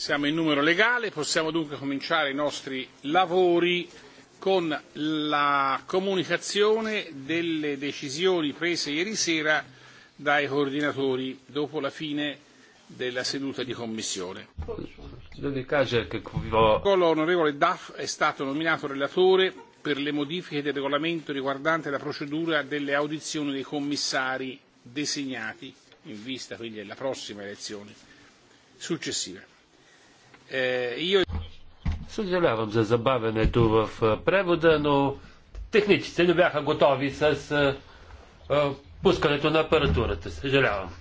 Siamo in numero legale, possiamo dunque cominciare i nostri lavori con la comunicazione delle decisioni prese ieri sera dai coordinatori dopo la fine della seduta di commissione. L'onorevole Duff è stato nominato relatore per le modifiche del regolamento riguardante la procedura delle audizioni dei commissari designati in vista quindi della prossima elezione successiva. Е, Съжалявам за забавянето в превода, но техниците не бяха готови с пускането на апаратурата. Съжалявам.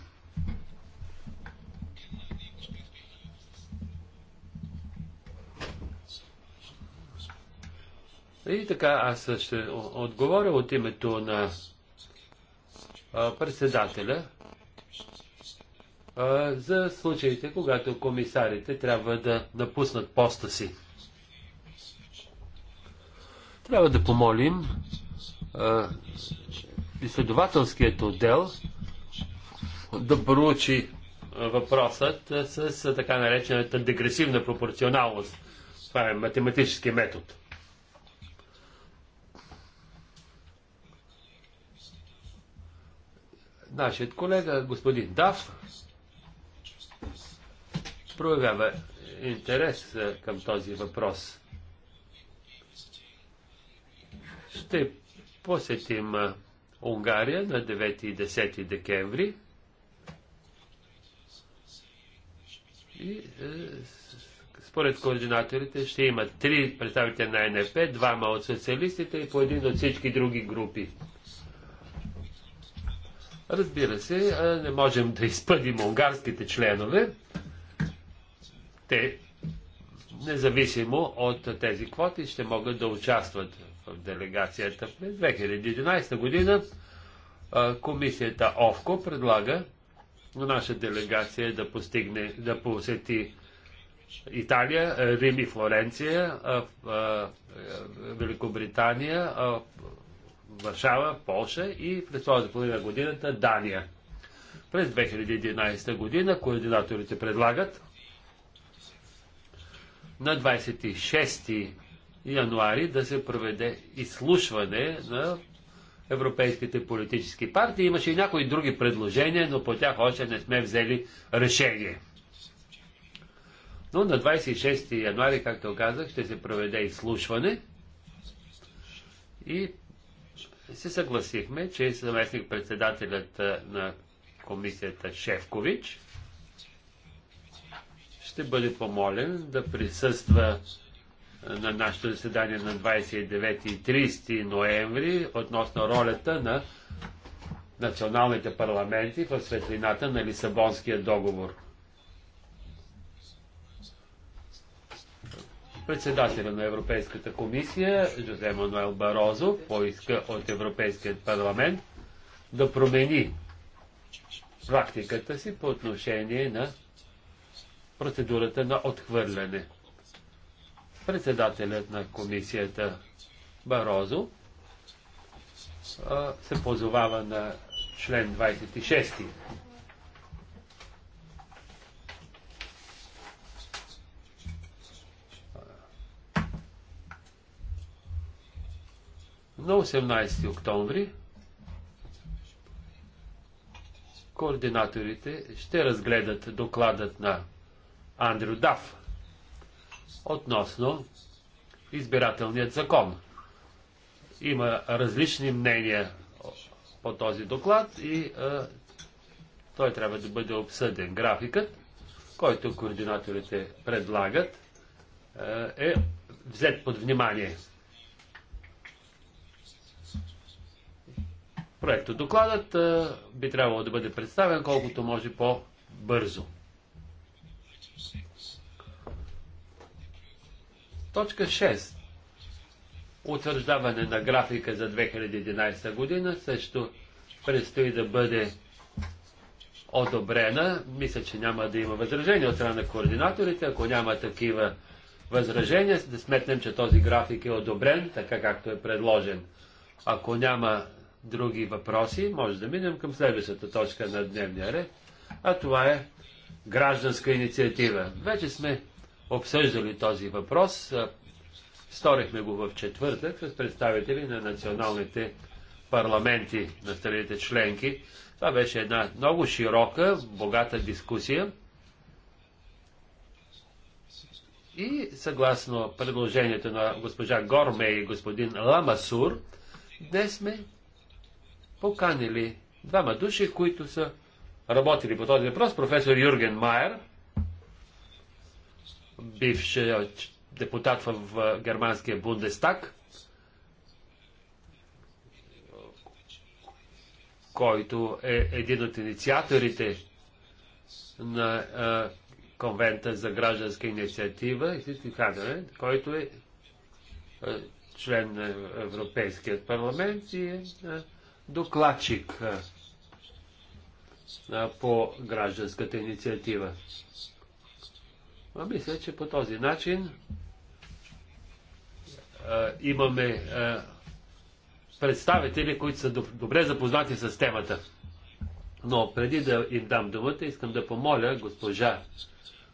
И така аз ще отговоря от името на председателя за случаите, когато комисарите трябва да напуснат поста си. Трябва да помолим изследователският отдел да проучи въпросът с така наречената дегресивна пропорционалност. Това е математически метод. Нашият колега, господин Дав, проявява интерес е, към този въпрос. Ще посетим е, Унгария на 9 и 10 декември. И е, според координаторите ще има три представители на НП, двама от социалистите и по един от всички други групи. Разбира се, е, не можем да изпъдим унгарските членове те, независимо от тези квоти, ще могат да участват в делегацията. През 2011 година комисията ОВКО предлага наша делегация да постигне, да посети Италия, Рим и Флоренция, Великобритания, Варшава, Полша и през това половина годината Дания. През 2011 година координаторите предлагат на 26 януари да се проведе изслушване на европейските политически партии. Имаше и някои други предложения, но по тях още не сме взели решение. Но на 26 януари, както казах, ще се проведе изслушване и се съгласихме, че съместник председателят на комисията Шефкович ще бъде помолен да присъства на нашето заседание на 29 и 30 ноември относно ролята на националните парламенти в светлината на Лисабонския договор. Председателя на Европейската комисия Жозе Мануел Барозо поиска от Европейският парламент да промени практиката си по отношение на процедурата на отхвърляне. Председателят на комисията Барозо се позовава на член 26. На 18 октомври координаторите ще разгледат докладът на Андрю Дав относно избирателният закон. Има различни мнения по този доклад и а, е, той трябва да бъде обсъден. Графикът, който координаторите предлагат, а, е, е взет под внимание. Проектодокладът а, е, би трябвало да бъде представен колкото може по-бързо. Точка 6. Утвърждаване на графика за 2011 година също предстои да бъде одобрена. Мисля, че няма да има възражения от страна на координаторите. Ако няма такива възражения, да сметнем, че този график е одобрен, така както е предложен. Ако няма други въпроси, може да минем към следващата точка на дневния ред, а това е гражданска инициатива. Вече сме обсъждали този въпрос. Сторихме го в четвъртък с представители на националните парламенти на страните членки. Това беше една много широка, богата дискусия. И съгласно предложението на госпожа Горме и господин Ламасур, днес сме поканили двама души, които са работили по този въпрос. Професор Юрген Майер бивш депутат в германския Бундестаг, който е един от инициаторите на конвента за гражданска инициатива, който е член на Европейския парламент и е докладчик по гражданската инициатива. А мисля, че по този начин а, имаме а, представители, които са добре запознати с темата. Но преди да им дам думата, искам да помоля госпожа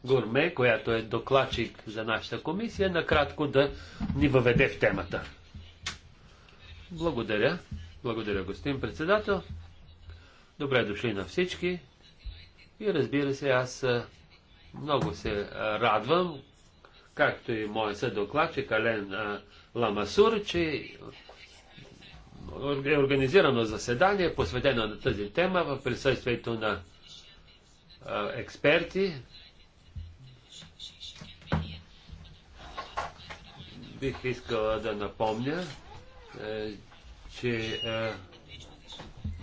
Гурме, която е докладчик за нашата комисия, накратко да ни въведе в темата. Благодаря. Благодаря, господин председател. Добре дошли на всички. И разбира се, аз много се радвам, както и моят съдокладчик Ален Ламасур, че е организирано заседание, посветено на тази тема в присъствието на експерти. Бих искала да напомня, е, че е,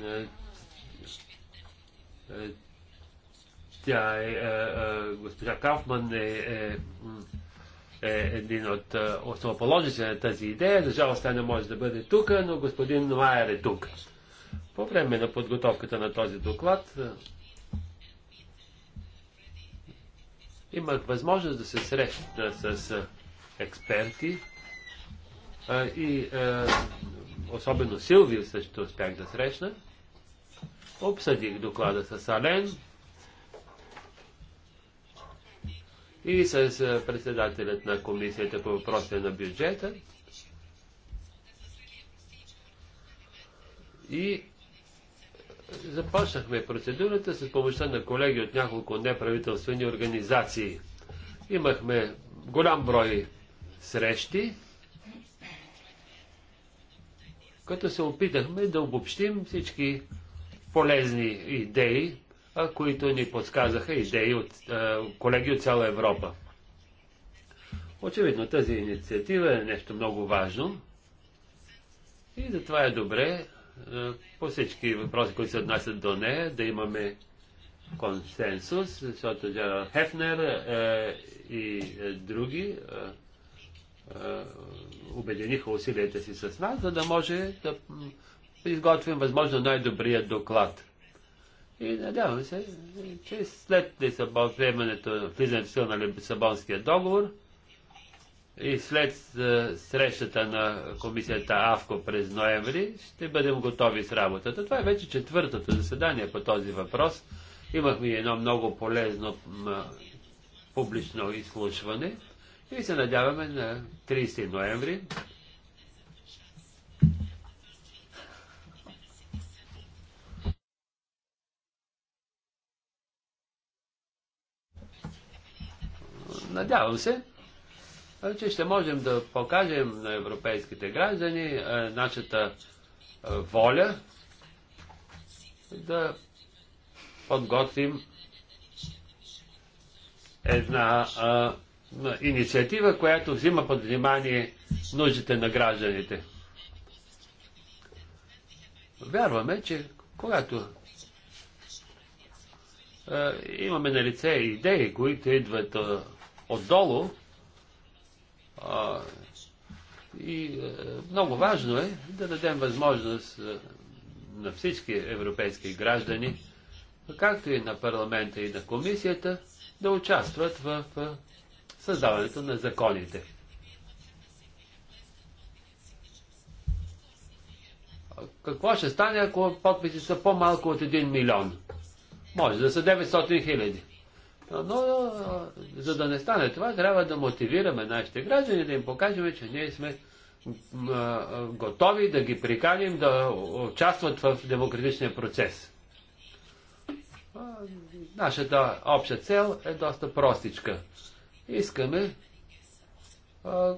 е, тя е, е, е госпожа Кафман е, е, е, е един от е, основоположите на тази идея. За жалост тя не може да бъде тук, но господин Майер е тук. По време на подготовката на този доклад имах възможност да се срещна с експерти и особено Силвия също успях да срещна. Обсъдих доклада с Ален, и с председателят на комисията по въпросите на бюджета. И започнахме процедурата с помощта на колеги от няколко неправителствени организации. Имахме голям брой срещи, като се опитахме да обобщим всички полезни идеи, които ни подсказаха идеи от колеги от цяла Европа. Очевидно тази инициатива е нещо много важно и затова е добре по всички въпроси, които се отнасят до нея, да имаме консенсус, защото Джерал Хефнер и други обединиха усилията си с нас, за да може да изготвим възможно най-добрият доклад. И надявам се, че след Лисабон, приемането, влизането сила на Лисабонския договор и след е, срещата на комисията АВКО през ноември, ще бъдем готови с работата. Това е вече четвъртото заседание по този въпрос. Имахме едно много полезно е, публично изслушване и се надяваме на 30 ноември Надявам се, че ще можем да покажем на европейските граждани нашата воля да подготвим една а, инициатива, която взима под внимание нуждите на гражданите. Вярваме, че когато а, имаме на лице идеи, които идват отдолу. и е, много важно е да дадем възможност е, на всички европейски граждани, както и на парламента и на комисията, да участват в е, създаването на законите. Какво ще стане, ако подписи са по-малко от 1 милион? Може да са 900 хиляди. Но за да не стане това, трябва да мотивираме нашите граждани, да им покажем, че ние сме готови да ги приканим да участват в демократичния процес. Нашата обща цел е доста простичка. Искаме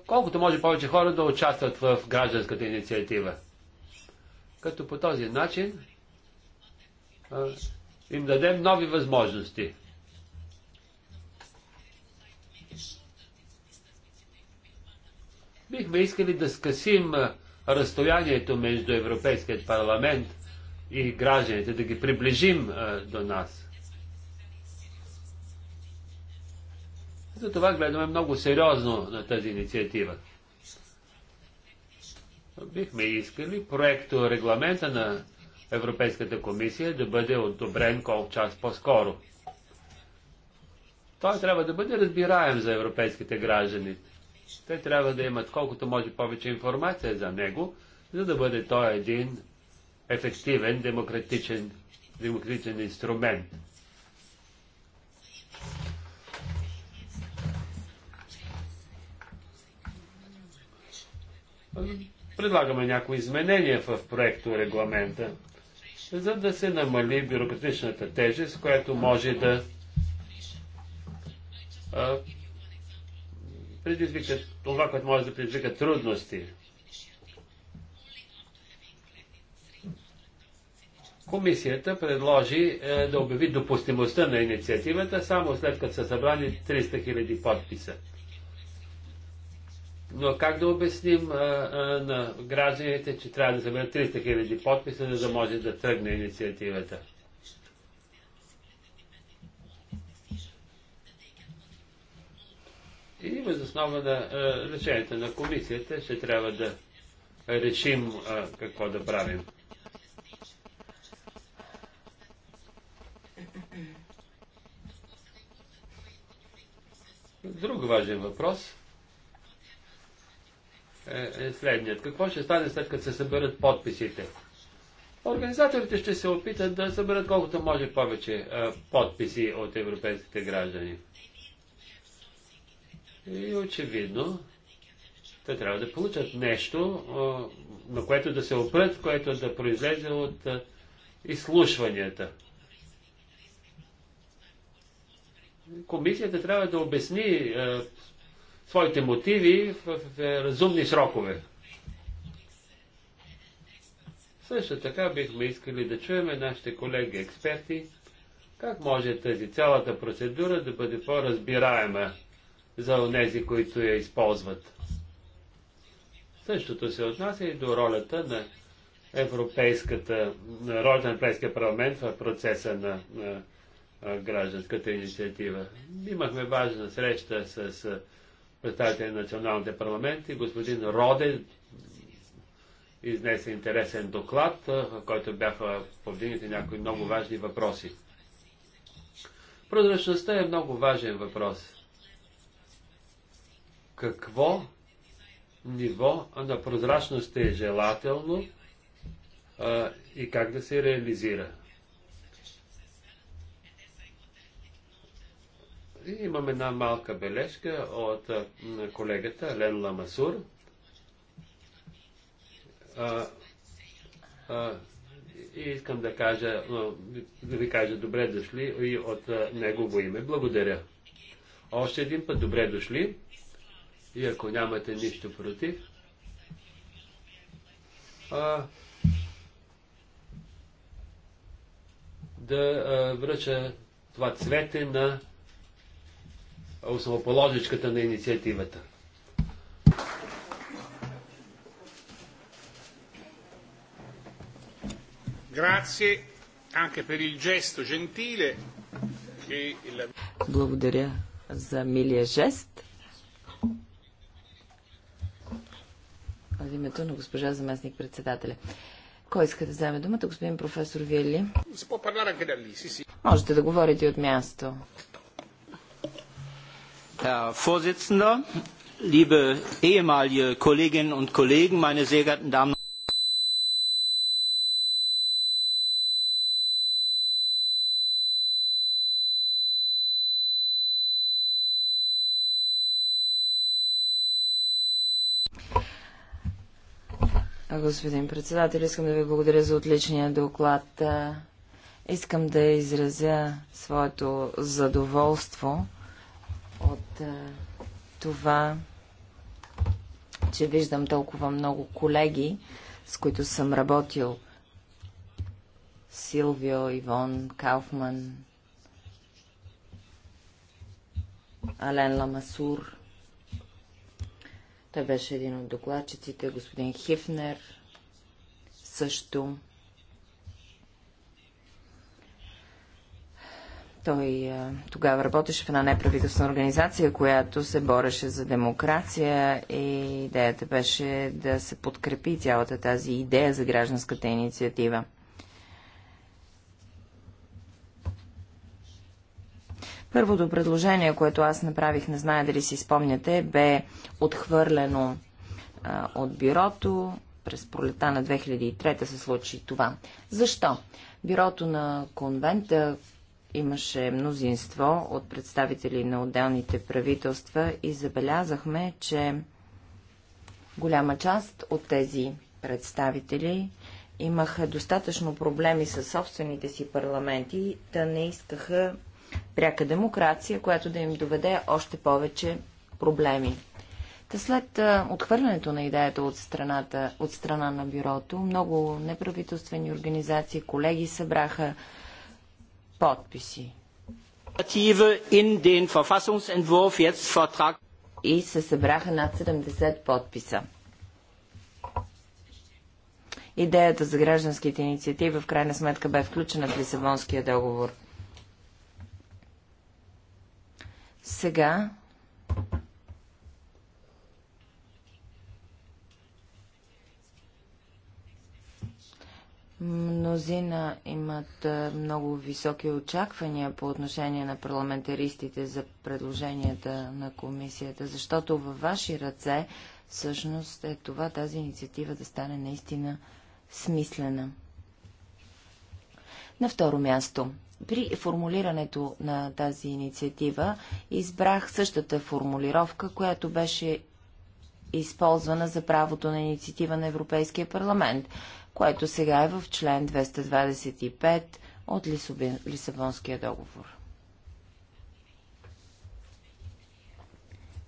колкото може повече хора да участват в гражданската инициатива. Като по този начин им дадем нови възможности. Бихме искали да скъсим разстоянието между Европейският парламент и гражданите, да ги приближим до нас. Затова гледаме много сериозно на тази инициатива. Бихме искали проекто регламента на Европейската комисия да бъде одобрен колко час по-скоро. Той трябва да бъде разбираем за европейските граждани. Те трябва да имат колкото може повече информация за него, за да бъде той един ефективен демократичен, демократичен инструмент. Предлагаме някои изменения в проекто регламента, за да се намали бюрократичната тежест, която може да предизвика това, което може да предизвика трудности. Комисията предложи е, да обяви допустимостта на инициативата само след като са събрани 300 000 подписа. Но как да обясним а, е, а, е, на гражданите, че трябва да съберат 300 000 подписа, за да може да тръгне инициативата? И въз основа на е, решението на комисията ще трябва да решим а, е, какво да правим. Друг важен въпрос е, е следният. Какво ще стане след като се съберат подписите? Организаторите ще се опитат да съберат колкото може повече а, е, подписи от европейските граждани. И очевидно, те трябва да получат нещо, на което да се опрат, което да произлезе от изслушванията. Комисията трябва да обясни своите мотиви в разумни срокове. Също така бихме искали да чуем нашите колеги експерти, как може тази цялата процедура да бъде по-разбираема за онези, които я използват. Същото се отнася и до ролята на Европейската, на ролята на Европейския парламент в процеса на, на, на гражданската инициатива. Имахме важна среща с представители на националните парламенти. Господин Роде изнесе интересен доклад, в който бяха повдигнати някои много важни въпроси. Прозрачността е много важен въпрос какво ниво на прозрачност е желателно а, и как да се реализира. И имам една малка бележка от а, колегата Лен Ламасур. А, а, и искам да кажа, да ви кажа добре дошли и от негово име. Благодаря. Още един път добре дошли. И ако нямате нищо против, а, да а, връча това цвете на основоположичката на инициативата. Grazie anche per il gesto gentile. Благодаря за милия жест. в името на госпожа заместник председателя. Кой иска да вземе думата? Господин професор Вили. Можете да говорите от място. Herr liebe ehemalige Kolleginnen und Kollegen, meine sehr geehrten господин председател. Искам да ви благодаря за отличния доклад. Искам да изразя своето задоволство от това, че виждам толкова много колеги, с които съм работил. Силвио, Ивон, Кауфман, Ален Ламасур. Той беше един от докладчиците, господин Хифнер също. Той тогава работеше в една неправителствена организация, която се бореше за демокрация и идеята беше да се подкрепи цялата тази идея за гражданската инициатива. Първото предложение, което аз направих, не зная дали си спомняте, бе отхвърлено а, от бюрото. През пролета на 2003 се случи това. Защо? Бюрото на конвента имаше мнозинство от представители на отделните правителства и забелязахме, че голяма част от тези представители имаха достатъчно проблеми с собствените си парламенти, да не искаха пряка демокрация, която да им доведе още повече проблеми. Та след отхвърлянето на идеята от, страната, от страна на бюрото, много неправителствени организации, колеги събраха подписи. И се събраха над 70 подписа. Идеята за гражданските инициативи в крайна сметка бе включена в Лисабонския договор – Сега Мнозина имат много високи очаквания по отношение на парламентаристите за предложенията на комисията, защото във ваши ръце всъщност е това тази инициатива да стане наистина смислена. На второ място при формулирането на тази инициатива избрах същата формулировка, която беше използвана за правото на инициатива на Европейския парламент, което сега е в член 225 от Лисабонския договор.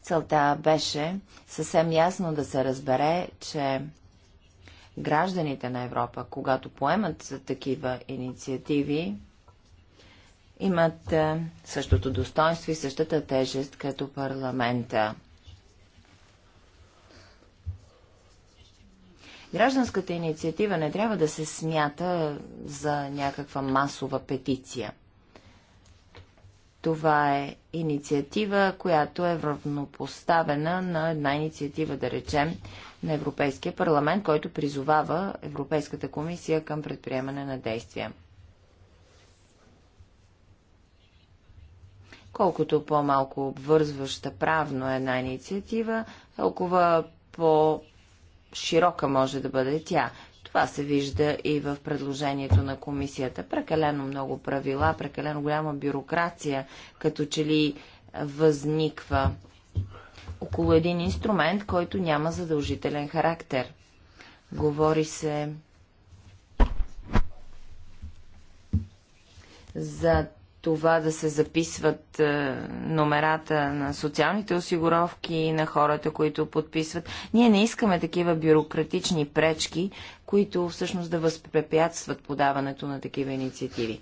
Целта беше съвсем ясно да се разбере, че гражданите на Европа, когато поемат такива инициативи, имат е, същото достоинство и същата тежест като парламента. Гражданската инициатива не трябва да се смята за някаква масова петиция. Това е инициатива, която е равнопоставена на една инициатива, да речем, на Европейския парламент, който призовава Европейската комисия към предприемане на действия. Колкото по-малко обвързваща правно е една инициатива, толкова по-широка може да бъде тя. Това се вижда и в предложението на комисията. Прекалено много правила, прекалено голяма бюрокрация, като че ли възниква около един инструмент, който няма задължителен характер. Говори се за това да се записват е, номерата на социалните осигуровки на хората, които подписват. Ние не искаме такива бюрократични пречки, които всъщност да възпрепятстват подаването на такива инициативи.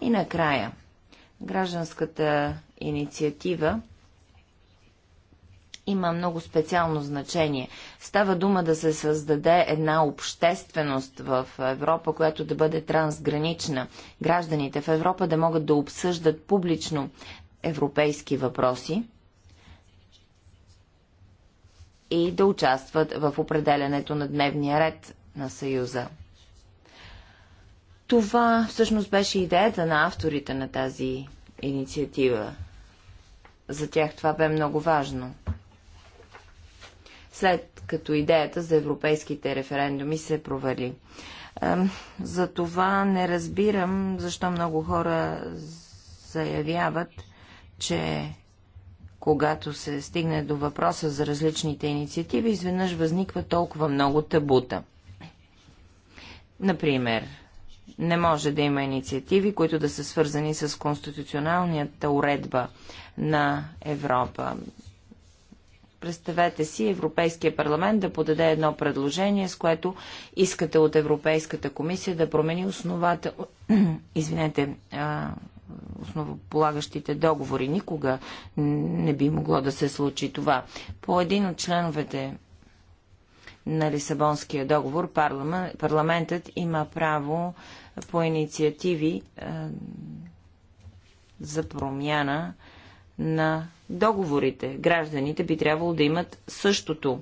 И накрая, гражданската инициатива има много специално значение. Става дума да се създаде една общественост в Европа, която да бъде трансгранична. Гражданите в Европа да могат да обсъждат публично европейски въпроси и да участват в определенето на дневния ред на Съюза. Това всъщност беше идеята на авторите на тази инициатива. За тях това бе много важно след като идеята за европейските референдуми се провали. За това не разбирам защо много хора заявяват, че когато се стигне до въпроса за различните инициативи, изведнъж възниква толкова много табута. Например, не може да има инициативи, които да са свързани с конституционалната уредба на Европа. Представете си Европейския парламент да подаде едно предложение, с което искате от Европейската комисия да промени основата, извинете, основополагащите договори. Никога не би могло да се случи това. По един от членовете на Лисабонския договор парламентът има право по инициативи за промяна на договорите. Гражданите би трябвало да имат същото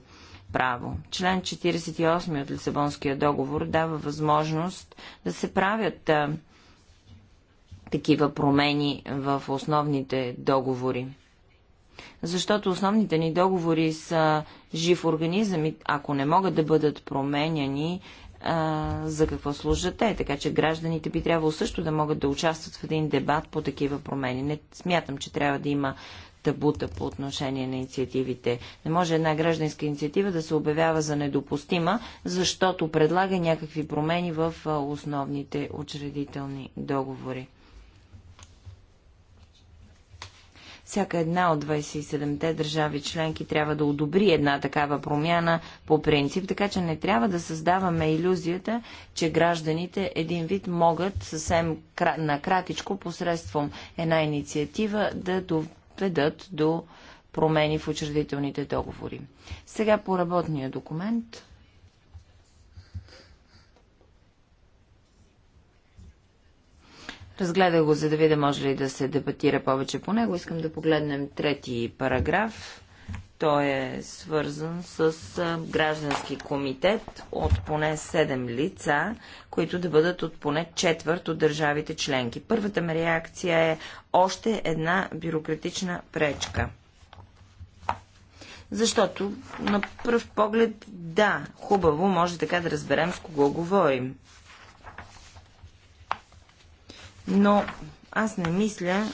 право. Член 48 от Лисабонския договор дава възможност да се правят а, такива промени в основните договори. Защото основните ни договори са жив организъм и ако не могат да бъдат променяни, а, за какво служат те. Така че гражданите би трябвало също да могат да участват в един дебат по такива промени. Не смятам, че трябва да има табута по отношение на инициативите. Не може една гражданска инициатива да се обявява за недопустима, защото предлага някакви промени в основните учредителни договори. Всяка една от 27-те държави членки трябва да одобри една такава промяна по принцип, така че не трябва да създаваме иллюзията, че гражданите един вид могат съвсем накратичко посредством една инициатива да доведат до промени в учредителните договори. Сега по работния документ. Разгледах го, за да видя може ли да се дебатира повече по него. Искам да погледнем трети параграф. Той е свързан с граждански комитет от поне 7 лица, които да бъдат от поне четвърт от държавите членки. Първата ми реакция е още една бюрократична пречка. Защото на пръв поглед, да, хубаво, може така да разберем с кого говорим. Но аз не мисля,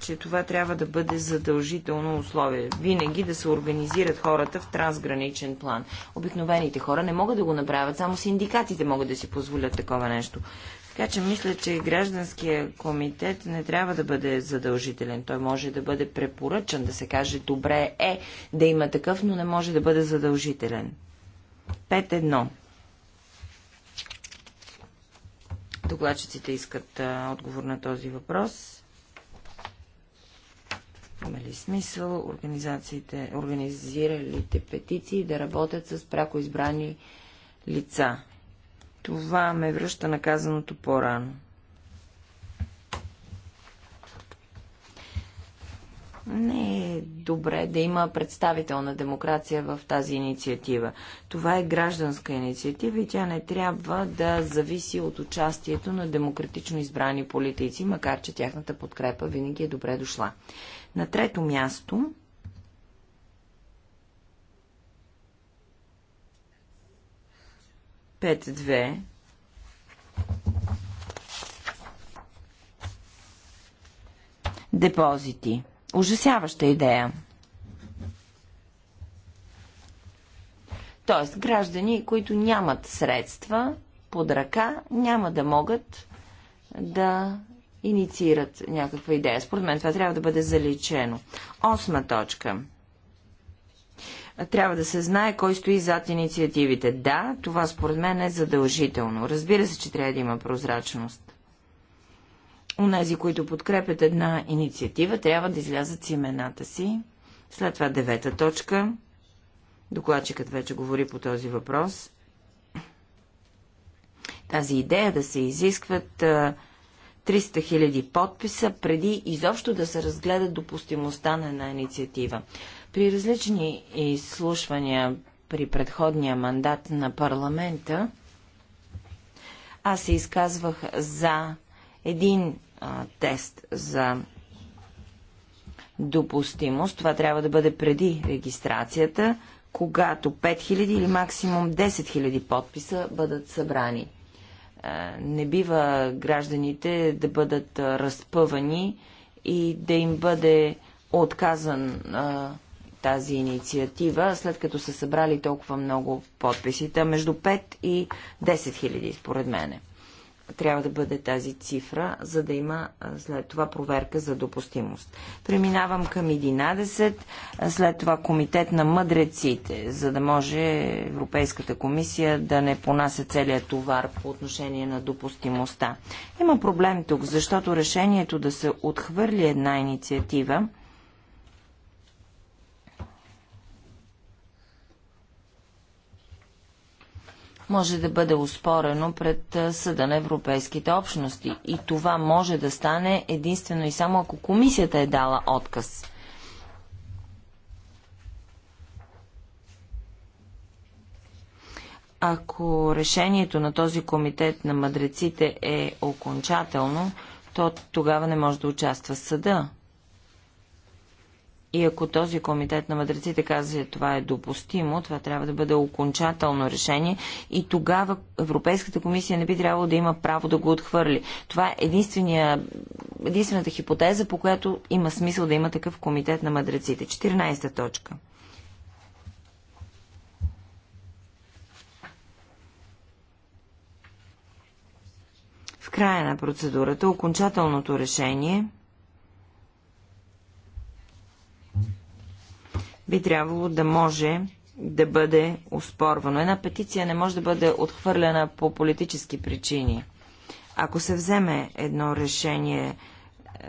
че това трябва да бъде задължително условие. Винаги да се организират хората в трансграничен план. Обикновените хора не могат да го направят, само синдикатите могат да си позволят такова нещо. Така че мисля, че гражданския комитет не трябва да бъде задължителен. Той може да бъде препоръчан, да се каже добре е да има такъв, но не може да бъде задължителен. едно. Докладчиците искат а, отговор на този въпрос. Има ли смисъл организациите, организиралите петиции да работят с пряко избрани лица? Това ме връща наказаното по-рано. Не е добре да има представителна демокрация в тази инициатива. Това е гражданска инициатива и тя не трябва да зависи от участието на демократично избрани политици, макар че тяхната подкрепа винаги е добре дошла. На трето място пет две депозити ужасяваща идея. Тоест, граждани, които нямат средства под ръка, няма да могат да инициират някаква идея. Според мен това трябва да бъде заличено. Осма точка. Трябва да се знае кой стои зад инициативите. Да, това според мен е задължително. Разбира се, че трябва да има прозрачност. Унези, които подкрепят една инициатива, трябва да излязат с имената си. След това девета точка. Докладчикът вече говори по този въпрос. Тази идея да се изискват 300 000 подписа преди изобщо да се разгледа допустимостта на една инициатива. При различни изслушвания при предходния мандат на парламента, аз се изказвах за един тест за допустимост. Това трябва да бъде преди регистрацията, когато 5000 или максимум 10 000 подписа бъдат събрани. Е, не бива гражданите да бъдат разпъвани и да им бъде отказан тази инициатива, след като са събрали толкова много подписите, между 5 и 10 000, според мене трябва да бъде тази цифра, за да има след това проверка за допустимост. Преминавам към 11, след това комитет на мъдреците, за да може Европейската комисия да не понася целият товар по отношение на допустимостта. Има проблем тук, защото решението да се отхвърли една инициатива може да бъде успорено пред Съда на Европейските общности. И това може да стане единствено и само ако комисията е дала отказ. Ако решението на този комитет на мадреците е окончателно, то тогава не може да участва съда. И ако този комитет на мъдреците каза, че това е допустимо, това трябва да бъде окончателно решение и тогава Европейската комисия не би трябвало да има право да го отхвърли. Това е единствената хипотеза, по която има смисъл да има такъв комитет на мъдреците. 14 точка. В края на процедурата окончателното решение – би трябвало да може да бъде успорвано. Една петиция не може да бъде отхвърлена по политически причини. Ако се вземе едно решение, е,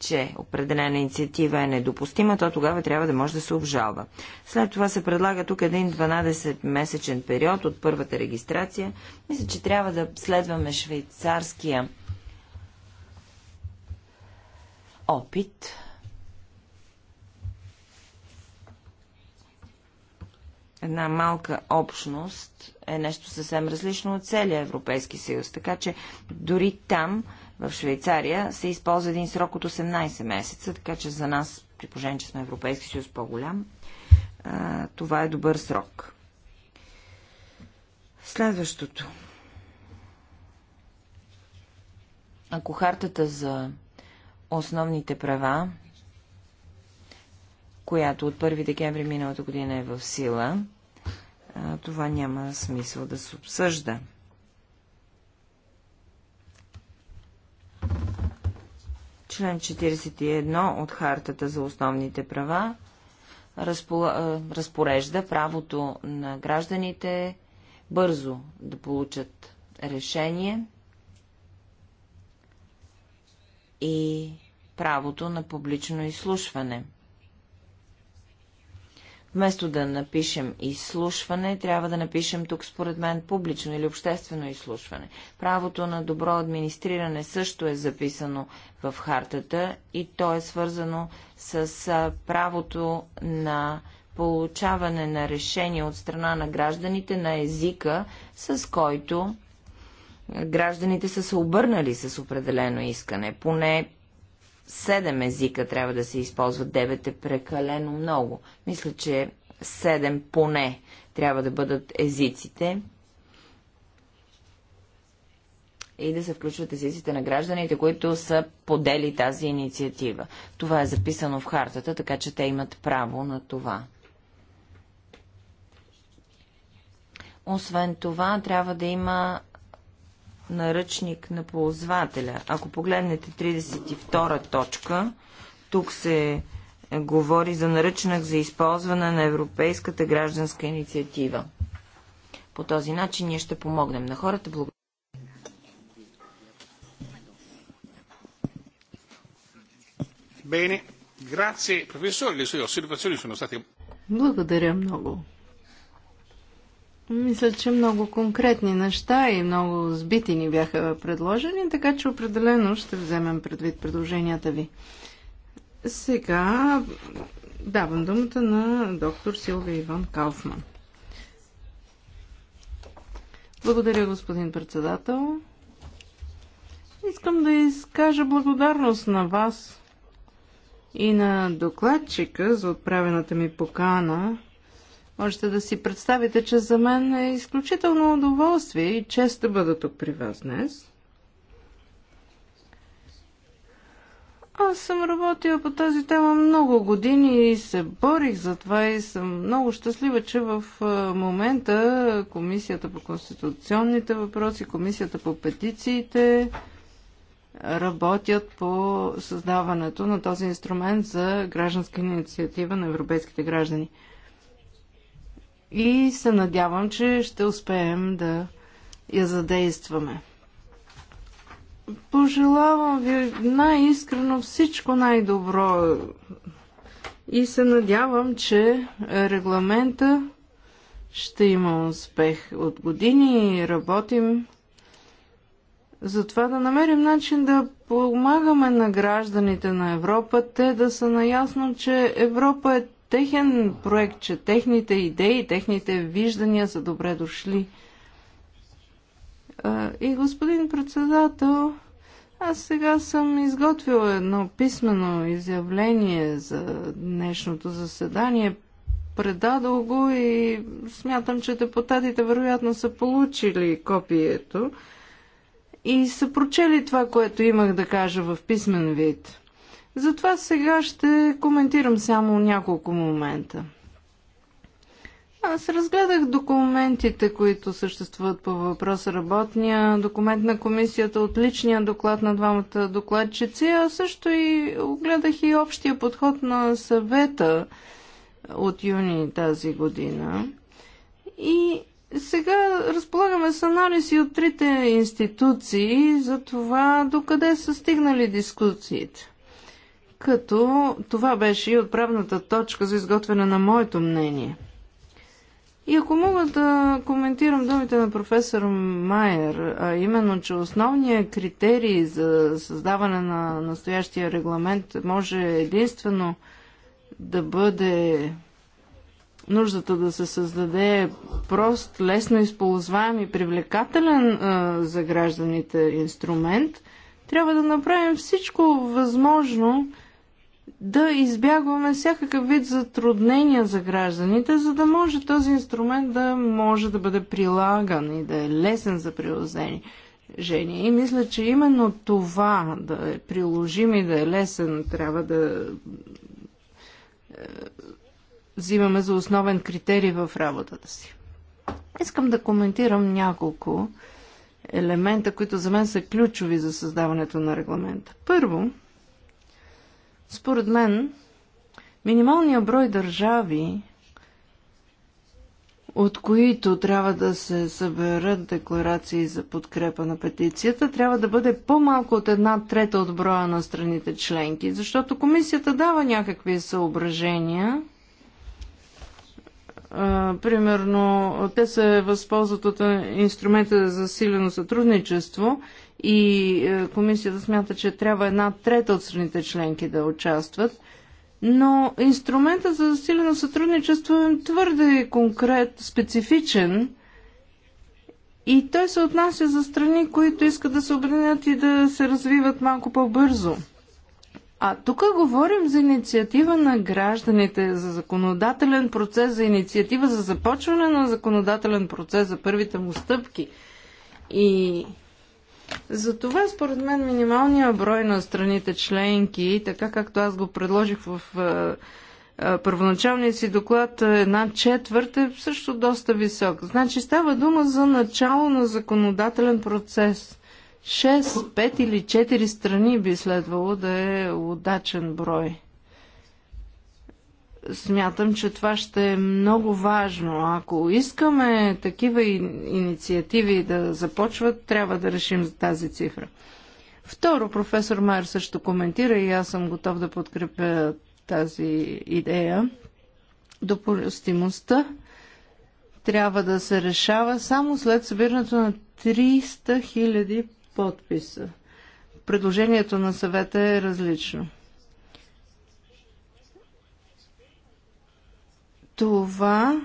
че определена инициатива е недопустима, то тогава трябва да може да се обжалва. След това се предлага тук един 12-месечен период от първата регистрация. Мисля, че трябва да следваме швейцарския опит една малка общност е нещо съвсем различно от целия Европейски съюз. Така че дори там, в Швейцария, се използва един срок от 18 месеца, така че за нас, при положение, че сме Европейски съюз по-голям, това е добър срок. Следващото. Ако хартата за основните права, която от 1 декември миналата година е в сила, това няма смисъл да се обсъжда. Член 41 от Хартата за основните права разпорежда правото на гражданите бързо да получат решение и правото на публично изслушване. Вместо да напишем изслушване, трябва да напишем тук, според мен, публично или обществено изслушване. Правото на добро администриране също е записано в хартата и то е свързано с правото на получаване на решение от страна на гражданите на езика, с който гражданите са се обърнали с определено искане. Поне седем езика трябва да се използват, девет е прекалено много. Мисля, че седем поне трябва да бъдат езиците и да се включват езиците на гражданите, които са подели тази инициатива. Това е записано в хартата, така че те имат право на това. Освен това, трябва да има наръчник на ползвателя. Ако погледнете 32 точка, тук се говори за наръчник за използване на Европейската гражданска инициатива. По този начин ние ще помогнем на хората. Благодаря. Благодаря много. Мисля, че много конкретни неща и много сбити ни бяха предложени, така че определено ще вземем предвид предложенията ви. Сега давам думата на доктор Силвия Иван Кауфман. Благодаря, господин председател. Искам да изкажа благодарност на вас и на докладчика за отправената ми покана – Можете да си представите, че за мен е изключително удоволствие и чест да бъда тук при вас днес. Аз съм работила по тази тема много години и се борих за това и съм много щастлива, че в момента Комисията по конституционните въпроси, Комисията по петициите работят по създаването на този инструмент за гражданска инициатива на европейските граждани и се надявам, че ще успеем да я задействаме. Пожелавам ви най-искрено всичко най-добро и се надявам, че регламента ще има успех. От години работим затова да намерим начин да помагаме на гражданите на Европа, те да са наясно, че Европа е техен проект, че техните идеи, техните виждания са добре дошли. И господин председател, аз сега съм изготвил едно писмено изявление за днешното заседание. Предадох го и смятам, че депутатите вероятно са получили копието и са прочели това, което имах да кажа в писмен вид. Затова сега ще коментирам само няколко момента. Аз разгледах документите, които съществуват по въпроса работния документ на комисията, отличния доклад на двамата докладчици, а също и огледах и общия подход на съвета от юни тази година. И сега разполагаме с анализи от трите институции за това докъде са стигнали дискусиите като това беше и отправната точка за изготвяне на моето мнение. И ако мога да коментирам думите на професор Майер, а именно, че основният критерий за създаване на настоящия регламент може единствено да бъде нуждата да се създаде прост, лесно използваем и привлекателен а, за гражданите инструмент, трябва да направим всичко възможно, да избягваме всякакъв вид затруднения за гражданите, за да може този инструмент да може да бъде прилаган и да е лесен за приложение. И мисля, че именно това да е приложим и да е лесен трябва да е, взимаме за основен критерий в работата си. Искам да коментирам няколко елемента, които за мен са ключови за създаването на регламента. Първо, според мен, минималният брой държави, от които трябва да се съберат декларации за подкрепа на петицията, трябва да бъде по-малко от една трета от броя на страните членки, защото комисията дава някакви съображения. Примерно, те се възползват от инструмента за засилено сътрудничество и е, комисията смята, че трябва една трета от страните членки да участват. Но инструмента за засилено сътрудничество е твърде конкрет, специфичен и той се отнася за страни, които искат да се объединят и да се развиват малко по-бързо. А тук говорим за инициатива на гражданите, за законодателен процес, за инициатива за започване на законодателен процес, за първите му стъпки. И затова, според мен, минималният брой на страните членки, така както аз го предложих в първоначалния си доклад, е една четвърт е също доста висок. Значи става дума за начало на законодателен процес. 6, 5 или 4 страни би следвало да е удачен брой смятам, че това ще е много важно. Ако искаме такива инициативи да започват, трябва да решим за тази цифра. Второ, професор Майер също коментира и аз съм готов да подкрепя тази идея. Допустимостта трябва да се решава само след събирането на 300 000 подписа. Предложението на съвета е различно. това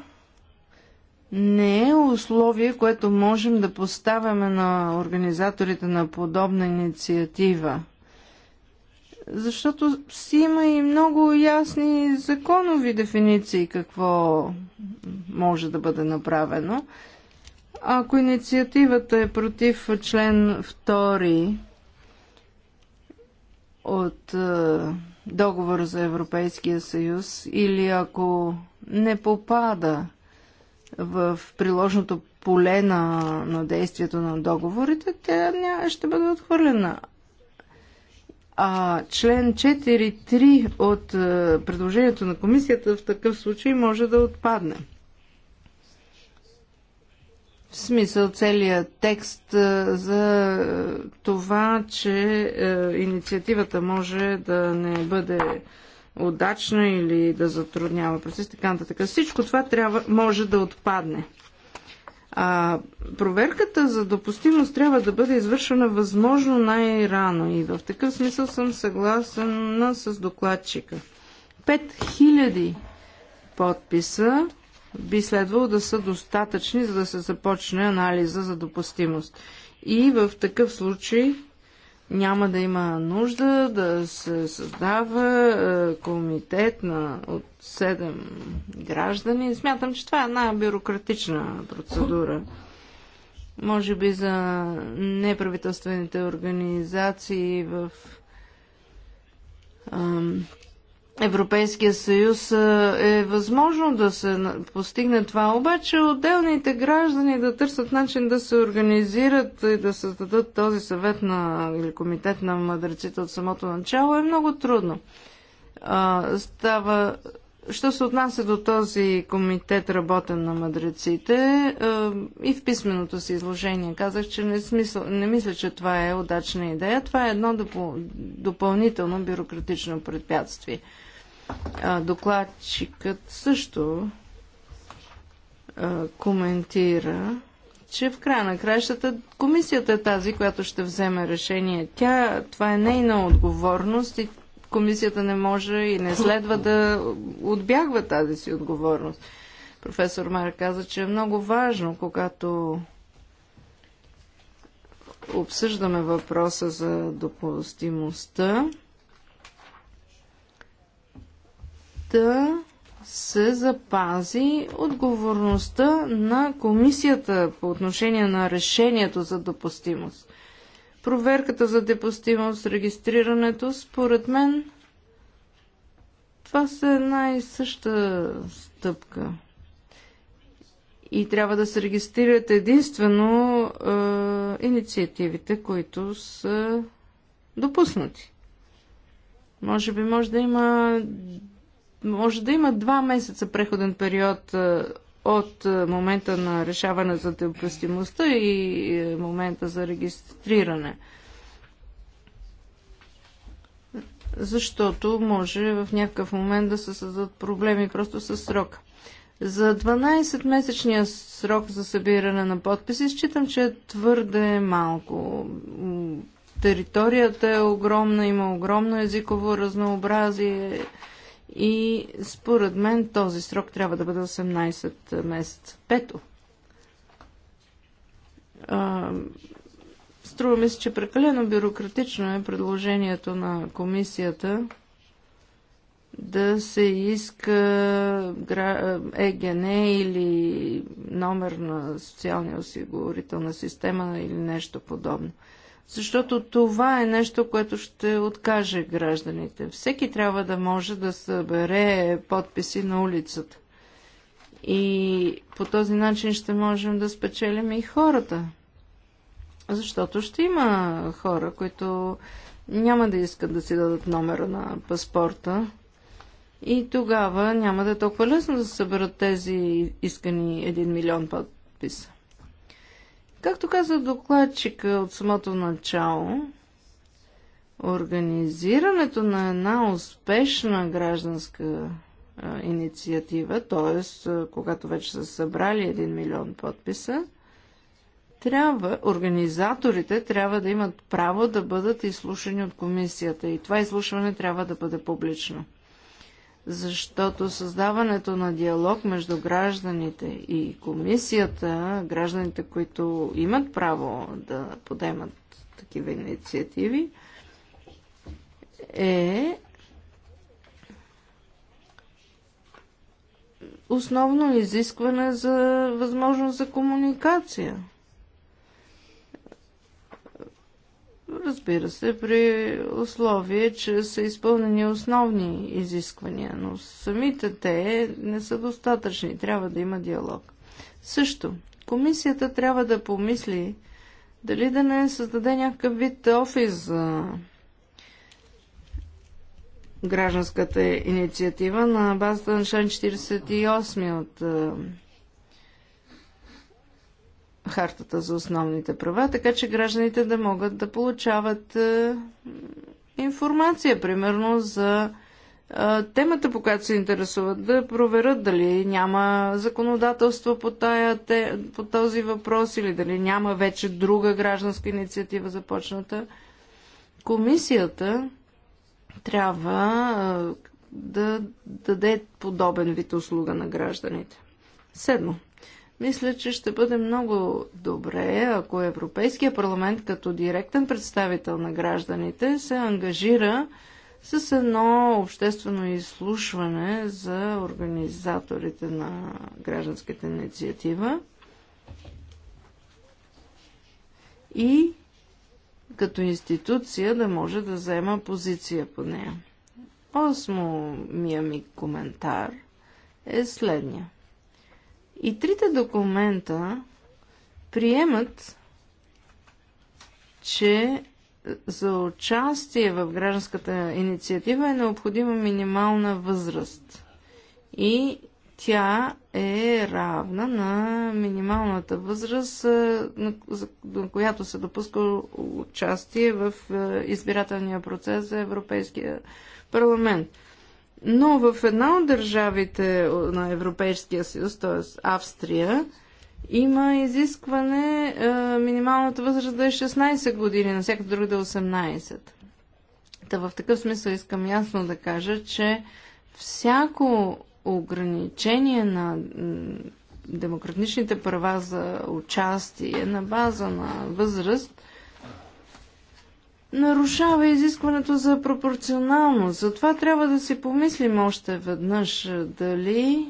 не е условие, което можем да поставяме на организаторите на подобна инициатива. Защото си има и много ясни законови дефиниции какво може да бъде направено. Ако инициативата е против член 2 от е, договор за Европейския съюз или ако не попада в приложното поле на, на действието на договорите, тя няма, ще бъде отхвърлена. А член 4.3 от е, предложението на комисията в такъв случай може да отпадне. В смисъл целият текст е, за това, че е, инициативата може да не бъде удачно или да затруднява процес, така нататък. Всичко това трябва, може да отпадне. А, проверката за допустимост трябва да бъде извършена възможно най-рано и в такъв смисъл съм съгласен с докладчика. 5000 подписа би следвало да са достатъчни, за да се започне анализа за допустимост. И в такъв случай няма да има нужда да се създава е, комитет на, от 7 граждани. Смятам, че това е една бюрократична процедура. Може би за неправителствените организации в Европейския съюз е възможно да се постигне това, обаче отделните граждани да търсят начин да се организират и да създадат този съвет на, или комитет на мъдреците от самото начало е много трудно. А, става, що се отнася до този комитет работен на мъдреците, а, и в писменото си изложение казах, че не, смисъл, не мисля, че това е удачна идея. Това е едно допъл... допълнително бюрократично препятствие. А, докладчикът също а, коментира, че в края на кращата комисията е тази, която ще вземе решение. Тя, това е нейна отговорност и комисията не може и не следва да отбягва тази си отговорност. Професор Мар каза, че е много важно, когато обсъждаме въпроса за допустимостта, да се запази отговорността на комисията по отношение на решението за допустимост. Проверката за допустимост, регистрирането, според мен, това са една и съща стъпка. И трябва да се регистрират единствено е, инициативите, които са допуснати. Може би може да има може да има два месеца преходен период е, от е, момента на решаване за допустимостта и е, момента за регистриране. Защото може в някакъв момент да се създадат проблеми просто с срок. За 12-месечния срок за събиране на подписи считам, че е твърде малко. Територията е огромна, има огромно езиково разнообразие и според мен този срок трябва да бъде 18 месеца. Пето. Струва ми се, че прекалено бюрократично е предложението на комисията да се иска ЕГН или номер на социалния осигурителна система или нещо подобно защото това е нещо, което ще откаже гражданите. Всеки трябва да може да събере подписи на улицата. И по този начин ще можем да спечелим и хората. Защото ще има хора, които няма да искат да си дадат номера на паспорта. И тогава няма да е толкова лесно да съберат тези искани 1 милион подписа. Както каза докладчика от самото начало, организирането на една успешна гражданска а, инициатива, т.е. когато вече са събрали 1 милион подписа, трябва, организаторите трябва да имат право да бъдат изслушани от комисията и това изслушване трябва да бъде публично защото създаването на диалог между гражданите и комисията, гражданите, които имат право да подемат такива инициативи, е основно изискване за възможност за комуникация. Разбира се, при условие, че са изпълнени основни изисквания, но самите те не са достатъчни. Трябва да има диалог. Също, комисията трябва да помисли дали да не създаде някакъв вид офис за гражданската инициатива на базата на член 48 от е, хартата за основните права, така че гражданите да могат да получават е, информация, примерно за е, темата, по която се интересуват, да проверят дали няма законодателство по, тая, по този въпрос или дали няма вече друга гражданска инициатива започната. Комисията трябва е, да даде подобен вид услуга на гражданите. Седмо – мисля, че ще бъде много добре, ако Европейския парламент като директен представител на гражданите се ангажира с едно обществено изслушване за организаторите на гражданската инициатива и като институция да може да взема позиция по нея. Осмомия е ми коментар е следния. И трите документа приемат, че за участие в гражданската инициатива е необходима минимална възраст. И тя е равна на минималната възраст, на която се допуска участие в избирателния процес за Европейския парламент. Но в една от държавите на Европейския съюз, т.е. Австрия, има изискване е, минималната възраст да е 16 години, на всяка друга да е 18. Та в такъв смисъл искам ясно да кажа, че всяко ограничение на демократичните права за участие на база на възраст нарушава изискването за пропорционалност. Затова трябва да си помислим още веднъж е, дали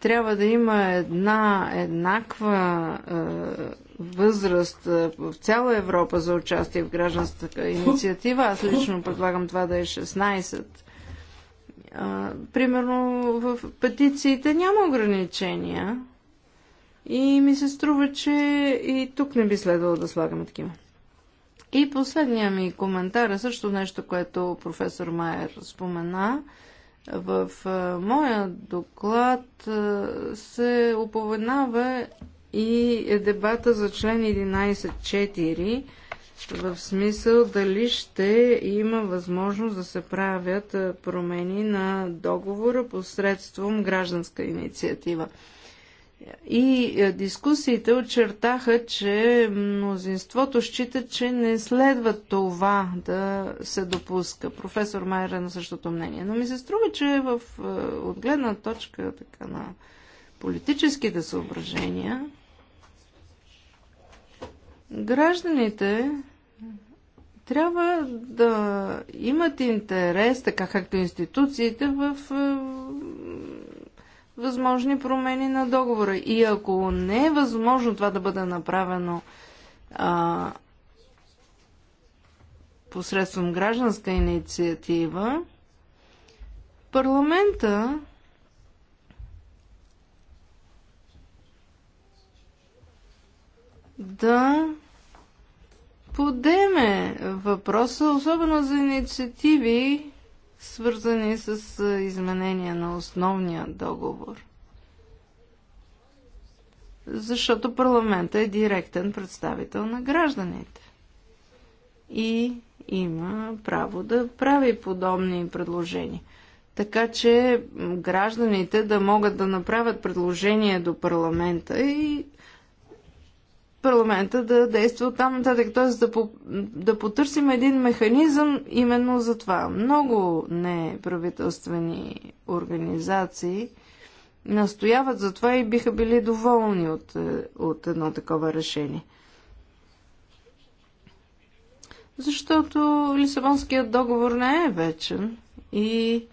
трябва да има една еднаква е, възраст е, в цяла Европа за участие в гражданската инициатива. Аз лично предлагам това да е 16. Е, примерно в петициите няма ограничения и ми се струва, че и тук не би следвало да слагаме такива. И последния ми коментар е също нещо, което професор Майер спомена. В моя доклад се оповеднава и е дебата за член 11.4 в смисъл дали ще има възможност да се правят промени на договора посредством гражданска инициатива. И е, дискусиите очертаха, че мнозинството счита, че не следва това да се допуска. Професор Майер е на същото мнение. Но ми се струва, че е в, е, от гледна точка така, на политическите съображения, гражданите трябва да имат интерес, така както институциите, в възможни промени на договора. И ако не е възможно това да бъде направено а, посредством гражданска инициатива, парламента да подеме въпроса, особено за инициативи, свързани с изменения на основния договор. Защото парламента е директен представител на гражданите. И има право да прави подобни предложения. Така че гражданите да могат да направят предложение до парламента и парламента да действа от там нататък. Т.е. Да, по, да потърсим един механизъм именно за това. Много неправителствени организации настояват за това и биха били доволни от, е, от едно такова решение. Защото Лисабонският договор не е вечен и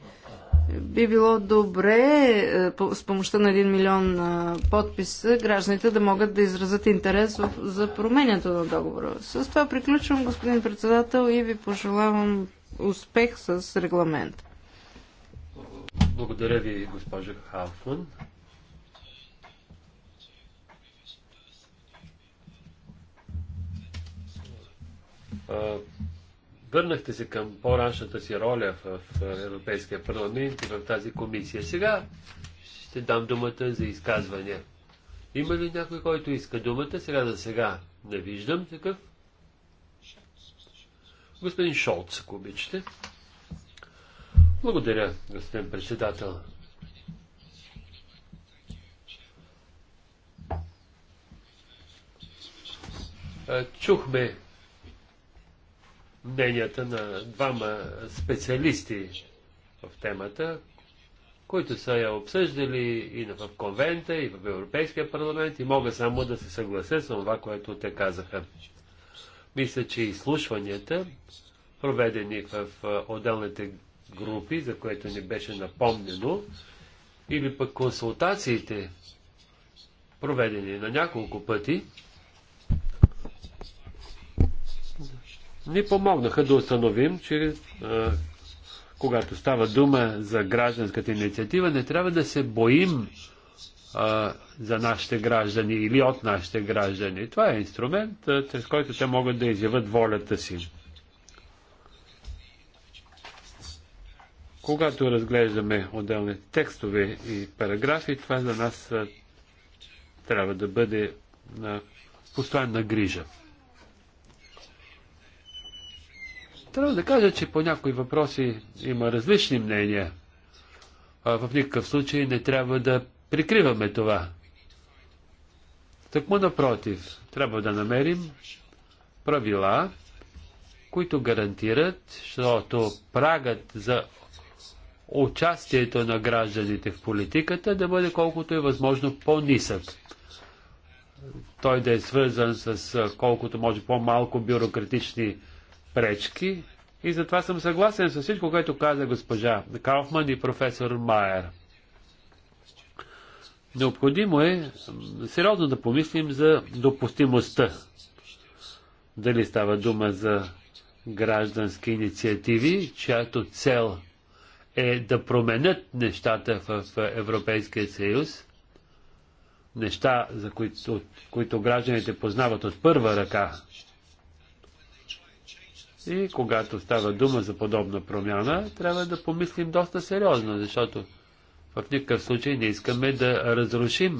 би било добре е, с помощта на 1 милион е, подписа гражданите да могат да изразят интерес за променето на договора. С това приключвам, господин председател, и ви пожелавам успех с регламент. Благодаря ви, госпожа Халфман. Върнахте се към по-раншната си роля в Европейския парламент и в тази комисия. Сега ще дам думата за изказване. Има ли някой, който иска думата? Сега за сега не виждам такъв. Господин Шолц, ако обичате. Благодаря, господин председател. Чухме мненията на двама специалисти в темата, които са я обсъждали и в конвента, и в Европейския парламент и мога само да се съглася с това, което те казаха. Мисля, че изслушванията, проведени в отделните групи, за което ни беше напомнено, или пък консултациите, проведени на няколко пъти, ни помогнаха да установим, че а, когато става дума за гражданската инициатива, не трябва да се боим а, за нашите граждани или от нашите граждани. Това е инструмент, чрез който те могат да изяват волята си. Когато разглеждаме отделни текстове и параграфи, това за нас трябва да бъде постоянна грижа. Трябва да кажа, че по някои въпроси има различни мнения. А в никакъв случай не трябва да прикриваме това. Такмо напротив, трябва да намерим правила, които гарантират, защото прагът за участието на гражданите в политиката да бъде колкото е възможно по-нисък. Той да е свързан с колкото може по-малко бюрократични пречки и затова съм съгласен с всичко, което каза госпожа Кауфман и професор Майер. Необходимо е сериозно да помислим за допустимостта. Дали става дума за граждански инициативи, чиято цел е да променят нещата в Европейския съюз, неща, за които, които гражданите познават от първа ръка, и когато става дума за подобна промяна, трябва да помислим доста сериозно, защото в никакъв случай не искаме да разрушим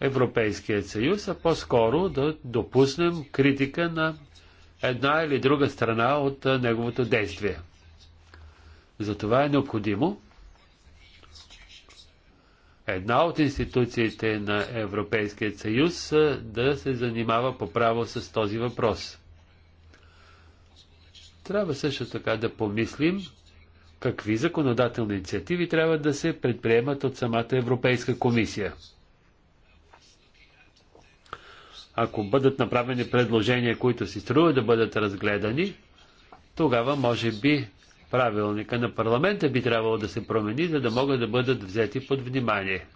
Европейския съюз, а по-скоро да допуснем критика на една или друга страна от неговото действие. Затова е необходимо една от институциите на Европейския съюз да се занимава по право с този въпрос. Трябва също така да помислим какви законодателни инициативи трябва да се предприемат от самата Европейска комисия. Ако бъдат направени предложения, които си струва да бъдат разгледани, тогава може би правилника на парламента би трябвало да се промени, за да могат да бъдат взети под внимание.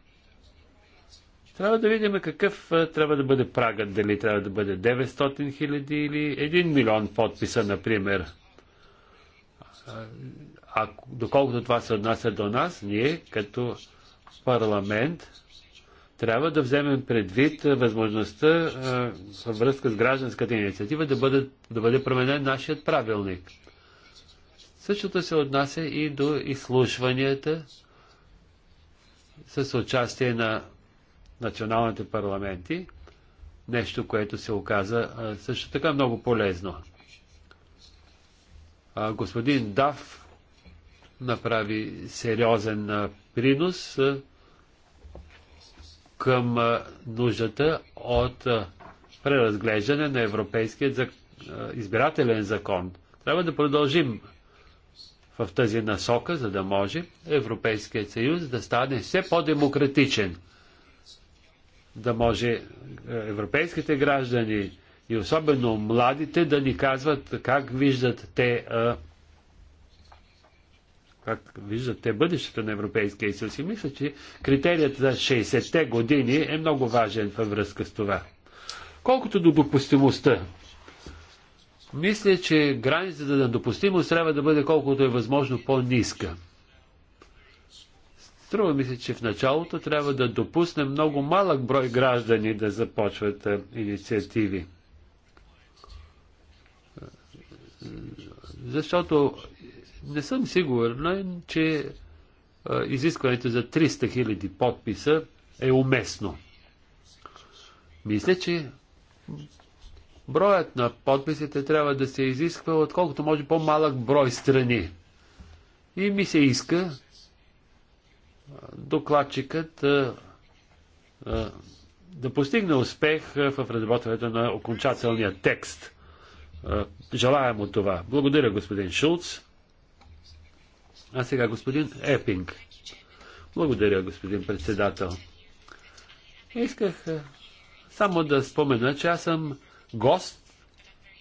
Трябва да видим какъв трябва да бъде прагът, дали трябва да бъде 900 хиляди или 1 милион подписа, например а, доколкото това се отнася до нас, ние като парламент трябва да вземем предвид възможността във връзка с гражданската инициатива да бъде, да бъде променен нашият правилник. Същото се отнася и до изслушванията с участие на националните парламенти, нещо, което се оказа също така много полезно. Господин Дав направи сериозен принос към нуждата от преразглеждане на европейският избирателен закон. Трябва да продължим в тази насока, за да може Европейският съюз да стане все по-демократичен. Да може европейските граждани, и особено младите да ни казват как виждат те а, как виждат те бъдещето на Европейския съюз. И мисля, че критерият за 60-те години е много важен във връзка с това. Колкото до допустимостта, мисля, че границата на допустимост трябва да бъде колкото е възможно по-ниска. Струва ми се, че в началото трябва да допусне много малък брой граждани да започват инициативи. Защото не съм сигурен, че изискването за 300 000 подписа е уместно. Мисля, че броят на подписите трябва да се изисква от колкото може по-малък брой страни. И ми се иска докладчикът а, а, да постигне успех в разработването на окончателния текст. Желая му това. Благодаря, господин Шулц. А сега господин Епинг. Благодаря, господин председател. Исках само да спомена, че аз съм гост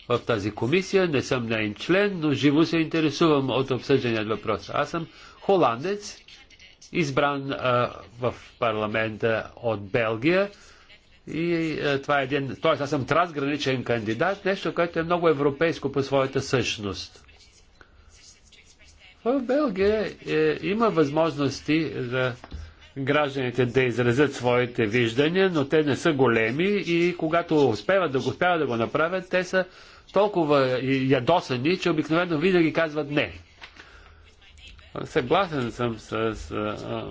в тази комисия, не съм нейн член, но живо се интересувам от обсъждания въпрос. Аз съм холандец, избран а, в парламента от Белгия и е, това е един, т.е. аз съм трансграничен кандидат, нещо, което е много европейско по своята същност. В Белгия е, има възможности за гражданите да изразят своите виждания, но те не са големи и когато успяват да го успяват да го направят, те са толкова ядосани, че обикновено винаги казват не. Съгласен съм с а,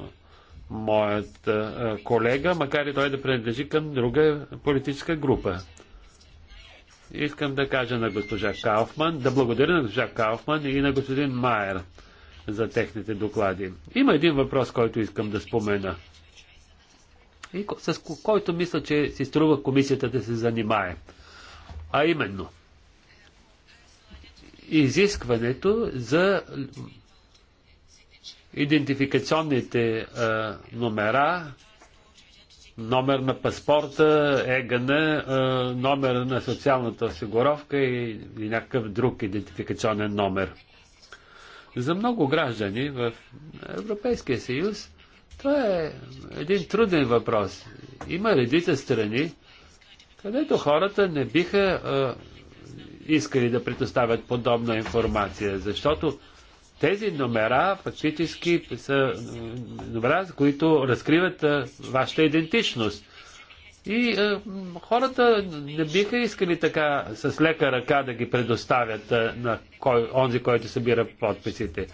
моят колега, макар и той да принадлежи към друга политическа група. Искам да кажа на госпожа Кауфман, да благодаря на госпожа Кауфман и на господин Майер за техните доклади. Има един въпрос, който искам да спомена и с който мисля, че си струва комисията да се занимае. А именно, изискването за идентификационните а, е, номера, номер на паспорта, ЕГН, е, номер на социалната осигуровка и, и някакъв друг идентификационен номер. За много граждани в Европейския съюз това е един труден въпрос. Има редица страни, където хората не биха а, е, искали да предоставят подобна информация, защото тези номера фактически са номера, за които разкриват вашата идентичност. И е, хората не биха искали така с лека ръка да ги предоставят е, на кой, онзи, който събира подписите. Е,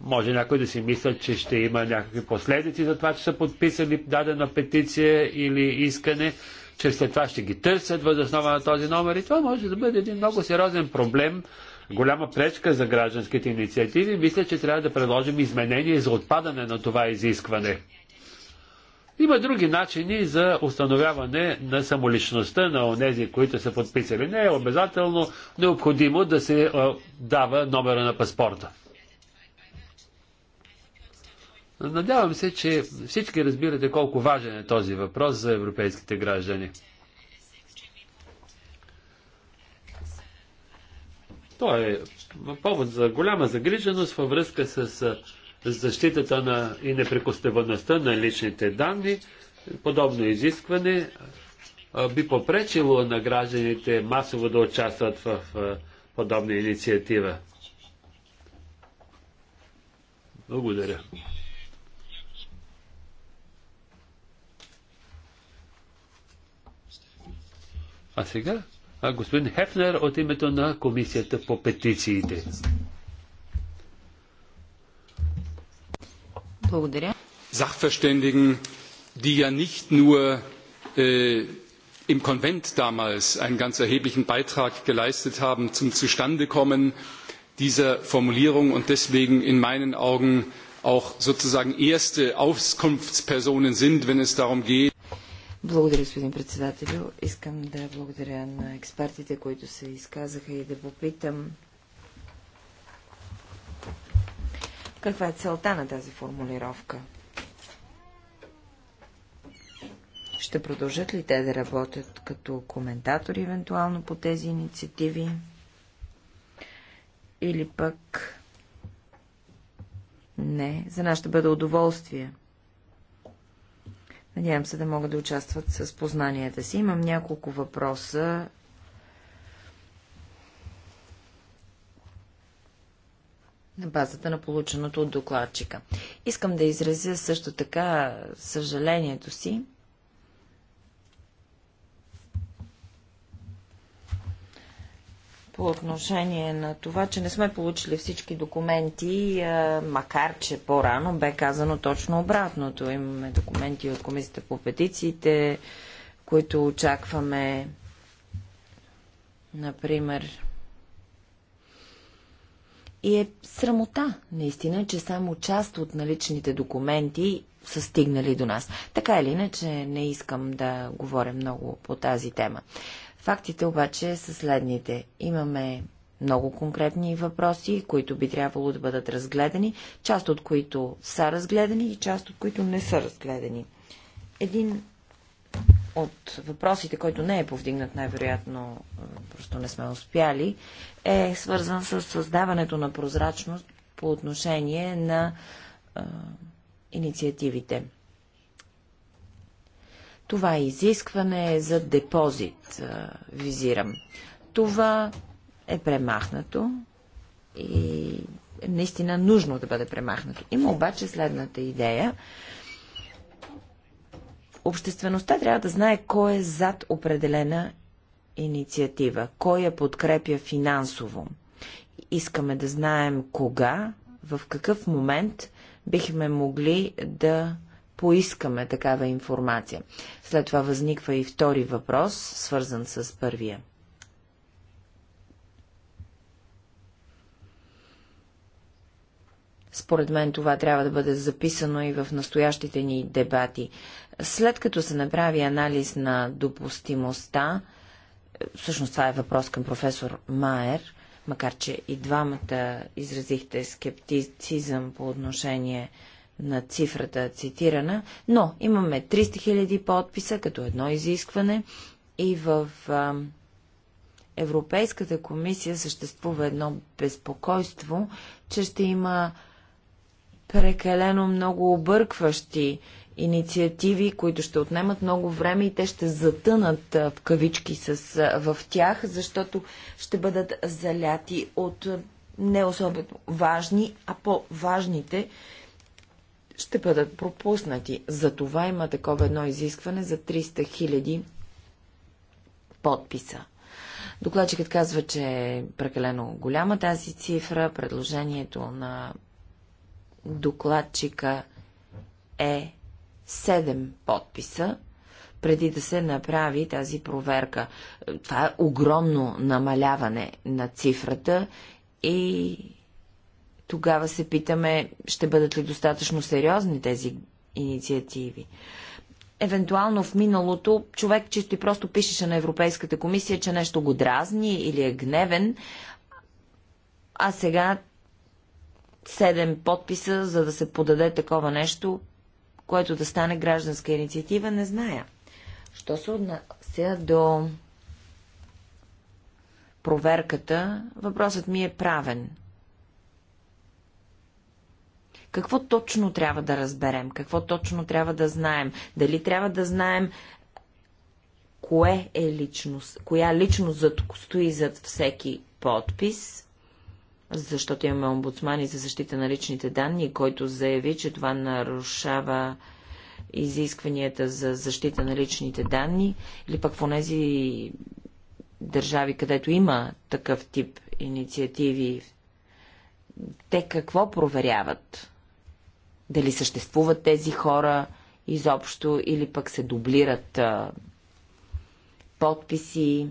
може някой да си мисля, че ще има някакви последици за това, че са подписали дадена петиция или искане, че след това ще ги търсят възоснова на този номер. И това може да бъде един много сериозен проблем голяма пречка за гражданските инициативи, мисля, че трябва да предложим изменение за отпадане на това изискване. Има други начини за установяване на самоличността на тези, които са подписали. Не е обязателно необходимо да се дава номера на паспорта. Надявам се, че всички разбирате колко важен е този въпрос за европейските граждани. То е повод за голяма загриженост във връзка с защитата на и неприкосновеността на личните данни. Подобно изискване би попречило на гражданите масово да участват в подобна инициатива. Благодаря. А сега господин Хефнер от името на Комисията по петициите. Благодаря. Sachverständigen, die ja nicht nur äh, im Konvent damals einen ganz erheblichen Beitrag geleistet haben zum Zustandekommen dieser Formulierung und deswegen in meinen Augen auch sozusagen erste Auskunftspersonen sind, wenn es darum geht, благодаря, господин председател, Искам да благодаря на експертите, които се изказаха и да попитам каква е целта на тази формулировка. Ще продължат ли те да работят като коментатори, евентуално, по тези инициативи? Или пък... Не, за нас ще бъде удоволствие – Надявам се да могат да участват с познанията си. Имам няколко въпроса. на базата на полученото от докладчика. Искам да изразя също така съжалението си, по отношение на това, че не сме получили всички документи, е, макар че по-рано бе казано точно обратното. Имаме документи от Комисията по петициите, които очакваме, например. И е срамота, наистина, че само част от наличните документи са стигнали до нас. Така или иначе, не искам да говоря много по тази тема. Фактите обаче са следните. Имаме много конкретни въпроси, които би трябвало да бъдат разгледани, част от които са разгледани и част от които не са разгледани. Един от въпросите, който не е повдигнат, най-вероятно просто не сме успяли, е свързан с създаването на прозрачност по отношение на е, инициативите. Това изискване е за депозит визирам. Това е премахнато и е наистина нужно да бъде премахнато. Има обаче следната идея. Обществеността трябва да знае кой е зад определена инициатива, кой я подкрепя финансово. Искаме да знаем кога, в какъв момент бихме могли да поискаме такава информация. След това възниква и втори въпрос, свързан с първия. Според мен това трябва да бъде записано и в настоящите ни дебати. След като се направи анализ на допустимостта, всъщност това е въпрос към професор Майер, макар че и двамата изразихте скептицизъм по отношение на цифрата цитирана, но имаме 300 000 подписа като едно изискване и в а, Европейската комисия съществува едно безпокойство, че ще има прекалено много объркващи инициативи, които ще отнемат много време и те ще затънат в кавички с, в тях, защото ще бъдат заляти от не особено важни, а по-важните ще бъдат пропуснати. За това има такова едно изискване за 300 хиляди подписа. Докладчикът казва, че е прекалено голяма тази цифра. Предложението на докладчика е 7 подписа, преди да се направи тази проверка. Това е огромно намаляване на цифрата и тогава се питаме, ще бъдат ли достатъчно сериозни тези инициативи. Евентуално в миналото човек чисто и просто пишеше на Европейската комисия, че нещо го дразни или е гневен, а сега седем подписа, за да се подаде такова нещо, което да стане гражданска инициатива, не зная. Що се отнася до проверката, въпросът ми е правен. Какво точно трябва да разберем? Какво точно трябва да знаем? Дали трябва да знаем кое е личност, коя личност зад, стои зад всеки подпис, защото имаме омбудсмани за защита на личните данни, който заяви, че това нарушава изискванията за защита на личните данни, или пък в тези държави, където има такъв тип инициативи, те какво проверяват? Дали съществуват тези хора изобщо или пък се дублират а, подписи.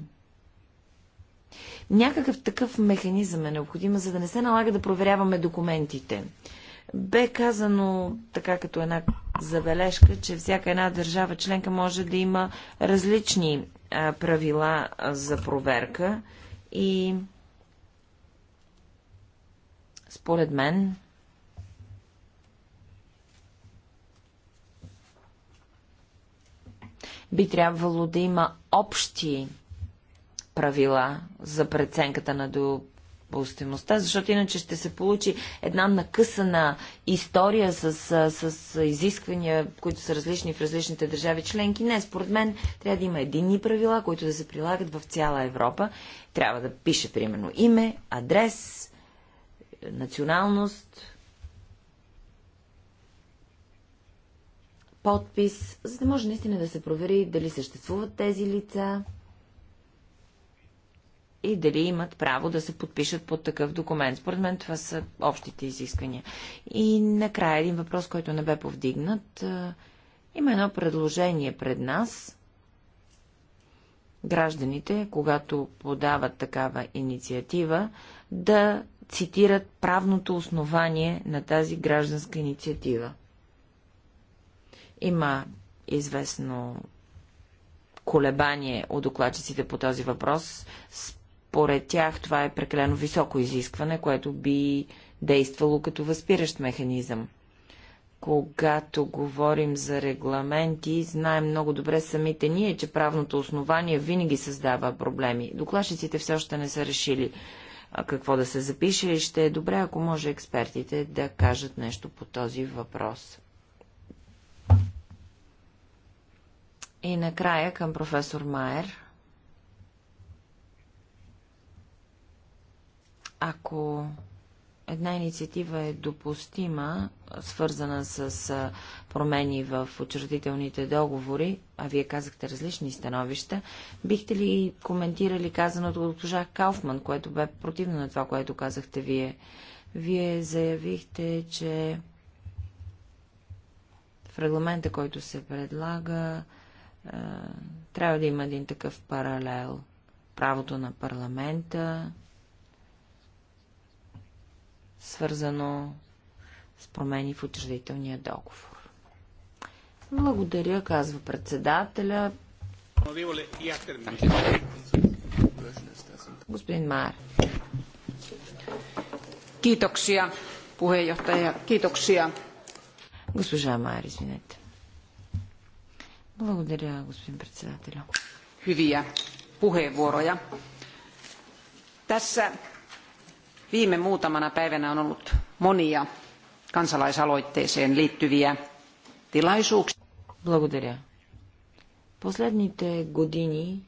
Някакъв такъв механизъм е необходим, за да не се налага да проверяваме документите. Бе казано така като една забележка, че всяка една държава членка може да има различни а, правила а, за проверка и според мен Би трябвало да има общи правила за преценката на допустимостта, защото иначе ще се получи една накъсана история с, с, с изисквания, които са различни в различните държави членки. Не, според мен трябва да има единни правила, които да се прилагат в цяла Европа. Трябва да пише, примерно, име, адрес, националност, подпис, за да може наистина да се провери дали съществуват тези лица и дали имат право да се подпишат под такъв документ. Според мен това са общите изисквания. И накрая един въпрос, който не бе повдигнат. Има едно предложение пред нас. Гражданите, когато подават такава инициатива, да цитират правното основание на тази гражданска инициатива. Има известно колебание от докладчиците по този въпрос. Според тях това е прекалено високо изискване, което би действало като възпиращ механизъм. Когато говорим за регламенти, знаем много добре самите ние, че правното основание винаги създава проблеми. Докладчиците все още не са решили какво да се запише и ще е добре, ако може експертите да кажат нещо по този въпрос. И накрая към професор Майер. Ако една инициатива е допустима, свързана с промени в учредителните договори, а вие казахте различни становища, бихте ли коментирали казаното от госпожа Кауфман, което бе противно на това, което казахте вие? Вие заявихте, че в регламента, който се предлага, трябва да има един такъв паралел. Правото на парламента, свързано с промени в учредителния договор. Благодаря, казва председателя. Господин Майер. Kiitoksia, puheenjohtaja. Kiitoksia. Госпожа Майер, извинете. Благодаря, господин Hyviä puheenvuoroja. Tässä viime muutamana päivänä on ollut monia kansalaisaloitteeseen liittyviä tilaisuuksia. Благодаря. Последните години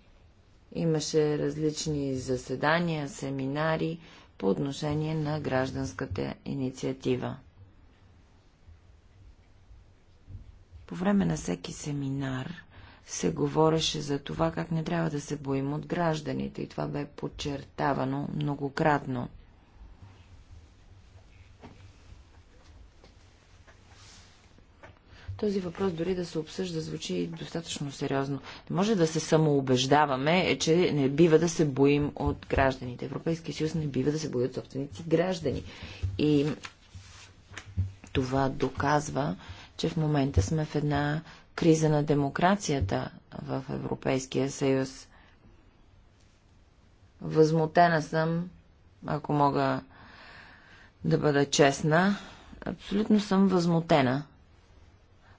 имаше различни заседания, семинари по отношение на гражданската инициатива. По време на всеки семинар се говореше за това, как не трябва да се боим от гражданите и това бе подчертавано многократно. Този въпрос дори да се обсъжда звучи достатъчно сериозно. Не може да се самоубеждаваме, е, че не бива да се боим от гражданите. Европейския съюз не бива да се бои от собствените граждани. И това доказва, че в момента сме в една криза на демокрацията в Европейския съюз. Възмутена съм, ако мога да бъда честна, абсолютно съм възмутена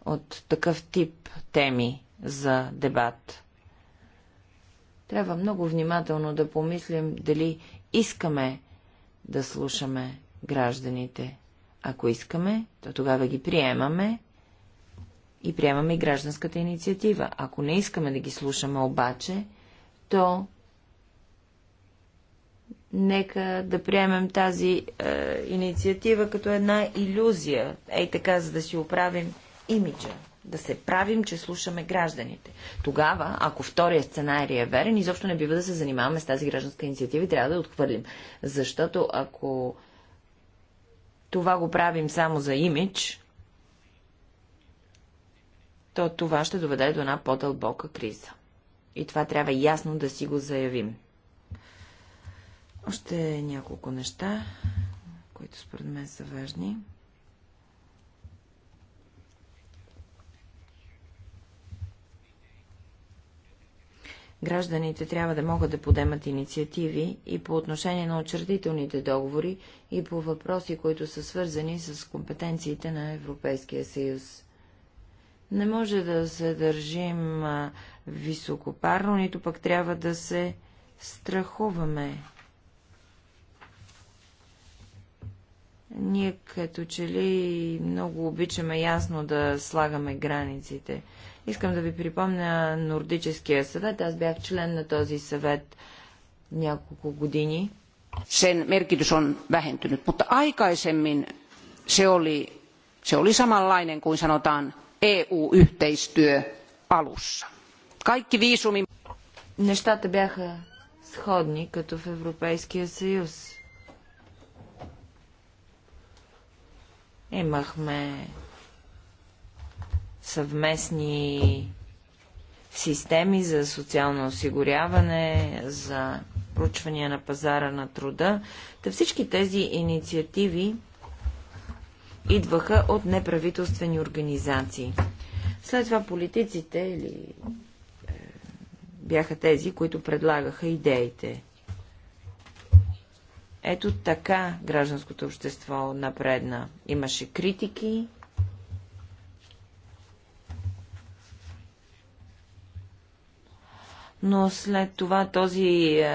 от такъв тип теми за дебат. Трябва много внимателно да помислим дали искаме да слушаме гражданите. Ако искаме, то тогава ги приемаме и приемаме и гражданската инициатива. Ако не искаме да ги слушаме обаче, то нека да приемем тази е, инициатива като една иллюзия, ей така, за да си оправим имиджа, да се правим, че слушаме гражданите. Тогава, ако втория сценарий е верен, изобщо не бива да се занимаваме с тази гражданска инициатива и трябва да я отхвърлим. Защото ако това го правим само за имидж, то това ще доведе до една по-дълбока криза. И това трябва ясно да си го заявим. Още няколко неща, които според мен са важни. Гражданите трябва да могат да подемат инициативи и по отношение на учредителните договори и по въпроси, които са свързани с компетенциите на Европейския съюз. Не може да се държим високопарно, нито пък трябва да се страхуваме. Ние като че ли много обичаме ясно да слагаме границите. Искам да ви припомня Нордическия съвет. Аз бях член на този съвет няколко години. Sen merkitys on vähentynyt, mutta aikaisemmin se oli, se oli samanlainen kuin sanotaan eu yhteistyö alussa. Kaikki viisumi... Нещата бяха сходни, като в Европейския съюз. Имахме съвместни системи за социално осигуряване, за проучвания на пазара на труда. Та всички тези инициативи идваха от неправителствени организации. След това политиците или е, бяха тези, които предлагаха идеите. Ето така гражданското общество напредна. Имаше критики, но след това този е,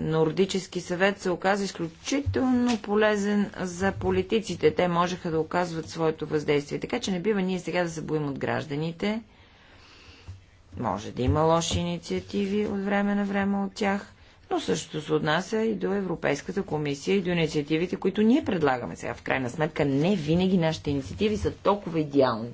нордически съвет се оказа изключително полезен за политиците. Те можеха да оказват своето въздействие. Така че не бива ние сега да се боим от гражданите. Може да има лоши инициативи от време на време от тях, но същото се отнася и до Европейската комисия и до инициативите, които ние предлагаме сега. В крайна сметка не винаги нашите инициативи са толкова идеални.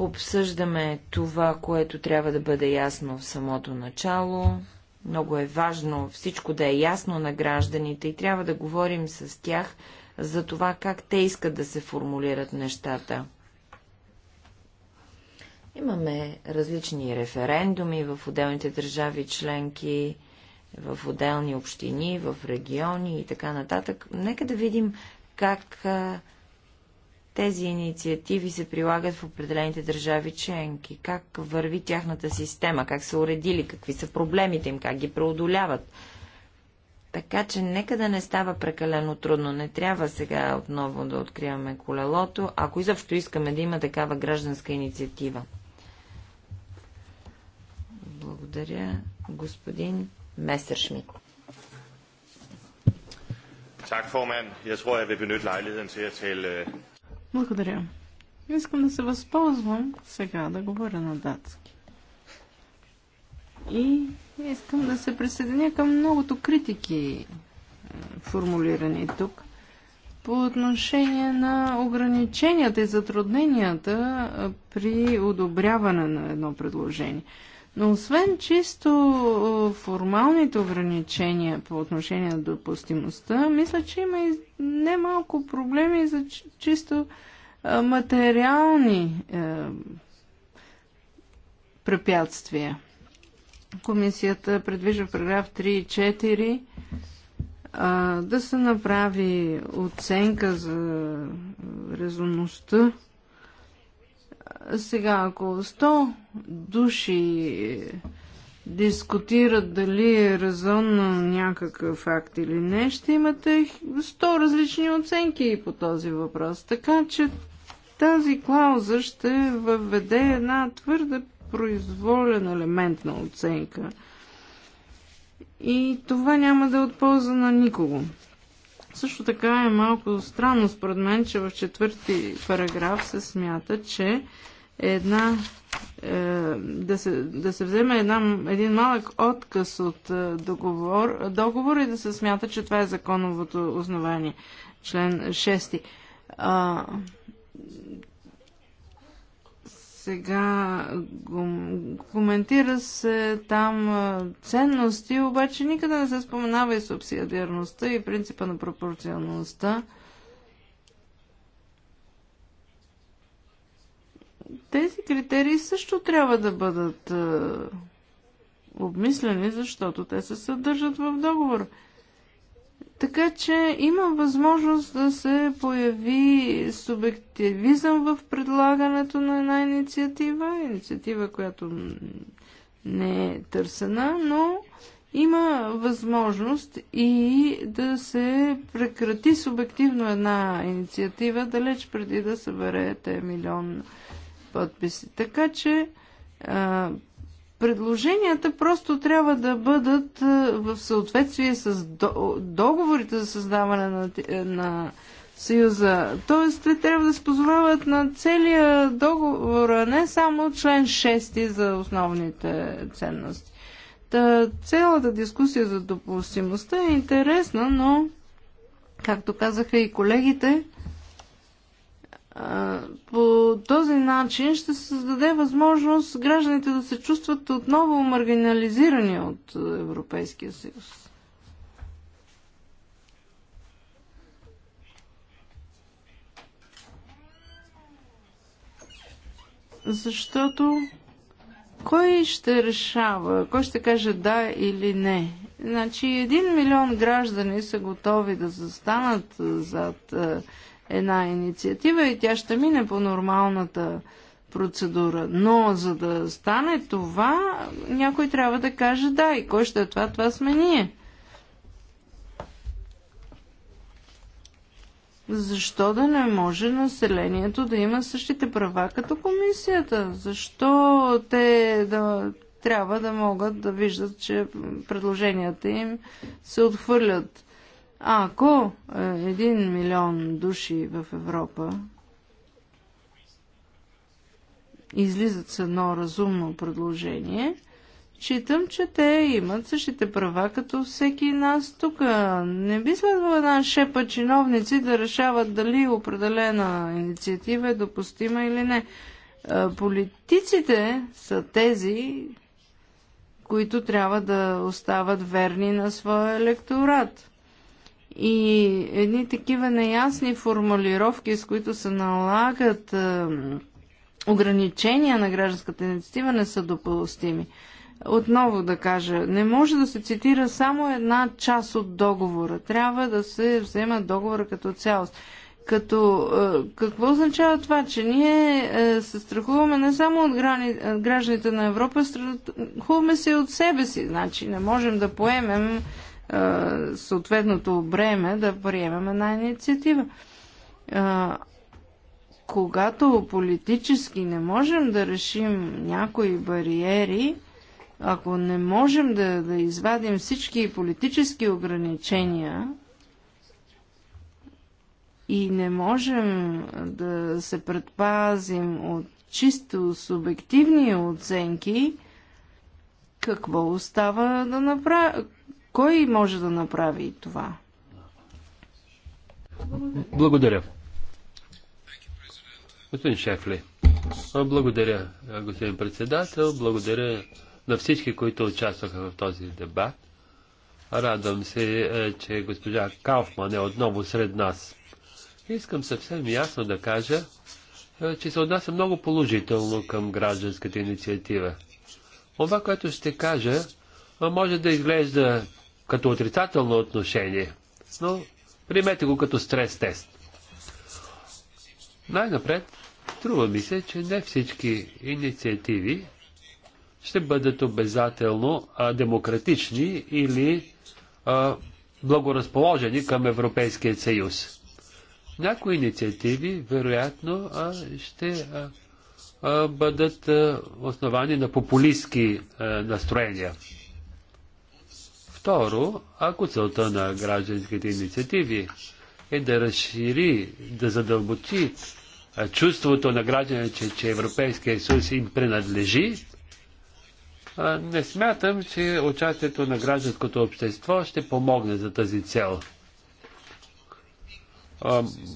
Обсъждаме това, което трябва да бъде ясно в самото начало. Много е важно всичко да е ясно на гражданите и трябва да говорим с тях за това как те искат да се формулират нещата. Имаме различни референдуми в отделните държави членки, в отделни общини, в региони и така нататък. Нека да видим как тези инициативи се прилагат в определените държави членки? Как върви тяхната система? Как са уредили? Какви са проблемите им? Как ги преодоляват? Така че нека да не става прекалено трудно. Не трябва сега отново да откриваме колелото, ако изобщо искаме да има такава гражданска инициатива. Благодаря, господин Месершмит. Tak, formand. Jeg vil benytte lejligheden til at tale øh, благодаря. Искам да се възползвам сега да говоря на датски. И искам да се присъединя към многото критики, е, формулирани тук, по отношение на ограниченията и затрудненията е, при одобряване на едно предложение. Но освен чисто формалните ограничения по отношение на допустимостта, мисля, че има и немалко проблеми за чисто материални е, препятствия. Комисията предвижда в параграф 3 и 4 да се направи оценка за резонността сега, ако 100 души дискутират дали е разумно някакъв факт или не, ще имате 100 различни оценки и по този въпрос. Така че тази клауза ще въведе една твърде произволен елемент на оценка. И това няма да е от полза на никого. Също така е малко странно според мен, че в четвърти параграф се смята, че една, е, да, се, да се вземе една, един малък отказ от е, договор, договор и да се смята, че това е законовото основание. Член 6. А, сега коментира се там ценности, обаче никъде не се споменава и субсидиарността и принципа на пропорционалността. Тези критерии също трябва да бъдат обмислени, защото те се съдържат в договора. Така че има възможност да се появи субективизъм в предлагането на една инициатива, инициатива, която не е търсена, но има възможност и да се прекрати субективно една инициатива, далеч преди да съберете милион подписи. Така че предложенията просто трябва да бъдат е, в съответствие с договорите за създаване на, е, на Съюза. Тоест, те трябва да се позовават на целия договор, а не само член 6 за основните ценности. Та, цялата дискусия за допустимостта е интересна, но, както казаха и колегите, по този начин ще се създаде възможност гражданите да се чувстват отново маргинализирани от Европейския съюз. Защото кой ще решава, кой ще каже да или не? Значи един милион граждани са готови да застанат зад една инициатива и тя ще мине по нормалната процедура. Но за да стане това, някой трябва да каже да. И кой ще е това? Това сме ние. Защо да не може населението да има същите права като комисията? Защо те да трябва да могат да виждат, че предложенията им се отхвърлят? А ако е, един милион души в Европа излизат с едно разумно предложение, Читам, че те имат същите права, като всеки нас тук. Не би следвало една шепа чиновници да решават дали определена инициатива е допустима или не. Е, политиците са тези, които трябва да остават верни на своя електорат. И едни такива неясни формулировки, с които се налагат ограничения на гражданската инициатива, не са допустими отново да кажа, не може да се цитира само една част от договора. Трябва да се взема договора като цялост. Като, какво означава това, че ние е, се страхуваме не само от грани, гражданите на Европа, страхуваме се и от себе си. Значи не можем да поемем съответното бреме да приемем една инициатива. Когато политически не можем да решим някои бариери, ако не можем да, да извадим всички политически ограничения и не можем да се предпазим от чисто субективни оценки, какво остава да направим? Кой може да направи това? Благодаря. Господин Шефли, благодаря, господин председател, благодаря на всички, които участваха в този дебат. Радвам се, е, че госпожа Кауфман е отново сред нас. Искам съвсем ясно да кажа, е, че се отнася много положително към гражданската инициатива. Това, което ще кажа, е, може да изглежда като отрицателно отношение, но приемете го като стрес тест. Най-напред, струва ми се, че не всички инициативи ще бъдат обязателно а, демократични или а, благоразположени към Европейския съюз. Някои инициативи, вероятно, а, ще а, а, бъдат а, основани на популистски а, настроения. Второ, ако целта на гражданските инициативи е да разшири, да задълбочи чувството на гражданите, че Европейския съюз им принадлежи, не смятам, че участието на гражданското общество ще помогне за тази цел.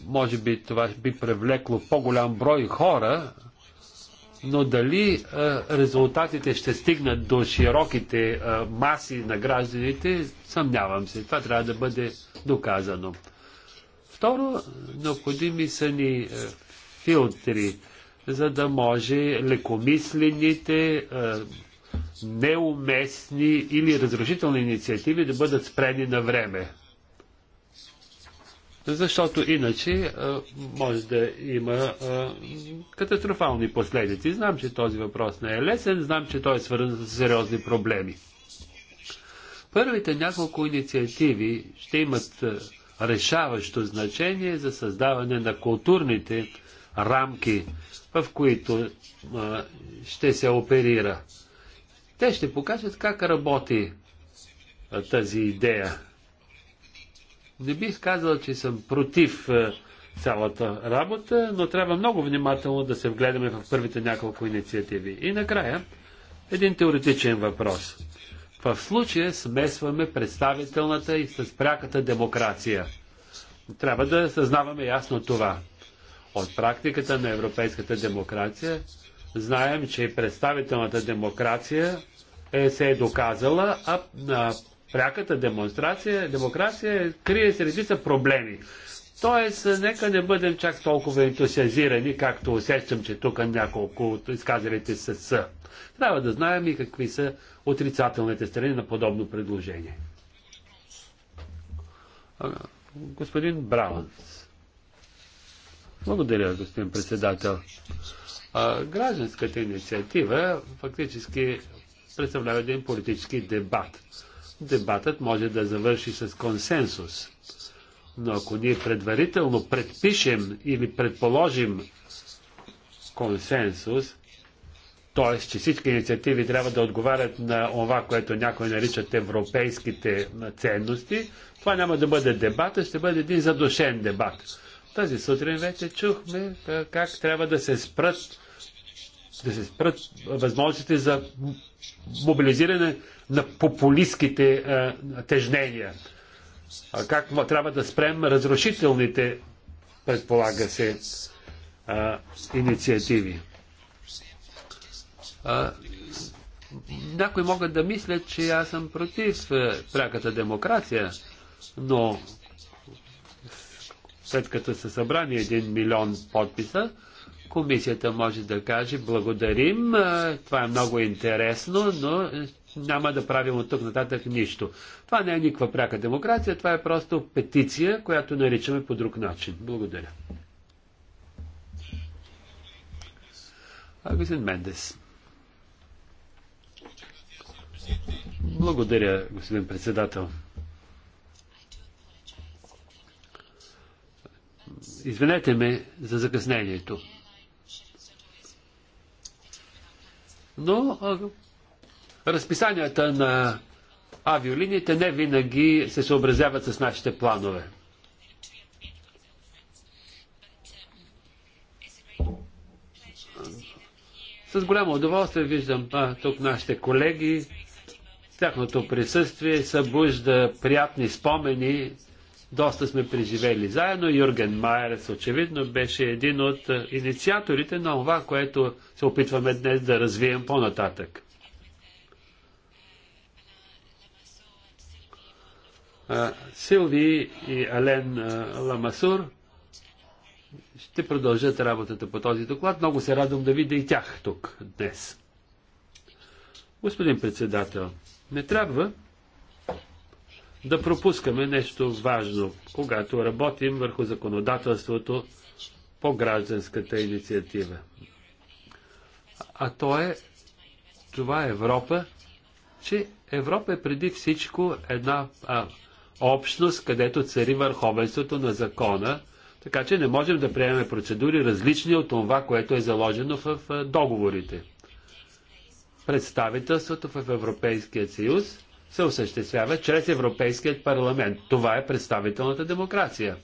Може би това би привлекло по-голям брой хора, но дали е, резултатите ще стигнат до широките е, маси на гражданите, съмнявам се. Това трябва да бъде доказано. Второ, необходими са ни е, филтри, за да може лекомислените, неуместни или разрушителни инициативи да бъдат спрени на време защото иначе е, може да има е, катастрофални последици. Знам, че този въпрос не е лесен, знам, че той е свързан с сериозни проблеми. Първите няколко инициативи ще имат е, решаващо значение за създаване на културните рамки, в които а, ще се оперира. Те ще покажат как работи а, тази идея. Не бих казал, че съм против е, цялата работа, но трябва много внимателно да се вгледаме в първите няколко инициативи. И накрая, един теоретичен въпрос. В случая смесваме представителната и с пряката демокрация. Трябва да съзнаваме ясно това. От практиката на европейската демокрация знаем, че представителната демокрация е, се е доказала, а, а пряката демонстрация, демокрация крие се редица проблеми. Тоест, нека не бъдем чак толкова ентусиазирани, както усещам, че тук няколко от изказалите са са. Трябва да знаем и какви са отрицателните страни на подобно предложение. Господин Браунс. Благодаря, господин председател. А, гражданската инициатива фактически представлява един политически дебат дебатът може да завърши с консенсус. Но ако ние предварително предпишем или предположим консенсус, т.е. че всички инициативи трябва да отговарят на това, което някои наричат европейските ценности, това няма да бъде дебата, ще бъде един задушен дебат. Тази сутрин вече чухме как трябва да се спрат да се спрат възможностите за мобилизиране на популистските а, е, тежнения. А как трябва да спрем разрушителните, предполага се, а, е, инициативи. А, някои могат да мислят, че аз съм против е, пряката демокрация, но след като са събрани 1 милион подписа, комисията може да каже благодарим, това е много интересно, но няма да правим от тук нататък нищо. Това не е никаква пряка демокрация, това е просто петиция, която наричаме по друг начин. Благодаря. Агусин Мендес. Благодаря, господин председател. Извинете ме за закъснението. Но разписанията на авиолиниите не винаги се съобразяват с нашите планове. С голямо удоволствие виждам а, тук нашите колеги. Тяхното присъствие събужда приятни спомени. Доста сме преживели заедно. Юрген Майерс очевидно беше един от инициаторите на това, което се опитваме днес да развием по-нататък. Силви и Ален Ламасур ще продължат работата по този доклад. Много се радвам да видя и тях тук днес. Господин председател, не трябва да пропускаме нещо важно, когато работим върху законодателството по гражданската инициатива. А то е, това е Европа, че Европа е преди всичко една а, общност, където цари върховенството на закона, така че не можем да приемем процедури различни от това, което е заложено в договорите. Представителството в Европейския съюз се осъществява чрез Европейският парламент. Това е представителната демокрация.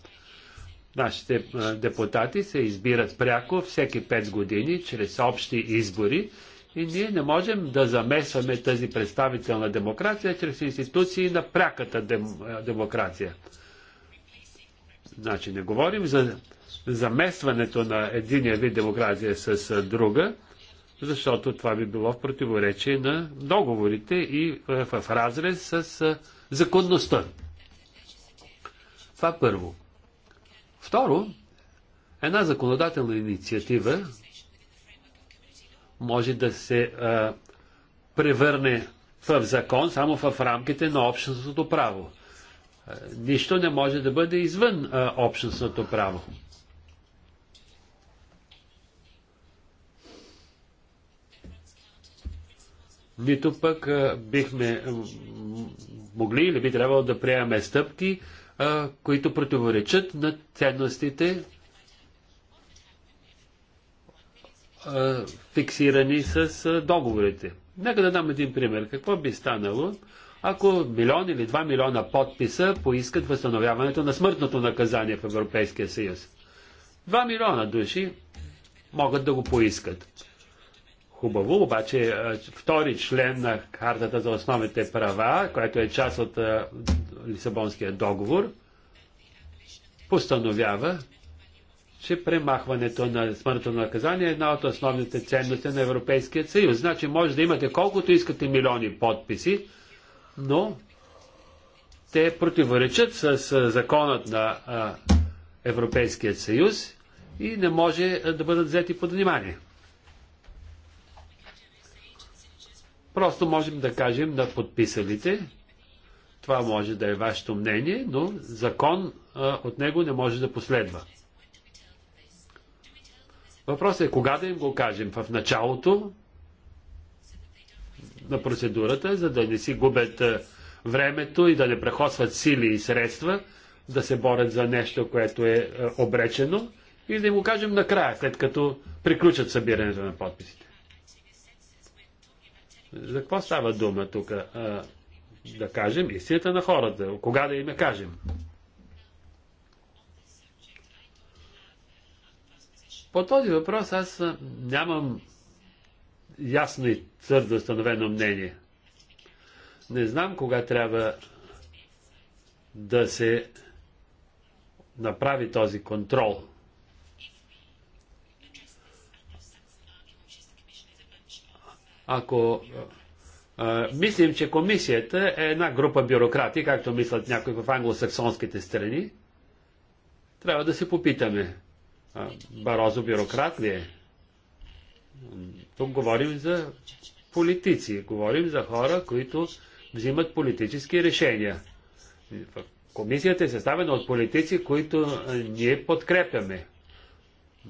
Нашите депутати се избират пряко всеки 5 години чрез общи избори и ние не можем да замесваме тази представителна демокрация чрез институции на пряката дем, демокрация. Значи не говорим за заместването на единия вид демокрация с друга, защото това би било в противоречие на договорите и в, в разрез с законността. Това първо. Второ, една законодателна инициатива може да се а, превърне в закон само в рамките на общностното право. А, нищо не може да бъде извън а, общностното право. Нито пък а, бихме могли или би трябвало да приемаме стъпки, а, които противоречат на ценностите, фиксирани с договорите. Нека да дам един пример. Какво би станало, ако милион или два милиона подписа поискат възстановяването на смъртното наказание в Европейския съюз? Два милиона души могат да го поискат. Хубаво, обаче втори член на Хартата за основните права, която е част от Лисабонския договор, постановява, че премахването на смъртно наказание е една от основните ценности на Европейския съюз. Значи може да имате колкото искате милиони подписи, но те противоречат с законът на Европейския съюз и не може да бъдат взети под внимание. Просто можем да кажем на подписалите, това може да е вашето мнение, но закон от него не може да последва. Въпросът е кога да им го кажем? В началото на процедурата, за да не си губят времето и да не прехосват сили и средства, да се борят за нещо, което е обречено, и да им го кажем накрая, след като приключат събирането на подписите. За какво става дума тук? Да кажем истината на хората. Кога да им я кажем? По този въпрос аз нямам ясно и твърдо установено мнение. Не знам кога трябва да се направи този контрол. Ако а, мислим, че комисията е една група бюрократи, както мислят някои в англосаксонските страни, трябва да се попитаме Барозо бюрократ ли е? Тук говорим за политици, говорим за хора, които взимат политически решения. Комисията е съставена от политици, които ние подкрепяме.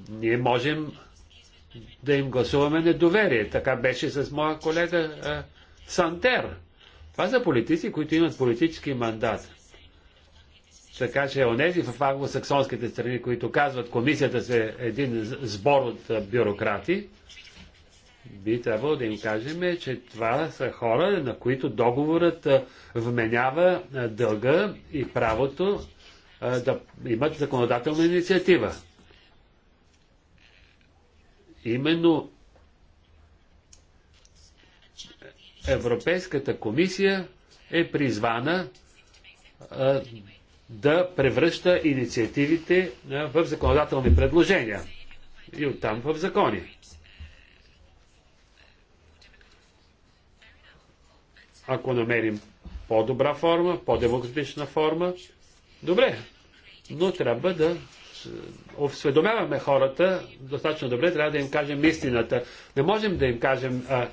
Ние можем да им гласуваме недоверие. Така беше с моя колега Сантер. Това са политици, които имат политически мандат. Така че онези в англосаксонските страни, които казват комисията се е един сбор от бюрократи, би трябвало да им кажем, че това са хора, на които договорът вменява дълга и правото да имат законодателна инициатива. Именно Европейската комисия е призвана да превръща инициативите в законодателни предложения и оттам в закони. Ако намерим по-добра форма, по-демократична форма, добре, но трябва да осведомяваме хората достатъчно добре, трябва да им кажем истината. Не можем да им кажем, а,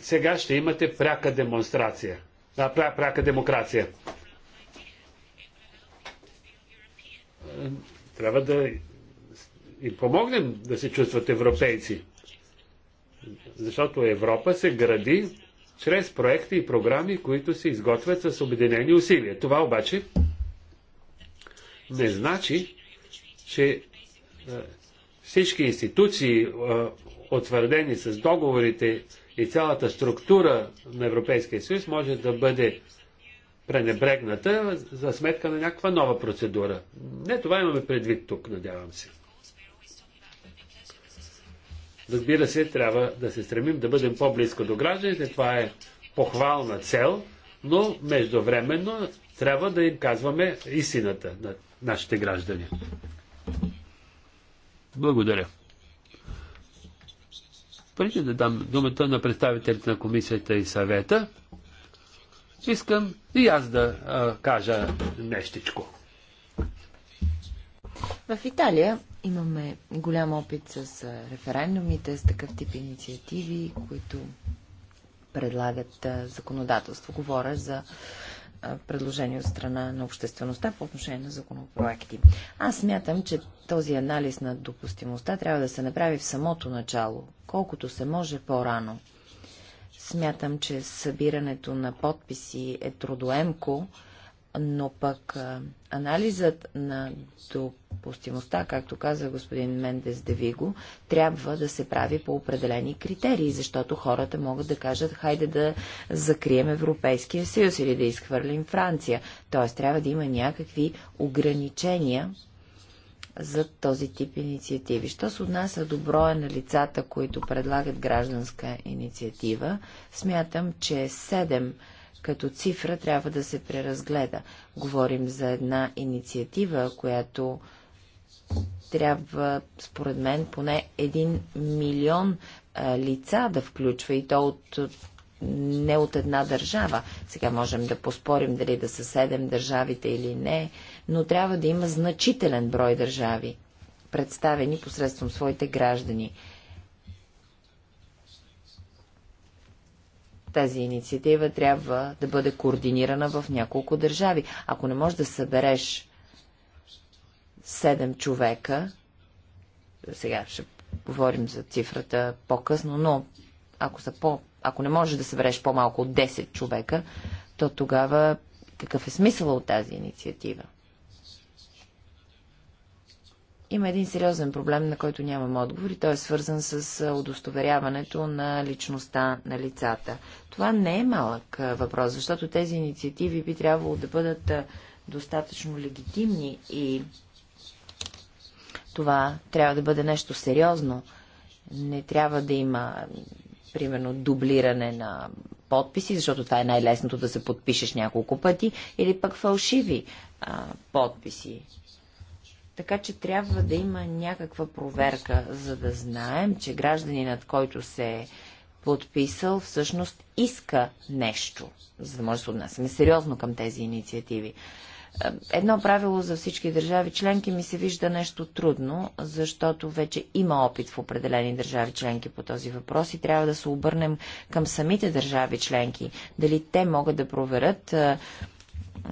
сега ще имате пряка демонстрация, а, пря, пряка демокрация. трябва да им помогнем да се чувстват европейци. Защото Европа се гради чрез проекти и програми, които се изготвят с обединени усилия. Това обаче не значи, че е, всички институции, е, утвърдени с договорите и цялата структура на Европейския съюз, може да бъде пренебрегната за сметка на някаква нова процедура. Не това имаме предвид тук, надявам се. Разбира се, трябва да се стремим да бъдем по-близко до гражданите. Това е похвална цел, но междувременно трябва да им казваме истината на нашите граждани. Благодаря. Преди да дам думата на представителите на комисията и съвета, искам и аз да а, кажа нещичко. В Италия имаме голям опит с референдумите, с такъв тип инициативи, които предлагат законодателство. Говоря за предложение от страна на обществеността по отношение на законопроекти. Аз смятам, че този анализ на допустимостта трябва да се направи в самото начало, колкото се може по-рано. Смятам, че събирането на подписи е трудоемко, но пък анализът на допустимостта, както каза господин Мендес Девиго, трябва да се прави по определени критерии, защото хората могат да кажат, хайде да закрием Европейския съюз или да изхвърлим Франция. Т.е. трябва да има някакви ограничения за този тип инициативи. Що се отнася до броя на лицата, които предлагат гражданска инициатива, смятам, че седем като цифра трябва да се преразгледа. Говорим за една инициатива, която трябва, според мен, поне един милион лица да включва и то от не от една държава. Сега можем да поспорим дали да са седем държавите или не, но трябва да има значителен брой държави, представени посредством своите граждани. Тази инициатива трябва да бъде координирана в няколко държави. Ако не можеш да събереш 7 човека, сега ще говорим за цифрата по-късно, но ако, са по, ако не можеш да събереш по-малко от 10 човека, то тогава какъв е смисъл от тази инициатива? Има един сериозен проблем, на който нямам отговор и той е свързан с удостоверяването на личността на лицата. Това не е малък въпрос, защото тези инициативи би трябвало да бъдат достатъчно легитимни и това трябва да бъде нещо сериозно. Не трябва да има, примерно, дублиране на подписи, защото това е най-лесното да се подпишеш няколко пъти, или пък фалшиви а, подписи така че трябва да има някаква проверка, за да знаем, че гражданинът, който се е подписал, всъщност иска нещо, за да може да се отнасяме сериозно към тези инициативи. Е, едно правило за всички държави членки ми се вижда нещо трудно, защото вече има опит в определени държави членки по този въпрос и трябва да се обърнем към самите държави членки. Дали те могат да проверят е,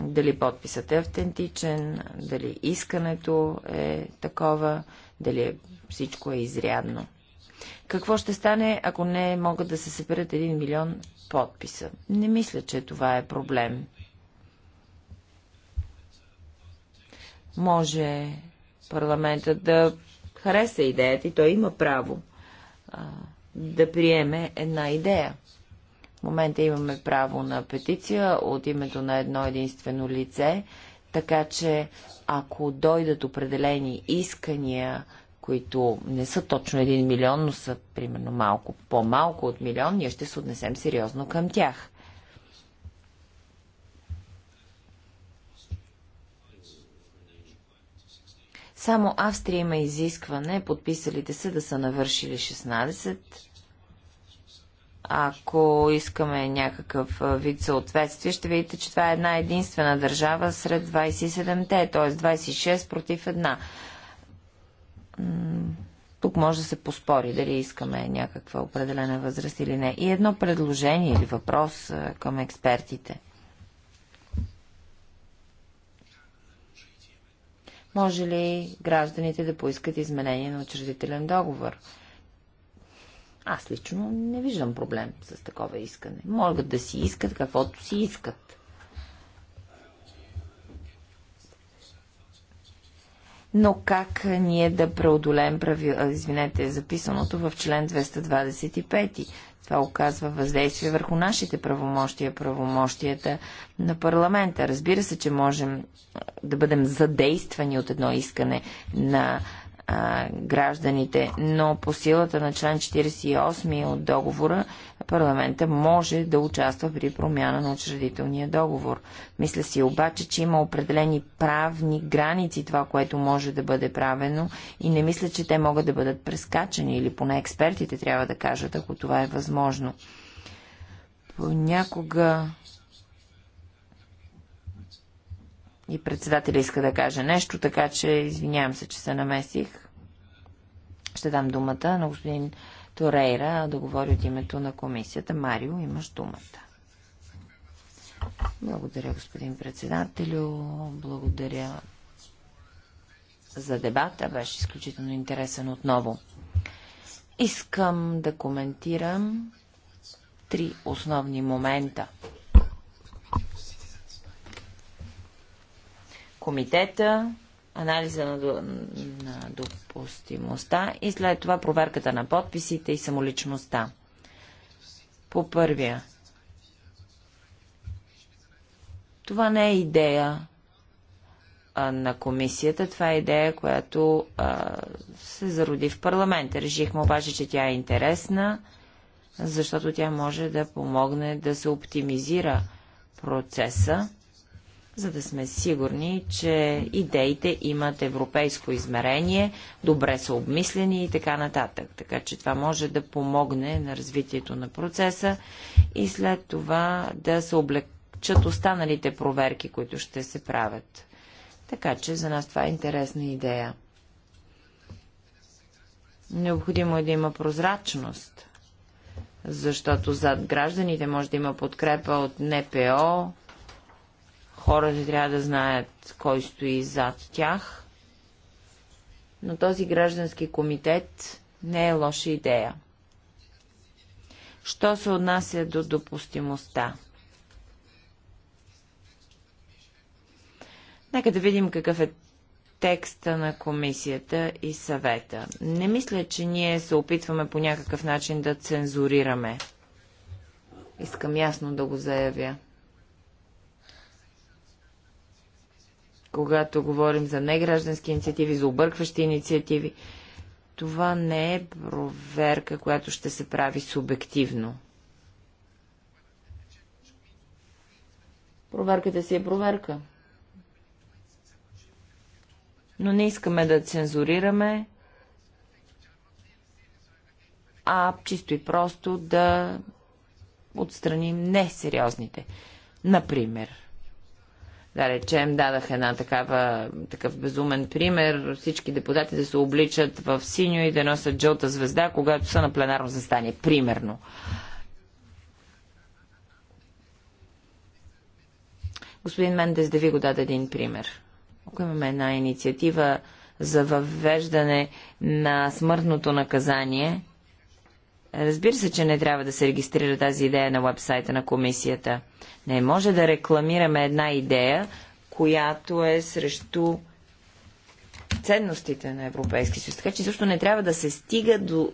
дали подписът е автентичен, дали искането е такова, дали е, всичко е изрядно. Какво ще стане, ако не могат да се съберат 1 милион подписа? Не мисля, че това е проблем. Може парламентът да хареса идеята и той има право а, да приеме една идея момента имаме право на петиция от името на едно единствено лице, така че ако дойдат определени искания, които не са точно 1 милион, но са примерно малко по-малко от милион, ние ще се отнесем сериозно към тях. Само Австрия има изискване подписалите се да са навършили 16 ако искаме някакъв вид съответствие, ще видите, че това е една единствена държава сред 27-те, т.е. 26 против една. Тук може да се поспори дали искаме някаква определена възраст или не. И едно предложение или въпрос към експертите. Може ли гражданите да поискат изменение на учредителен договор? Аз лично не виждам проблем с такова искане. Могат да си искат каквото си искат. Но как ние да преодолеем, прави... извинете, записаното в член 225? Това оказва въздействие върху нашите правомощия, правомощията на парламента. Разбира се, че можем да бъдем задействани от едно искане на а, гражданите, но по силата на член 48 от договора парламента може да участва при промяна на учредителния договор. Мисля си обаче, че има определени правни граници това, което може да бъде правено и не мисля, че те могат да бъдат прескачани или поне експертите трябва да кажат, ако това е възможно. Понякога И председателя иска да каже нещо, така че извинявам се, че се намесих. Ще дам думата на господин Торейра да говори от името на комисията. Марио, имаш думата. Благодаря, господин председателю. Благодаря за дебата. Беше изключително интересен отново. Искам да коментирам три основни момента. комитета, анализа на, на допустимостта и след това проверката на подписите и самоличността. По първия. Това не е идея на комисията, това е идея, която а, се зароди в парламента. Решихме обаче, че тя е интересна, защото тя може да помогне да се оптимизира процеса за да сме сигурни, че идеите имат европейско измерение, добре са обмислени и така нататък. Така че това може да помогне на развитието на процеса и след това да се облегчат останалите проверки, които ще се правят. Така че за нас това е интересна идея. Необходимо е да има прозрачност, защото зад гражданите може да има подкрепа от НПО, Хората трябва да знаят кой стои зад тях. Но този граждански комитет не е лоша идея. Що се отнася до допустимостта? Нека да видим какъв е текста на комисията и съвета. Не мисля, че ние се опитваме по някакъв начин да цензурираме. Искам ясно да го заявя. когато говорим за неграждански инициативи, за объркващи инициативи. Това не е проверка, която ще се прави субективно. Проверката си е проверка. Но не искаме да цензурираме, а чисто и просто да отстраним несериозните. Например, да речем, дадах една такава, такъв безумен пример. Всички депутати да се обличат в синьо и да носят жълта звезда, когато са на пленарно застание. Примерно. Господин Мендес да ви го даде един пример. Ако имаме една инициатива за въвеждане на смъртното наказание, Разбира се, че не трябва да се регистрира тази идея на вебсайта на комисията. Не може да рекламираме една идея, която е срещу ценностите на Европейския съюз. Така че също не трябва да се стига до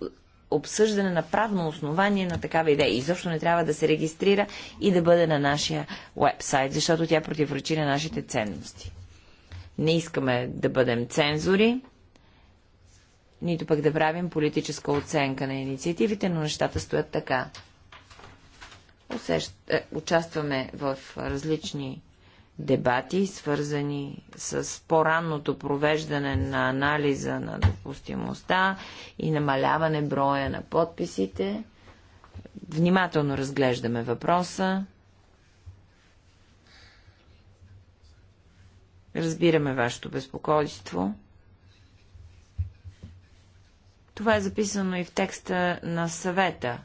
обсъждане на правно основание на такава идея. И също не трябва да се регистрира и да бъде на нашия вебсайт, защото тя противоречи на нашите ценности. Не искаме да бъдем цензори, нито пък да правим политическа оценка на инициативите, но нещата стоят така. Усещ... Е, участваме в различни дебати, свързани с по-ранното провеждане на анализа на допустимостта и намаляване броя на подписите. Внимателно разглеждаме въпроса. Разбираме вашето безпокойство. Това е записано и в текста на съвета.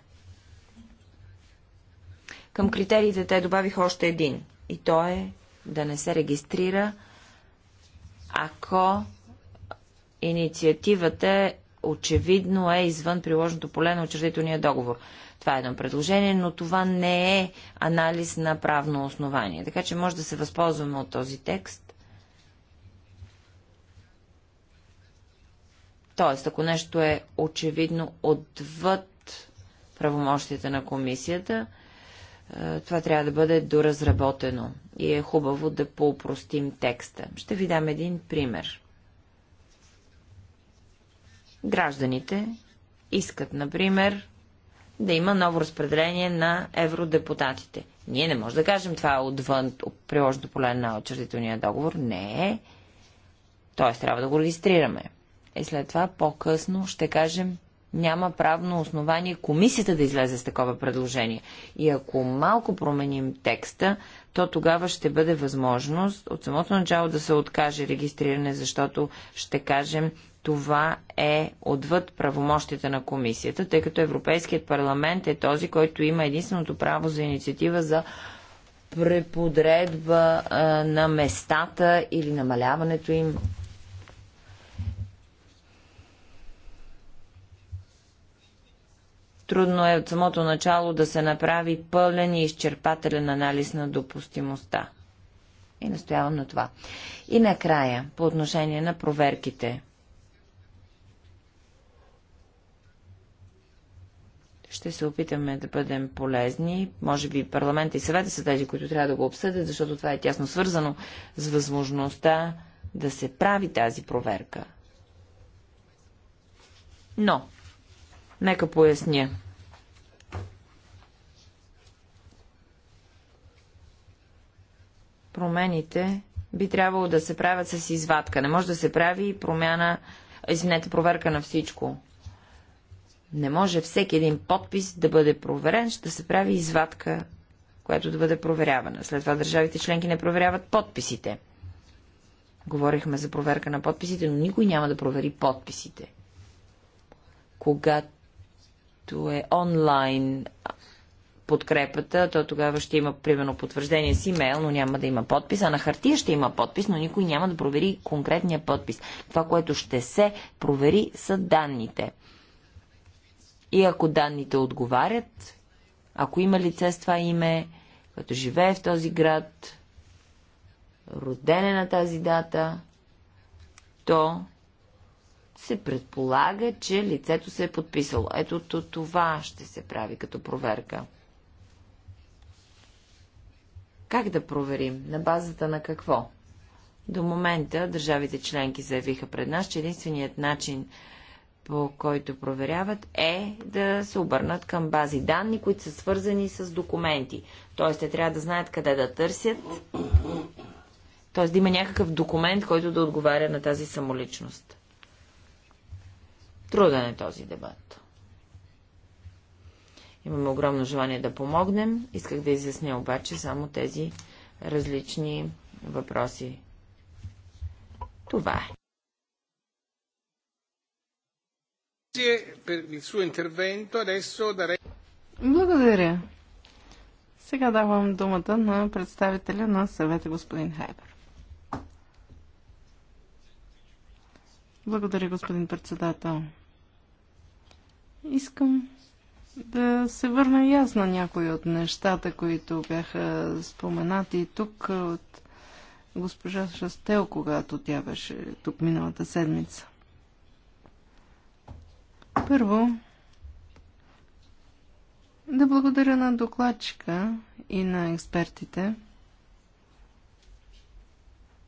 Към критериите те добавих още един. И то е да не се регистрира, ако инициативата е очевидно е извън приложното поле на учредителния договор. Това е едно предложение, но това не е анализ на правно основание. Така че може да се възползваме от този текст Тоест, ако нещо е очевидно отвъд правомощите на комисията, е, това трябва да бъде доразработено и е хубаво да поупростим текста. Ще ви дам един пример. Гражданите искат, например, да има ново разпределение на евродепутатите. Ние не можем да кажем това е отвън приложното поле на учредителния договор. Не е. Тоест трябва да го регистрираме и е, след това по-късно ще кажем няма правно основание комисията да излезе с такова предложение. И ако малко променим текста, то тогава ще бъде възможност от самото начало да се откаже регистриране, защото ще кажем това е отвъд правомощите на комисията, тъй като Европейският парламент е този, който има единственото право за инициатива за преподредба а, на местата или намаляването им Трудно е от самото начало да се направи пълен и изчерпателен анализ на допустимостта. И настоявам на това. И накрая, по отношение на проверките. Ще се опитаме да бъдем полезни. Може би парламента и съвета са тези, които трябва да го обсъдят, защото това е тясно свързано с възможността да се прави тази проверка. Но Нека поясня. Промените би трябвало да се правят с извадка. Не може да се прави и промяна, извинете, проверка на всичко. Не може всеки един подпис да бъде проверен, ще се прави извадка, която да бъде проверявана. След това държавите членки не проверяват подписите. Говорихме за проверка на подписите, но никой няма да провери подписите. Когато което е онлайн подкрепата, то тогава ще има примерно потвърждение с имейл, но няма да има подпис, а на хартия ще има подпис, но никой няма да провери конкретния подпис. Това, което ще се провери, са данните. И ако данните отговарят, ако има лице с това име, което живее в този град, роден е на тази дата, то се предполага, че лицето се е подписало. Ето това ще се прави като проверка. Как да проверим? На базата на какво? До момента държавите членки заявиха пред нас, че единственият начин по който проверяват е да се обърнат към бази данни, които са свързани с документи. Тоест, те трябва да знаят къде да търсят. Тоест, да има някакъв документ, който да отговаря на тази самоличност. Труден е този дебат. Имаме огромно желание да помогнем. Исках да изясня обаче само тези различни въпроси. Това е. Благодаря. Сега давам думата на представителя на съвета господин Хайбер. Благодаря, господин председател. Искам да се върна ясно на някои от нещата, които бяха споменати тук от госпожа Шастел, когато тя беше тук миналата седмица. Първо, да благодаря на докладчика и на експертите.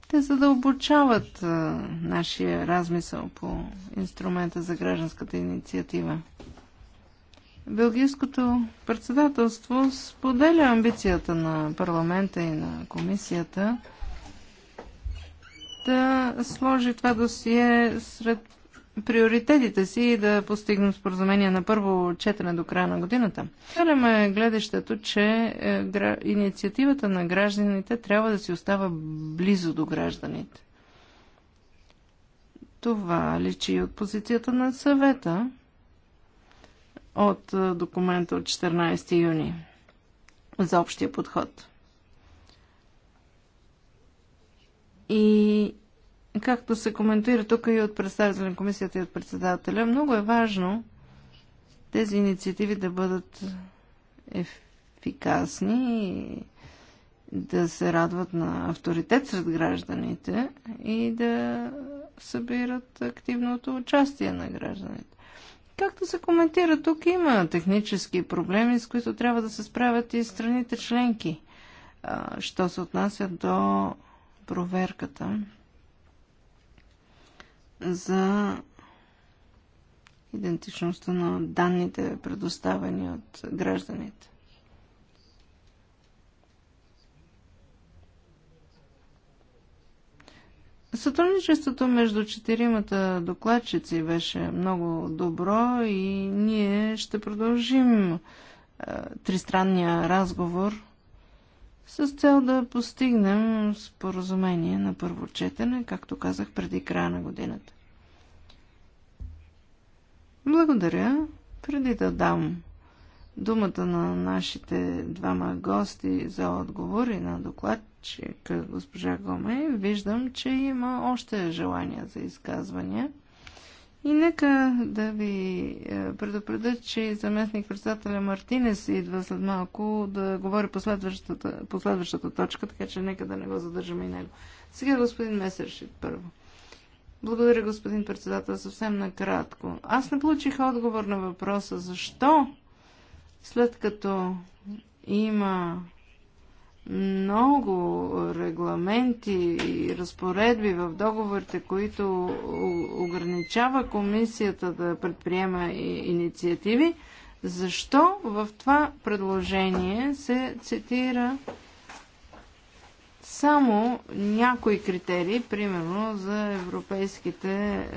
Те задълбочават а, нашия размисъл по инструмента за гражданската инициатива. Белгийското председателство споделя амбицията на парламента и на комисията да сложи това досие сред приоритетите си и да постигнем споразумение на първо четене до края на годината. Хареме гледащето, че е, инициативата на гражданите трябва да си остава близо до гражданите. Това личи и от позицията на съвета от е, документа от 14 юни за общия подход. И както се коментира тук и от представителя на комисията и от председателя, много е важно тези инициативи да бъдат ефикасни и да се радват на авторитет сред гражданите и да събират активното участие на гражданите. Както се коментира, тук има технически проблеми, с които трябва да се справят и страните членки, що се отнася до проверката за идентичността на данните, предоставени от гражданите. Сътрудничеството между четиримата докладчици беше много добро и ние ще продължим е, тристранния разговор с цел да постигнем споразумение на първо четене, както казах преди края на годината. Благодаря. Преди да дам думата на нашите двама гости за отговор и на докладчика госпожа Гоме, виждам, че има още желания за изказвания – и нека да ви е, предупредя, че заместник председателя Мартинес идва след малко да говори по следващата, по следващата точка, така че нека да не го задържаме и него. Сега господин Месершит първо. Благодаря, господин председател, съвсем накратко. Аз не получих отговор на въпроса защо след като има много регламенти и разпоредби в договорите, които ограничава комисията да предприема инициативи, защо в това предложение се цитира само някои критерии, примерно за европейските е,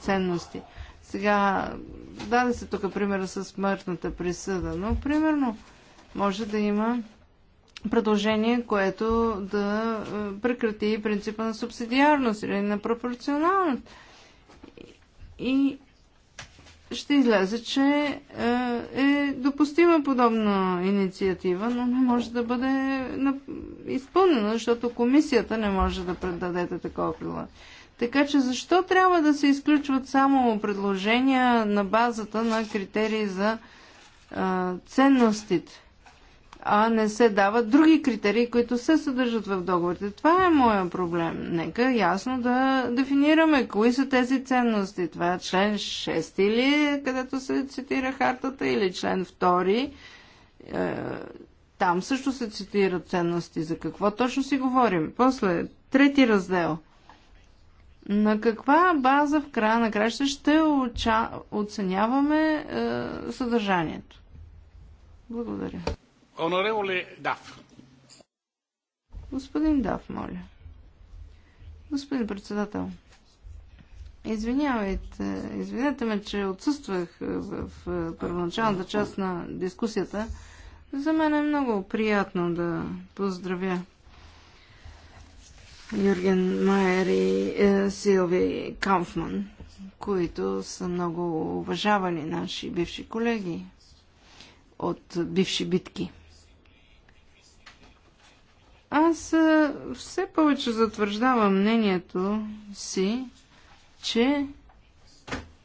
ценности. Сега, даде се тук примера с смъртната присъда, но примерно може да има предложение, което да е, прекрати принципа на субсидиарност или на пропорционалност. И ще излезе, че е, е допустима подобна инициатива, но не може да бъде изпълнена, защото комисията не може да предадете такова предложение. Така че защо трябва да се изключват само предложения на базата на критерии за е, ценностите? а не се дават други критерии, които се съдържат в договорите. Това е моят проблем. Нека ясно да дефинираме кои са тези ценности. Това е член 6 или е, където се цитира хартата, или член 2. Е, там също се цитират ценности. За какво точно си говорим? После, трети раздел. На каква база в края на краща ще оценяваме е, съдържанието? Благодаря. Господин Даф, моля. Господин председател, извинявайте, извинете ме, че отсъствах в първоначалната част на дискусията. За мен е много приятно да поздравя Юрген Майер и е, Силви Камфман, които са много уважавани наши бивши колеги от бивши битки. Аз все повече затвърждавам мнението си, че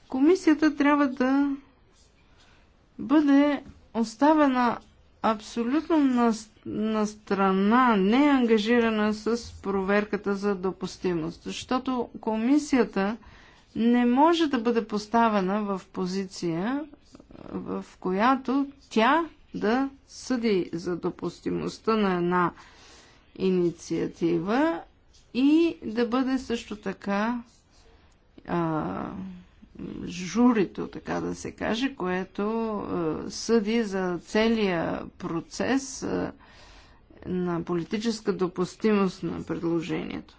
комисията трябва да бъде оставена абсолютно на, на страна, не ангажирана с проверката за допустимост, защото комисията не може да бъде поставена в позиция, в която тя да съди за допустимостта на една инициатива и да бъде също така а, журито, така да се каже, което а, съди за целия процес а, на политическа допустимост на предложението.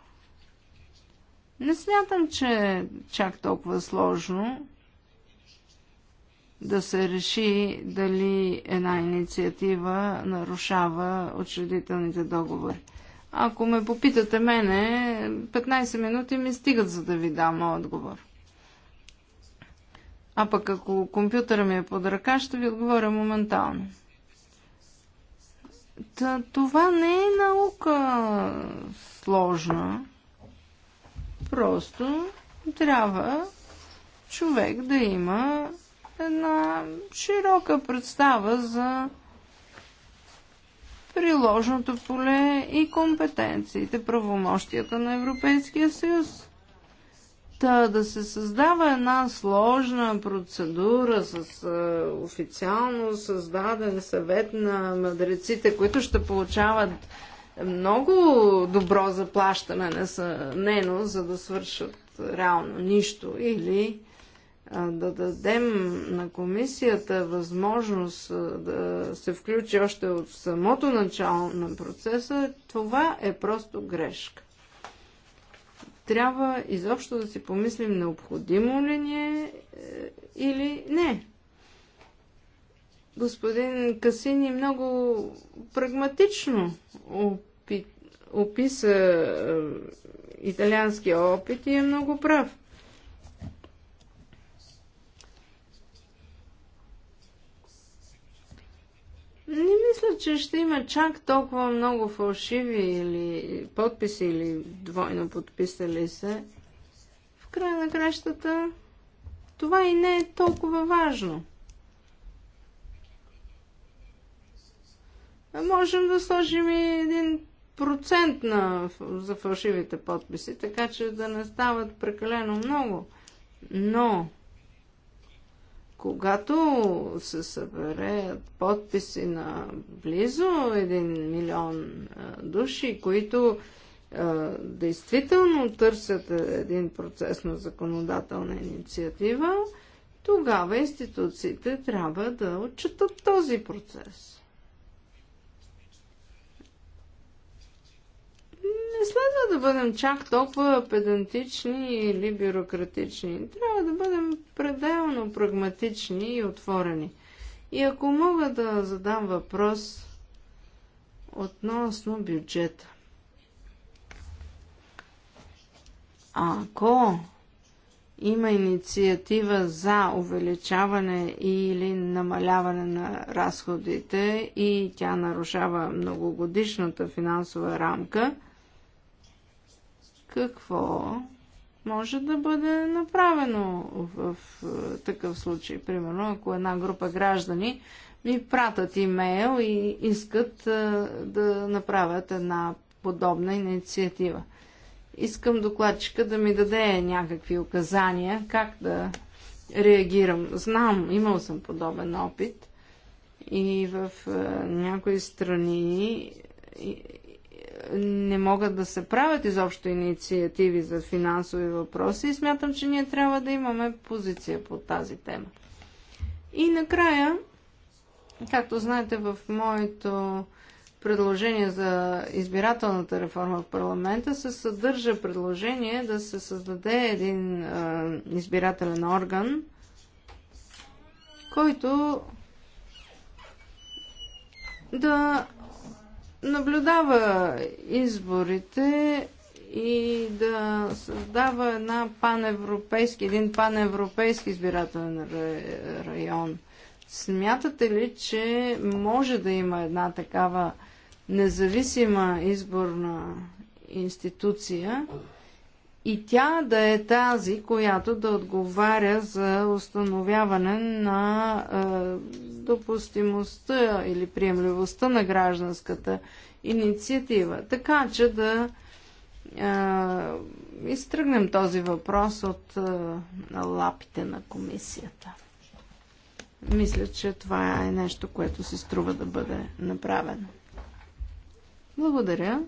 Не смятам, че е чак толкова сложно да се реши дали една инициатива нарушава учредителните договори. Ако ме попитате мене, 15 минути ми стигат, за да ви дам отговор. А пък ако компютъра ми е под ръка, ще ви отговоря моментално. Та, това не е наука сложна. Просто трябва човек да има една широка представа за приложното поле и компетенциите, правомощията на Европейския съюз. Та да се създава една сложна процедура с а, официално създаден съвет на мъдреците, които ще получават много добро заплащане, Нено, е за да свършат реално нищо или да дадем на комисията възможност да се включи още от самото начало на процеса, това е просто грешка. Трябва изобщо да си помислим необходимо ли ни е, е или не. Господин Касини много прагматично описа е, италианския опит и е много прав Не мисля, че ще има чак толкова много фалшиви или подписи или двойно подписали се. В края на кращата това и не е толкова важно. А можем да сложим и един процент на, за фалшивите подписи, така че да не стават прекалено много. Но когато се събере подписи на близо 1 милион души, които действително търсят един процес на законодателна инициатива, тогава институциите трябва да отчитат този процес. следва да бъдем чак толкова педантични или бюрократични. Трябва да бъдем пределно прагматични и отворени. И ако мога да задам въпрос относно бюджета. Ако има инициатива за увеличаване или намаляване на разходите и тя нарушава многогодишната финансова рамка, какво може да бъде направено в, в е, такъв случай. Примерно, ако една група граждани ми пратят имейл и искат а, е, да направят една подобна инициатива. Искам докладчика да ми даде някакви указания как да реагирам. Знам, имал съм подобен опит и в а, е, някои страни не могат да се правят изобщо инициативи за финансови въпроси и смятам, че ние трябва да имаме позиция по тази тема. И накрая, както знаете, в моето предложение за избирателната реформа в парламента се съдържа предложение да се създаде един е, избирателен орган, който да наблюдава изборите и да създава една паневропейски, един паневропейски избирателен район. Смятате ли, че може да има една такава независима изборна институция, и тя да е тази, която да отговаря за установяване на е, допустимостта или приемливостта на гражданската инициатива. Така че да е, изтръгнем този въпрос от е, лапите на комисията. Мисля, че това е нещо, което се струва да бъде направено. Благодаря.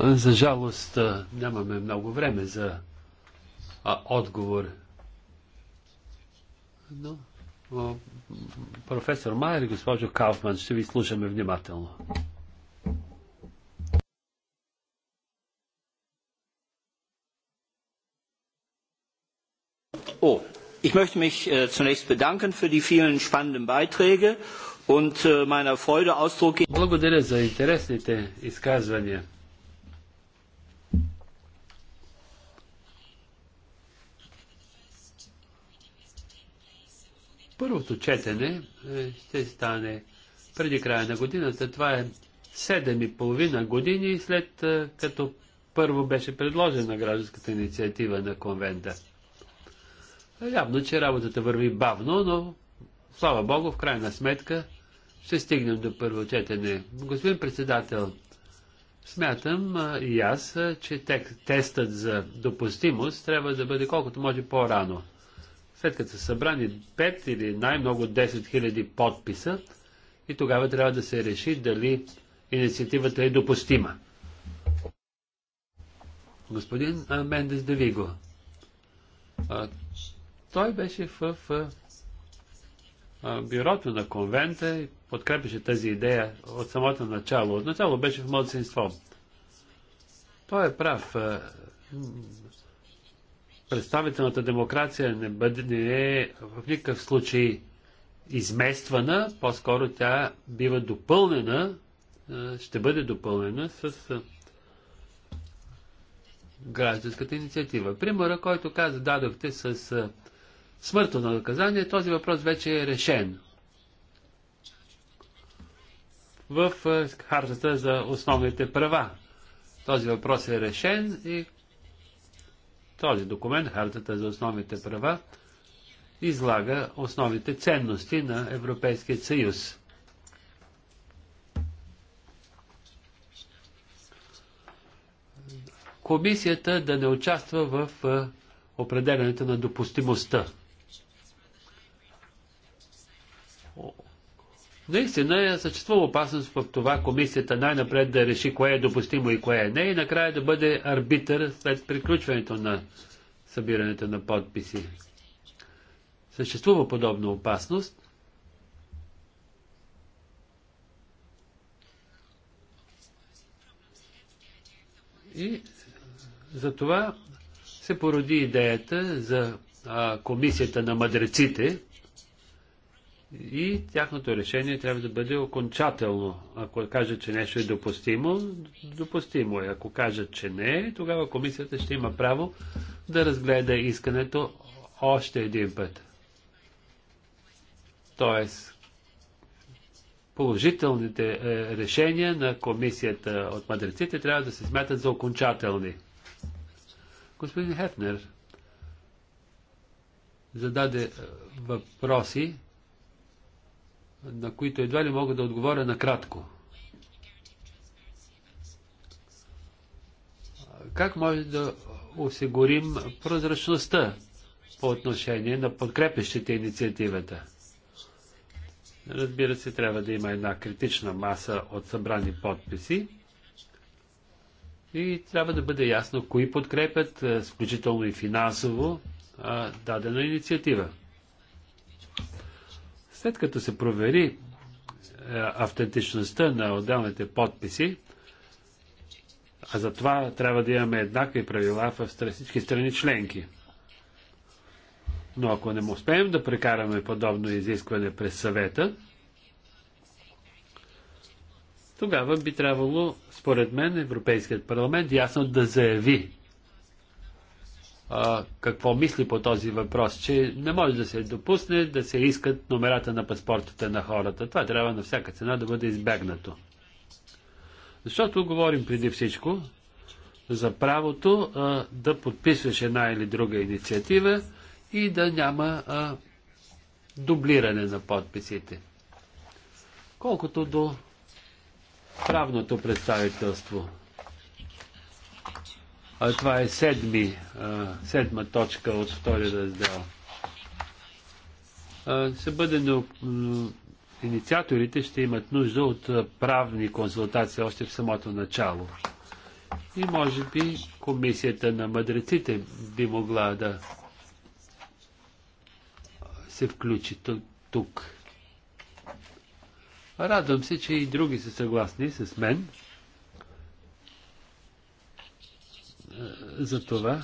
За жалост нямаме много време за а, отговор. Но о, професор Майер и госпожо Кауфман, ще ви слушаме внимателно. О, ich möchte mich äh, zunächst bedanken für die vielen spannenden Beiträge und äh, meiner Freude Ausdruck geben. Благодаря за интересните изказвания. Първото четене е, ще стане преди края на годината. Това е 7,5 години след е, като първо беше предложена гражданската инициатива на конвента. Явно, че работата върви бавно, но слава Богу, в крайна сметка ще стигнем до първо четене. Господин председател, смятам е, и аз, че тестът за допустимост трябва да бъде колкото може по-рано след като са събрани 5 или най-много 10 хиляди подписа, и тогава трябва да се реши дали инициативата е допустима. Господин Мендес Давиго, той беше в бюрото на конвента и подкрепеше тази идея от самото начало. От начало беше в младсинство. Той е прав представителната демокрация не, бъде, не е в никакъв случай измествана, по-скоро тя бива допълнена, ще бъде допълнена с гражданската инициатива. Примера, който каза, дадохте с смъртно наказание, този въпрос вече е решен. В хартата за основните права. Този въпрос е решен и този документ, Хартата за основните права, излага основните ценности на Европейския съюз. Комисията да не участва в определенето на допустимостта Наистина е съществува опасност в това комисията най-напред да реши кое е допустимо и кое е не и накрая да бъде арбитър след приключването на събирането на подписи. Съществува подобна опасност. И за това се породи идеята за а, комисията на мъдреците, и тяхното решение трябва да бъде окончателно. Ако каже, че нещо е допустимо, допустимо е. Ако каже, че не, тогава комисията ще има право да разгледа искането още един път. Тоест, положителните е, решения на комисията от мадреците трябва да се смятат за окончателни. Господин Хефнер зададе е, въпроси на които едва ли мога да отговоря накратко. Как може да осигурим прозрачността по отношение на подкрепещите инициативата? Разбира се, трябва да има една критична маса от събрани подписи и трябва да бъде ясно кои подкрепят, включително и финансово, дадена инициатива. След като се провери е, автентичността на отделните подписи, а за това трябва да имаме еднакви правила в всички страни членки. Но ако не успеем да прекараме подобно изискване през съвета, тогава би трябвало, според мен, Европейският парламент ясно да заяви а, какво мисли по този въпрос, че не може да се допусне да се искат номерата на паспортите на хората. Това трябва на всяка цена да бъде избегнато. Защото говорим преди всичко за правото а, да подписваш една или друга инициатива и да няма а, дублиране на подписите. Колкото до правното представителство – а, това е седми, а, седма точка от втория раздел. А, ще бъде но, инициаторите ще имат нужда от правни консултации още в самото начало. И може би комисията на мъдреците би могла да се включи тук. Радвам се, че и други са съгласни с мен. за това,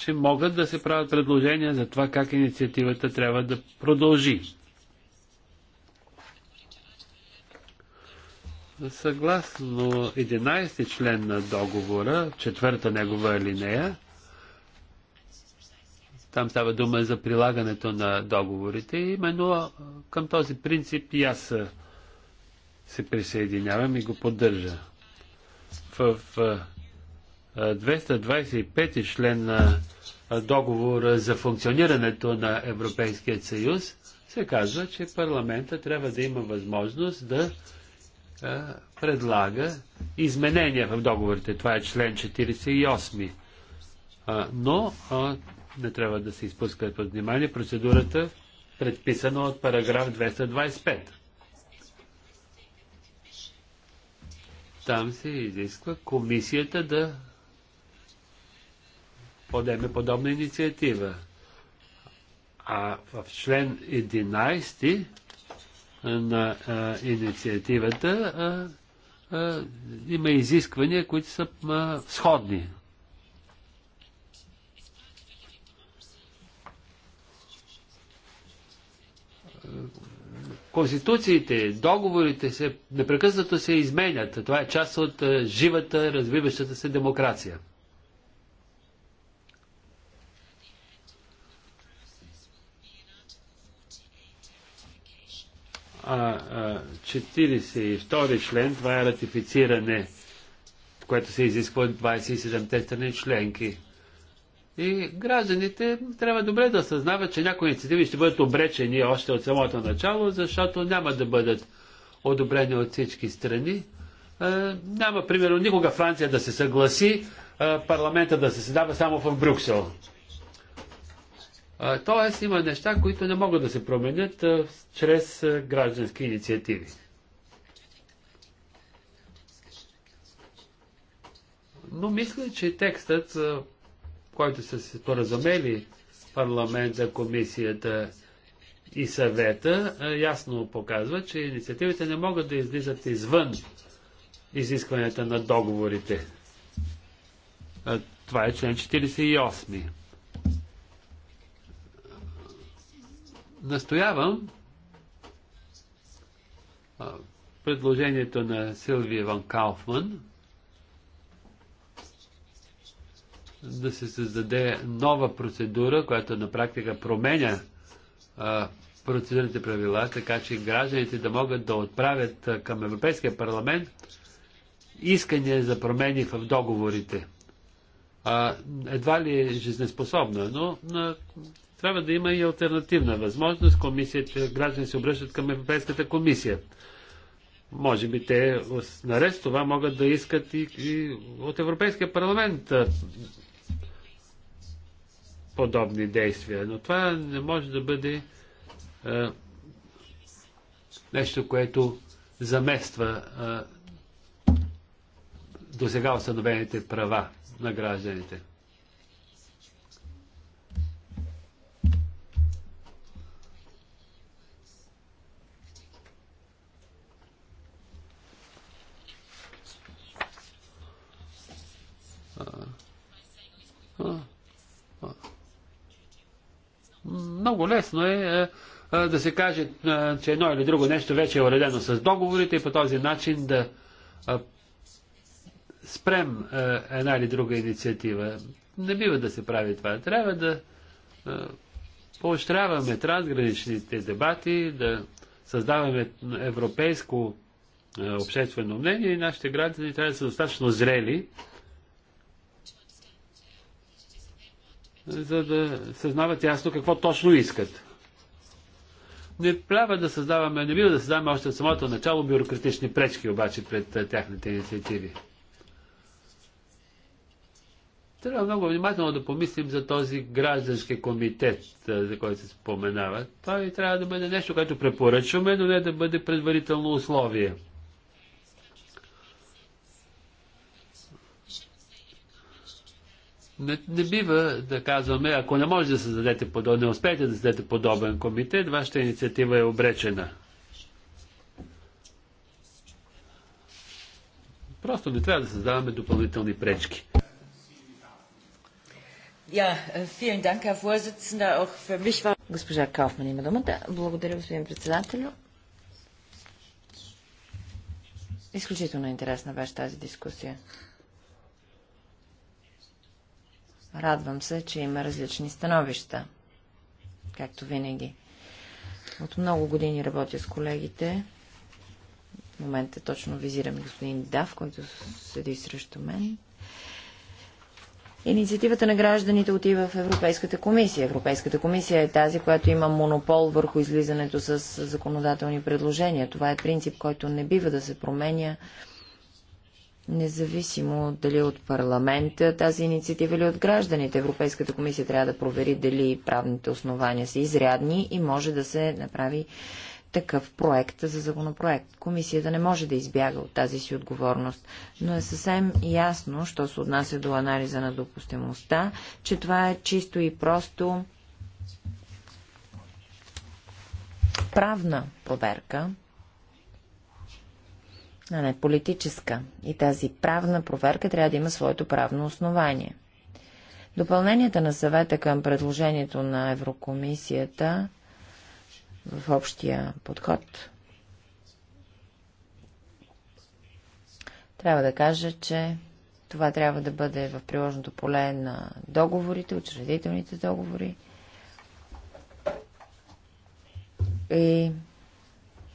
че могат да се правят предложения за това как инициативата трябва да продължи. Съгласно 11 член на договора, четвърта негова линея, там става дума за прилагането на договорите. именно към този принцип и аз се присъединявам и го поддържа. в 225 член на договора за функционирането на Европейския съюз се казва, че парламента трябва да има възможност да предлага изменения в договорите. Това е член 48. но не трябва да се изпуска под внимание процедурата, предписана от параграф 225. Там се изисква комисията да подеме подобна инициатива. А в член 11 на а, инициативата а, а, има изисквания, които са а, сходни. Конституциите, договорите се непрекъснато се изменят. Това е част от живата, развиващата се демокрация. 42 член, това е ратифициране, което се изисква от 27-те страни членки. И гражданите трябва добре да съзнават, че някои инициативи ще бъдат обречени още от самото начало, защото няма да бъдат одобрени от всички страни. няма, примерно, никога Франция да се съгласи парламента да се седава само в Брюксел. Тоест има неща, които не могат да се променят чрез граждански инициативи. Но мисля, че текстът, който са се споразумели парламента, комисията и съвета, ясно показва, че инициативите не могат да излизат извън изискванията на договорите. Това е член 48 настоявам предложението на Силвия Ван Кауфман да се създаде нова процедура, която на практика променя процедурните правила, така че гражданите да могат да отправят към Европейския парламент искания за промени в договорите. Едва ли е жизнеспособна, но трябва да има и альтернативна възможност. Комисията, граждани се обръщат към Европейската комисия. Може би те, наред с това, могат да искат и, и от Европейския парламент подобни действия. Но това не може да бъде а, нещо, което замества а, до сега установените права на гражданите. Лесно е, е, е да се каже, е, че едно или друго нещо вече е уредено с договорите и по този начин да спрем една или друга инициатива. Не бива да се прави това. Трябва да поощряваме трансграничните дебати, да създаваме европейско обществено мнение и нашите граждани трябва да са достатъчно зрели, за да съзнават ясно какво точно искат. Не трябва да създаваме, не бива да създаваме още от самото начало бюрократични пречки обаче пред тяхните инициативи. Трябва много внимателно да помислим за този граждански комитет, за който се споменава. Той трябва да бъде нещо, което препоръчваме, но не да бъде предварително условие. Не, не бива да казваме, ако не може да създадете подобен, не успеете да създадете подобен комитет, вашата инициатива е обречена. Просто не трябва да създаваме допълнителни пречки. Госпожа Кауфман има думата. Благодаря, господин председател. Изключително интересна беше тази дискусия. Радвам се, че има различни становища, както винаги. От много години работя с колегите. В момента точно визирам господин Дав, който седи срещу мен. Инициативата на гражданите отива в Европейската комисия. Европейската комисия е тази, която има монопол върху излизането с законодателни предложения. Това е принцип, който не бива да се променя независимо дали от парламента тази инициатива или от гражданите. Европейската комисия трябва да провери дали правните основания са изрядни и може да се направи такъв проект за законопроект. Комисията не може да избяга от тази си отговорност, но е съвсем ясно, що се отнася до анализа на допустимостта, че това е чисто и просто правна проверка, а не политическа. И тази правна проверка трябва да има своето правно основание. Допълненията на съвета към предложението на Еврокомисията в общия подход трябва да кажа, че това трябва да бъде в приложното поле на договорите, учредителните договори и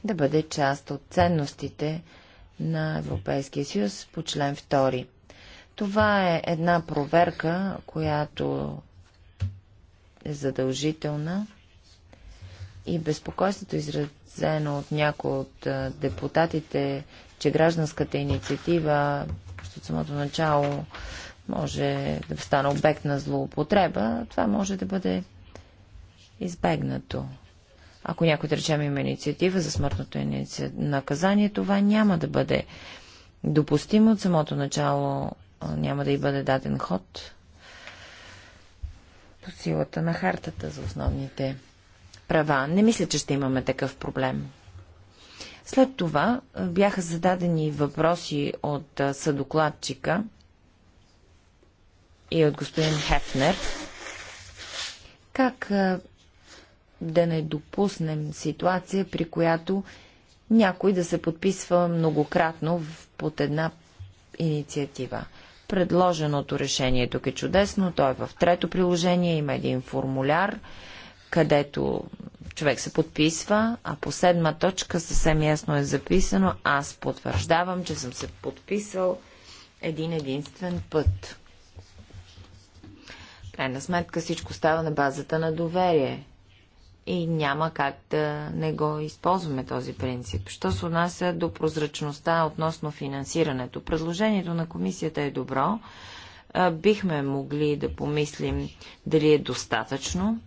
да бъде част от ценностите, на Европейския съюз по член 2. Това е една проверка, която е задължителна и безпокойството изразено от някои от депутатите, че гражданската инициатива от самото начало може да стане обект на злоупотреба, това може да бъде избегнато. Ако някой, да речем, има инициатива за смъртното наказание, това няма да бъде допустимо от самото начало, няма да й бъде даден ход по силата на хартата за основните права. Не мисля, че ще имаме такъв проблем. След това бяха зададени въпроси от съдокладчика и от господин Хефнер. Как да не допуснем ситуация, при която някой да се подписва многократно под една инициатива. Предложеното решение тук е чудесно. Той е в трето приложение. Има един формуляр, където човек се подписва, а по седма точка съвсем ясно е записано аз потвърждавам, че съм се подписал един единствен път. Крайна сметка всичко става на базата на доверие и няма как да не го използваме този принцип. Що се отнася до прозрачността относно финансирането? Предложението на комисията е добро. Бихме могли да помислим дали е достатъчно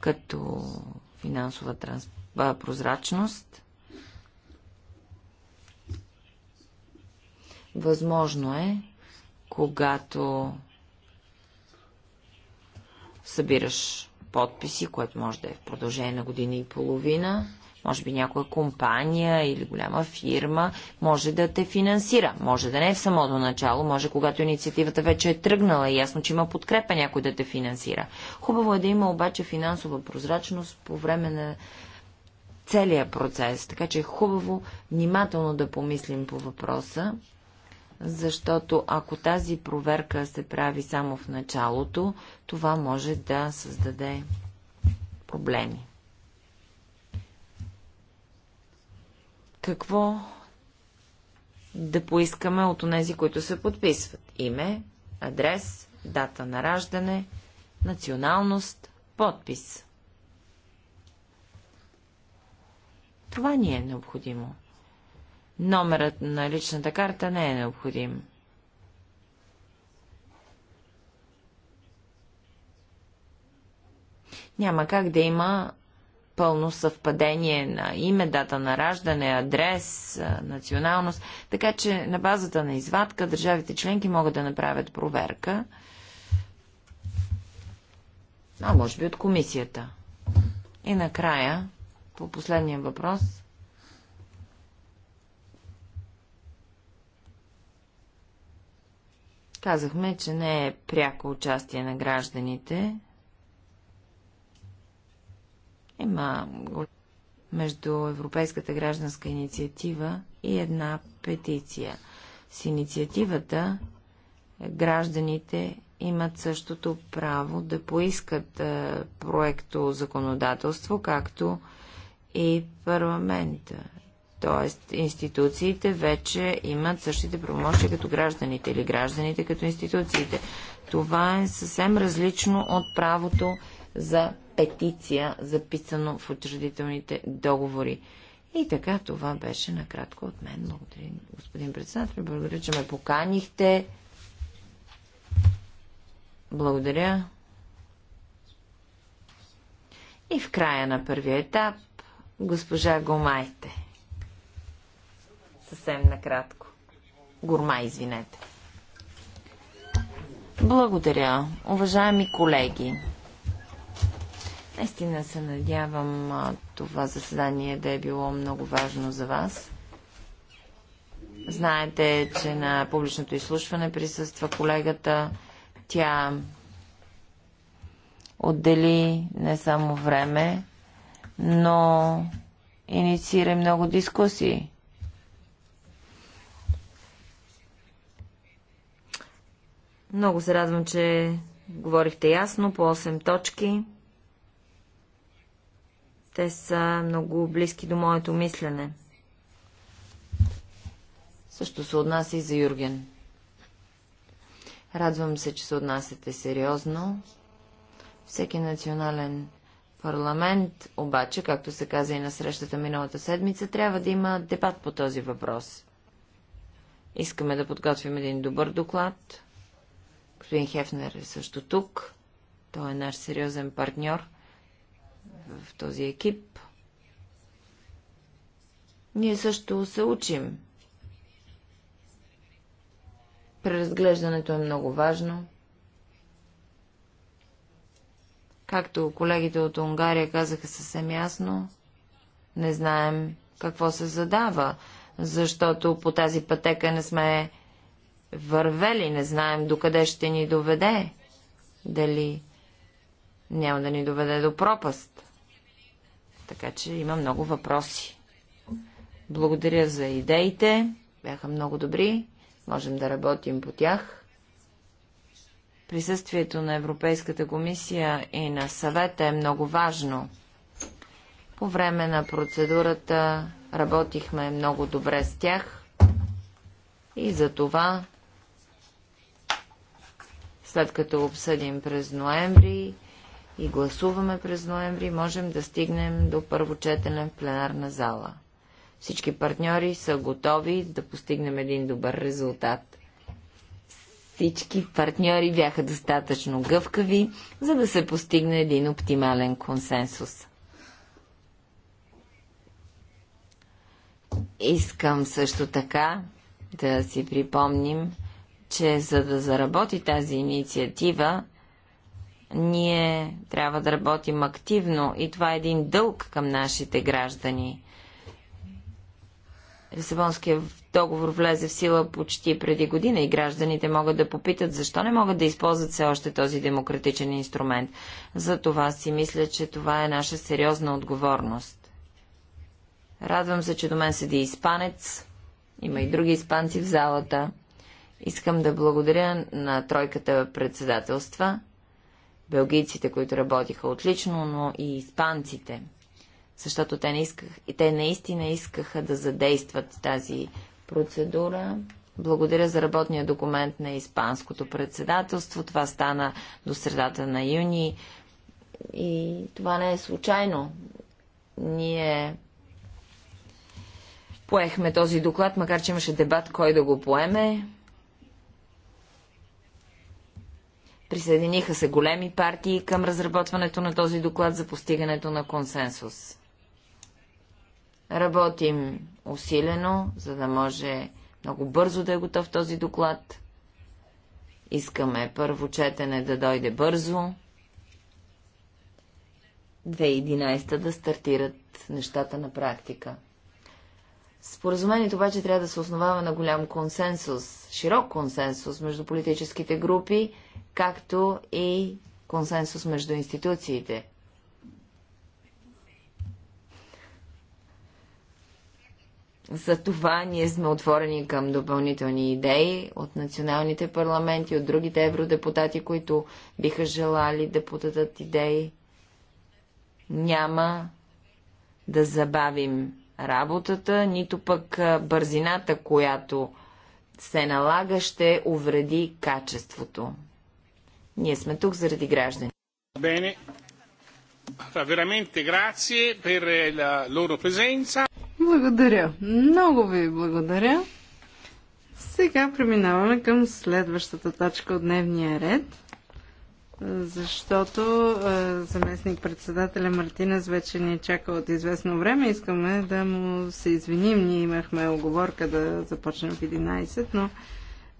като финансова транс... прозрачност. Възможно е, когато събираш подписи, което може да е в продължение на година и половина. Може би някоя компания или голяма фирма може да те финансира. Може да не е в самото начало, може когато инициативата вече е тръгнала и ясно, че има подкрепа някой да те финансира. Хубаво е да има обаче финансова прозрачност по време на целия процес, така че е хубаво внимателно да помислим по въпроса защото ако тази проверка се прави само в началото, това може да създаде проблеми. Какво да поискаме от онези, които се подписват? Име, адрес, дата на раждане, националност, подпис. Това ни е необходимо номерът на личната карта не е необходим. Няма как да има пълно съвпадение на име, дата на раждане, адрес, националност. Така че на базата на извадка държавите членки могат да направят проверка. А може би от комисията. И накрая, по последния въпрос – Казахме, че не е пряко участие на гражданите. Има между Европейската гражданска инициатива и една петиция. С инициативата гражданите имат същото право да поискат е, проекто законодателство, както и парламента. Тоест, институциите вече имат същите правомощия като гражданите или гражданите като институциите. Това е съвсем различно от правото за петиция, записано в учредителните договори. И така, това беше накратко от мен. Благодаря, господин председател. Благодаря, че ме поканихте. Благодаря. И в края на първия етап, госпожа Гомайте съвсем накратко. Гурма, извинете. Благодаря, уважаеми колеги. Наистина се надявам това заседание да е било много важно за вас. Знаете, че на публичното изслушване присъства колегата. Тя отдели не само време, но инициира много дискусии. Много се радвам, че говорихте ясно по 8 точки. Те са много близки до моето мислене. Също се отнася и за Юрген. Радвам се, че се отнасяте сериозно. Всеки национален парламент, обаче, както се каза и на срещата миналата седмица, трябва да има дебат по този въпрос. Искаме да подготвим един добър доклад, Господин Хефнер е също тук. Той е наш сериозен партньор в този екип. Ние също се учим. Преразглеждането е много важно. Както колегите от Унгария казаха съвсем ясно, не знаем какво се задава, защото по тази пътека не сме вървели, не знаем докъде ще ни доведе. Дали няма да ни доведе до пропаст. Така че има много въпроси. Благодаря за идеите. Бяха много добри. Можем да работим по тях. Присъствието на Европейската комисия и на съвета е много важно. По време на процедурата работихме много добре с тях и за това след като обсъдим през ноември и гласуваме през ноември, можем да стигнем до първо четене в пленарна зала. Всички партньори са готови да постигнем един добър резултат. Всички партньори бяха достатъчно гъвкави, за да се постигне един оптимален консенсус. Искам също така да си припомним, че за да заработи тази инициатива, ние трябва да работим активно и това е един дълг към нашите граждани. Лисабонският договор влезе в сила почти преди година и гражданите могат да попитат защо не могат да използват все още този демократичен инструмент. За това си мисля, че това е наша сериозна отговорност. Радвам се, че до мен седи испанец. Има и други испанци в залата. Искам да благодаря на тройката председателства, белгийците, които работиха отлично, но и испанците, защото те, не исках, и те наистина искаха да задействат тази процедура. Благодаря за работния документ на Испанското председателство. Това стана до средата на юни. И това не е случайно. Ние поехме този доклад, макар че имаше дебат кой да го поеме. Присъединиха се големи партии към разработването на този доклад за постигането на консенсус. Работим усилено, за да може много бързо да е готов този доклад. Искаме първо четене да дойде бързо. 2011 да стартират нещата на практика. Споразумението обаче трябва да се основава на голям консенсус, широк консенсус между политическите групи, както и консенсус между институциите. За това ние сме отворени към допълнителни идеи от националните парламенти, от другите евродепутати, които биха желали да подадат идеи. Няма да забавим работата, нито пък бързината, която се налага, ще увреди качеството. Ние сме тук заради граждани. Бене. Veramente grazie per eh, la loro presenza. Благодаря. Много ви благодаря. Сега преминаваме към следващата точка от дневния ред – защото е, заместник-председателя Мартинес вече ни е чака от известно време. Искаме да му се извиним. Ние имахме оговорка да започнем в 11, но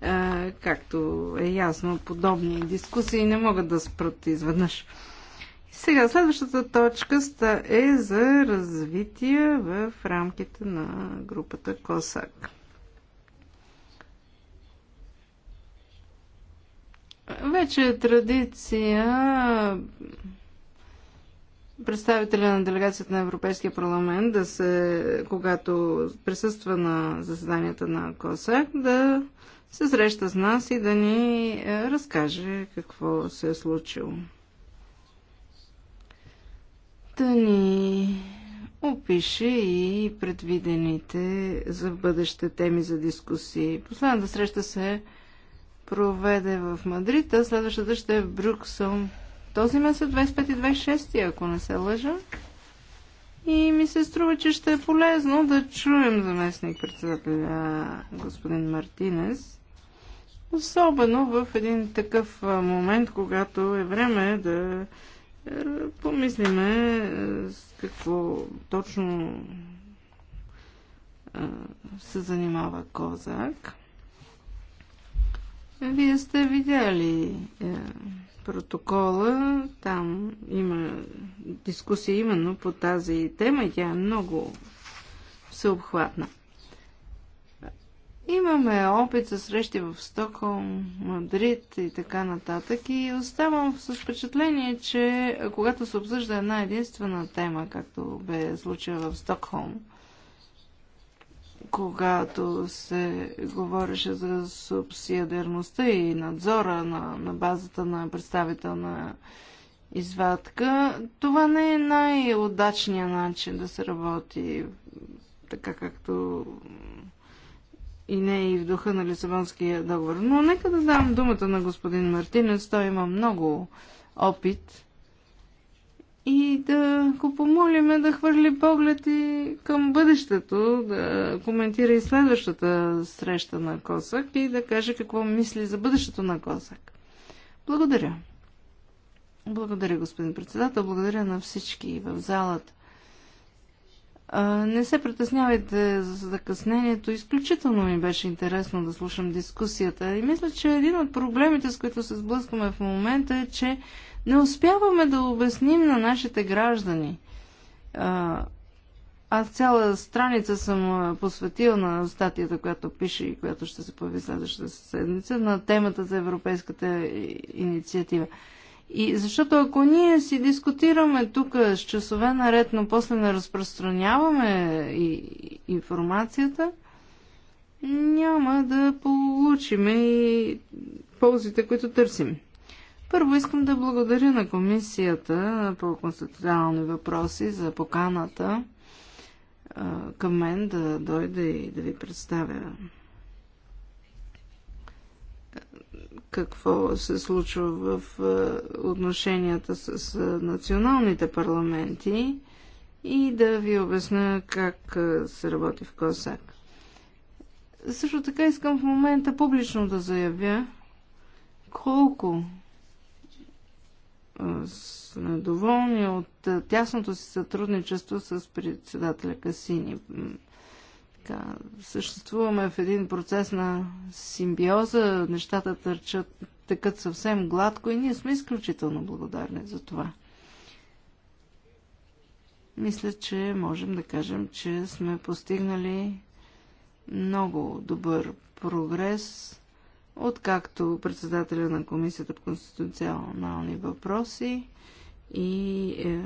е, както е ясно, подобни дискусии не могат да спрат изведнъж. Сега, следващата точка е за развитие в рамките на групата КОСАК. Вече е традиция представителя на делегацията на Европейския парламент да се, когато присъства на заседанията на КОСАК, да се среща с нас и да ни е, разкаже какво се е случило. Да ни опише и предвидените за бъдеще теми за дискусии. Последната среща се е проведе в Мадрид, а следващата ще е в Брюксел. Този месец 25 и 26, ако не се лъжа. И ми се струва, че ще е полезно да чуем заместник председателя господин Мартинес. Особено в един такъв момент, когато е време да е, помислиме е, с какво точно е, се занимава Козак. Вие сте видяли е, протокола, там има дискусия именно по тази тема и тя е много всеобхватна. Имаме опит за срещи в Стокхолм, Мадрид и така нататък и оставам с впечатление, че когато се обсъжда една единствена тема, както бе случая в Стокхолм, когато се говореше за субсидиарността и надзора на, на базата на представителна извадка, това не е най-удачният начин да се работи, така както и не и в духа на Лисабонския договор. Но нека да дам думата на господин Мартинец, той има много опит и да го помолиме да хвърли поглед и към бъдещето, да коментира и следващата среща на Косак и да каже какво мисли за бъдещето на Косак. Благодаря. Благодаря, господин председател. Благодаря на всички в залата. Не се притеснявайте за закъснението. Изключително ми беше интересно да слушам дискусията. И мисля, че един от проблемите, с които се сблъскваме в момента е, че не успяваме да обясним на нашите граждани. Аз цяла страница съм посветил на статията, която пише и която ще се появи следващата седмица, на темата за европейската инициатива. И защото ако ние си дискутираме тук с часове наред, но после не разпространяваме и информацията, няма да получим и ползите, които търсим. Първо искам да благодаря на комисията по конституционални въпроси за поканата към мен да дойда и да ви представя какво се случва в отношенията с националните парламенти и да ви обясня как се работи в КОСАК. Също така искам в момента публично да заявя колко е, сме доволни от е, тясното си сътрудничество с председателя Касини. Така, съществуваме в един процес на симбиоза, нещата търчат, тъкат съвсем гладко и ние сме изключително благодарни за това. Мисля, че можем да кажем, че сме постигнали много добър прогрес откакто председателя на Комисията по конституционални въпроси и е,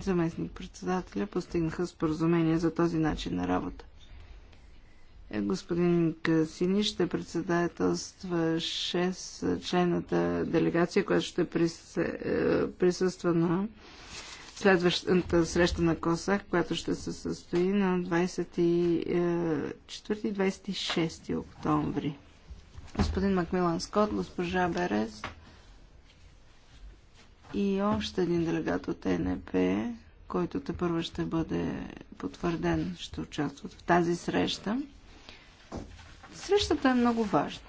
заместник-председателя постигнаха споразумение за този начин на работа. Е, господин Касини ще председателства 6 е, члената делегация, която ще е, присъства на следващата среща на Косах, която ще се състои на 24-26 октомври. Господин Макмилан Скот, госпожа Берес и още един делегат от ЕНП, който те първо ще бъде потвърден, ще участват в тази среща. Срещата е много важна.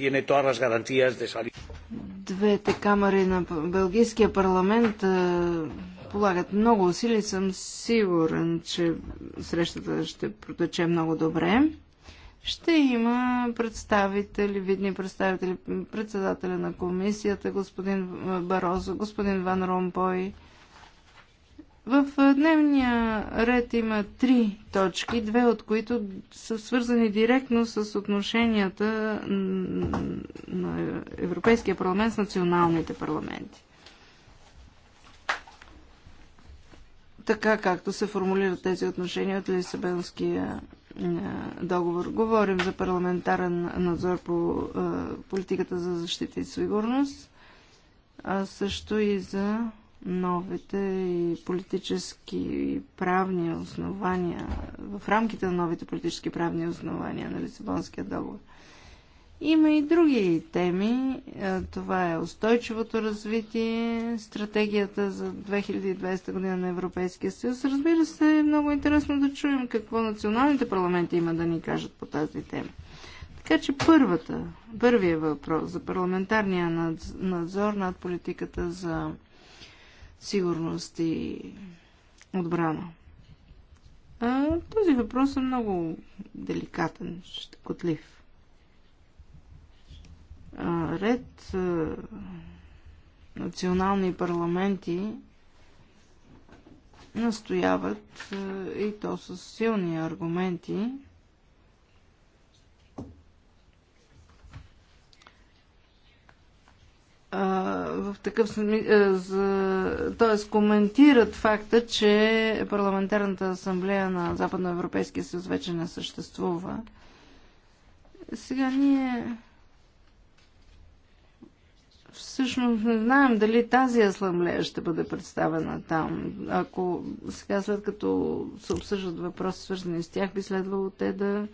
Tiene todas las garantías de salir. Двете камери на Белгийския парламент полагат много усили. Съм сигурен, че срещата ще протече много добре. Ще има представители, видни представители, председателя на комисията, господин Барозо, господин Ван Ромпой, в дневния ред има три точки, две от които са свързани директно с отношенията на Европейския парламент с националните парламенти. Така както се формулират тези отношения от Лисабонския договор. Говорим за парламентарен надзор по политиката за защита и сигурност, а също и за новите и политически и правни основания, в рамките на новите политически правни основания на Лисабонския договор. Има и други теми. Е, това е устойчивото развитие, стратегията за 2020 година на Европейския съюз. Разбира се, е много интересно да чуем какво националните парламенти има да ни кажат по тази тема. Така че първата, първият въпрос за парламентарния надзор над политиката за сигурност и отбрана. А, този въпрос е много деликатен, щекотлив. А, ред а, национални парламенти настояват а, и то с силни аргументи в такъв за, т.е. коментират факта, че парламентарната асамблея на Западноевропейския съюз вече не съществува. Сега ние всъщност не знаем дали тази асамблея ще бъде представена там. Ако сега след като се обсъждат въпроси свързани с тях, би следвало те да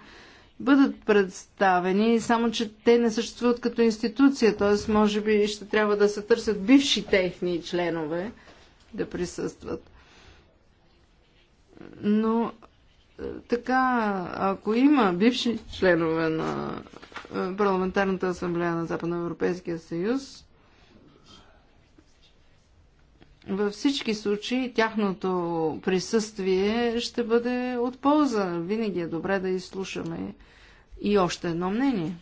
бъдат представени, само че те не съществуват като институция, т.е. може би ще трябва да се търсят бивши техни членове да присъстват. Но е, така, ако има бивши членове на е, Парламентарната асамблея на Западноевропейския съюз, във всички случаи тяхното присъствие ще бъде от полза. Винаги е добре да изслушаме и още едно мнение.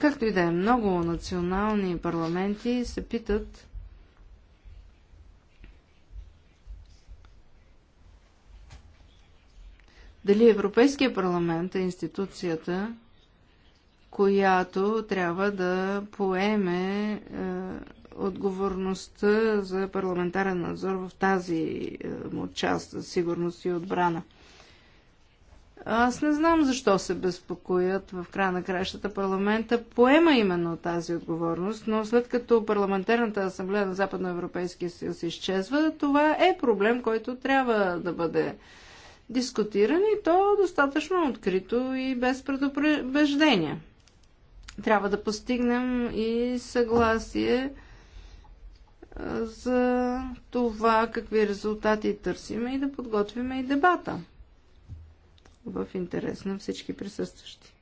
Както и да е, много национални парламенти се питат дали Европейския парламент е институцията, която трябва да поеме е, отговорността за парламентарен надзор в тази е, му част за сигурност и отбрана. Аз не знам защо се безпокоят в края на кращата парламента. Поема именно тази отговорност, но след като парламентарната асамблея на Западноевропейския съюз изчезва, това е проблем, който трябва да бъде дискутиран и то достатъчно открито и без предупреждения. Трябва да постигнем и съгласие за това какви резултати търсиме и да подготвиме и дебата в интерес на всички присъстващи.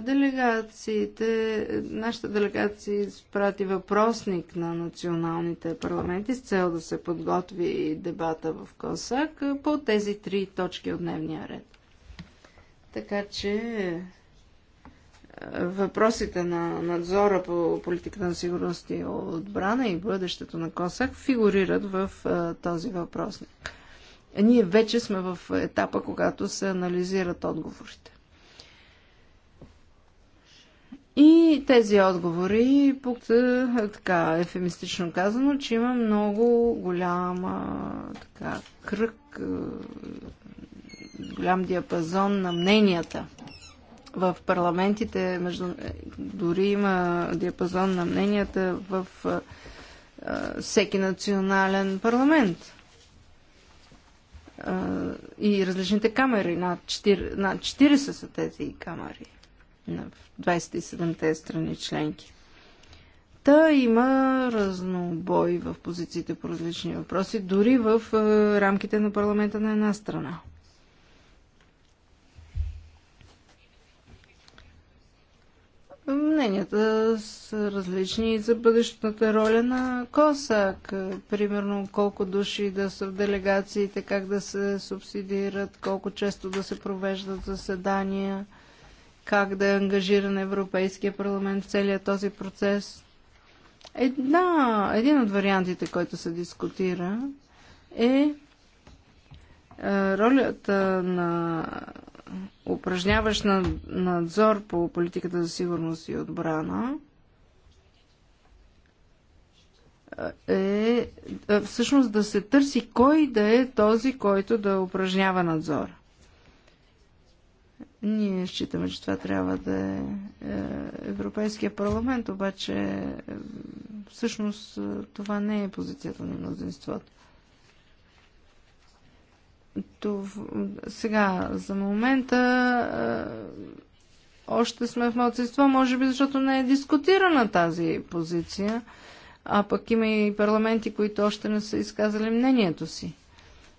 Делегациите, нашата делегация изпрати въпросник на националните парламенти с цел да се подготви дебата в Косак по тези три точки от дневния ред. Така че въпросите на надзора по политиката на сигурност и отбрана и бъдещето на КОСАК фигурират в този въпросник. Ние вече сме в етапа, когато се анализират отговорите. И тези отговори, така ефемистично казано, че има много голяма така, кръг, голям диапазон на мненията – в парламентите, между... дори има диапазон на мненията в всеки национален парламент и различните камери. Над 40, над 40 са тези камери в 27-те страни членки. Та има разнобой в позициите по различни въпроси, дори в рамките на парламента на една страна. Мненията са различни за бъдещата роля на КОСАК. Примерно колко души да са в делегациите, как да се субсидират, колко често да се провеждат заседания, как да е ангажиран Европейския парламент в целият този процес. Една, един от вариантите, който се дискутира, е, е ролята на упражняващ надзор по политиката за сигурност и отбрана е, е всъщност да се търси кой да е този, който да упражнява надзор. Ние считаме, че това трябва да е, е Европейския парламент, обаче е, всъщност това не е позицията на мнозинството. Тов... Сега, за момента още сме в младсинство, може би защото не е дискутирана тази позиция, а пък има и парламенти, които още не са изказали мнението си.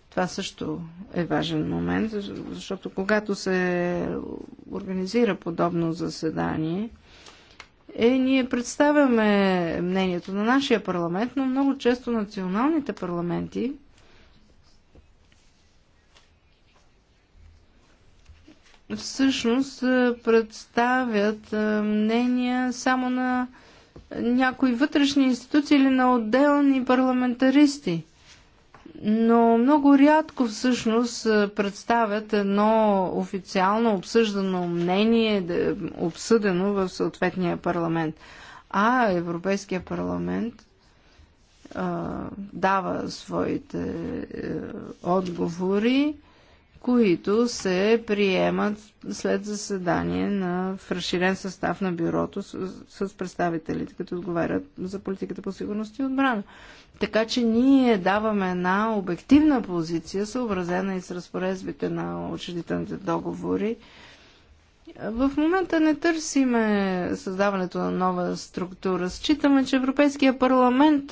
Това също е важен момент, защото когато се организира подобно заседание, е, ние представяме мнението на нашия парламент, но много често националните парламенти всъщност е, представят е, мнения само на някои вътрешни институции или на отделни парламентаристи. Но много рядко всъщност е, представят едно официално обсъждано мнение, обсъдено в съответния парламент. А Европейския парламент а, дава своите а, отговори които се приемат след заседание на, в разширен състав на бюрото с, с представителите, като отговарят за политиката по сигурност и отбрана. Така че ние даваме една обективна позиция, съобразена и с разпоредбите на учредителните договори, в момента не търсиме създаването на нова структура. Считаме, че Европейския парламент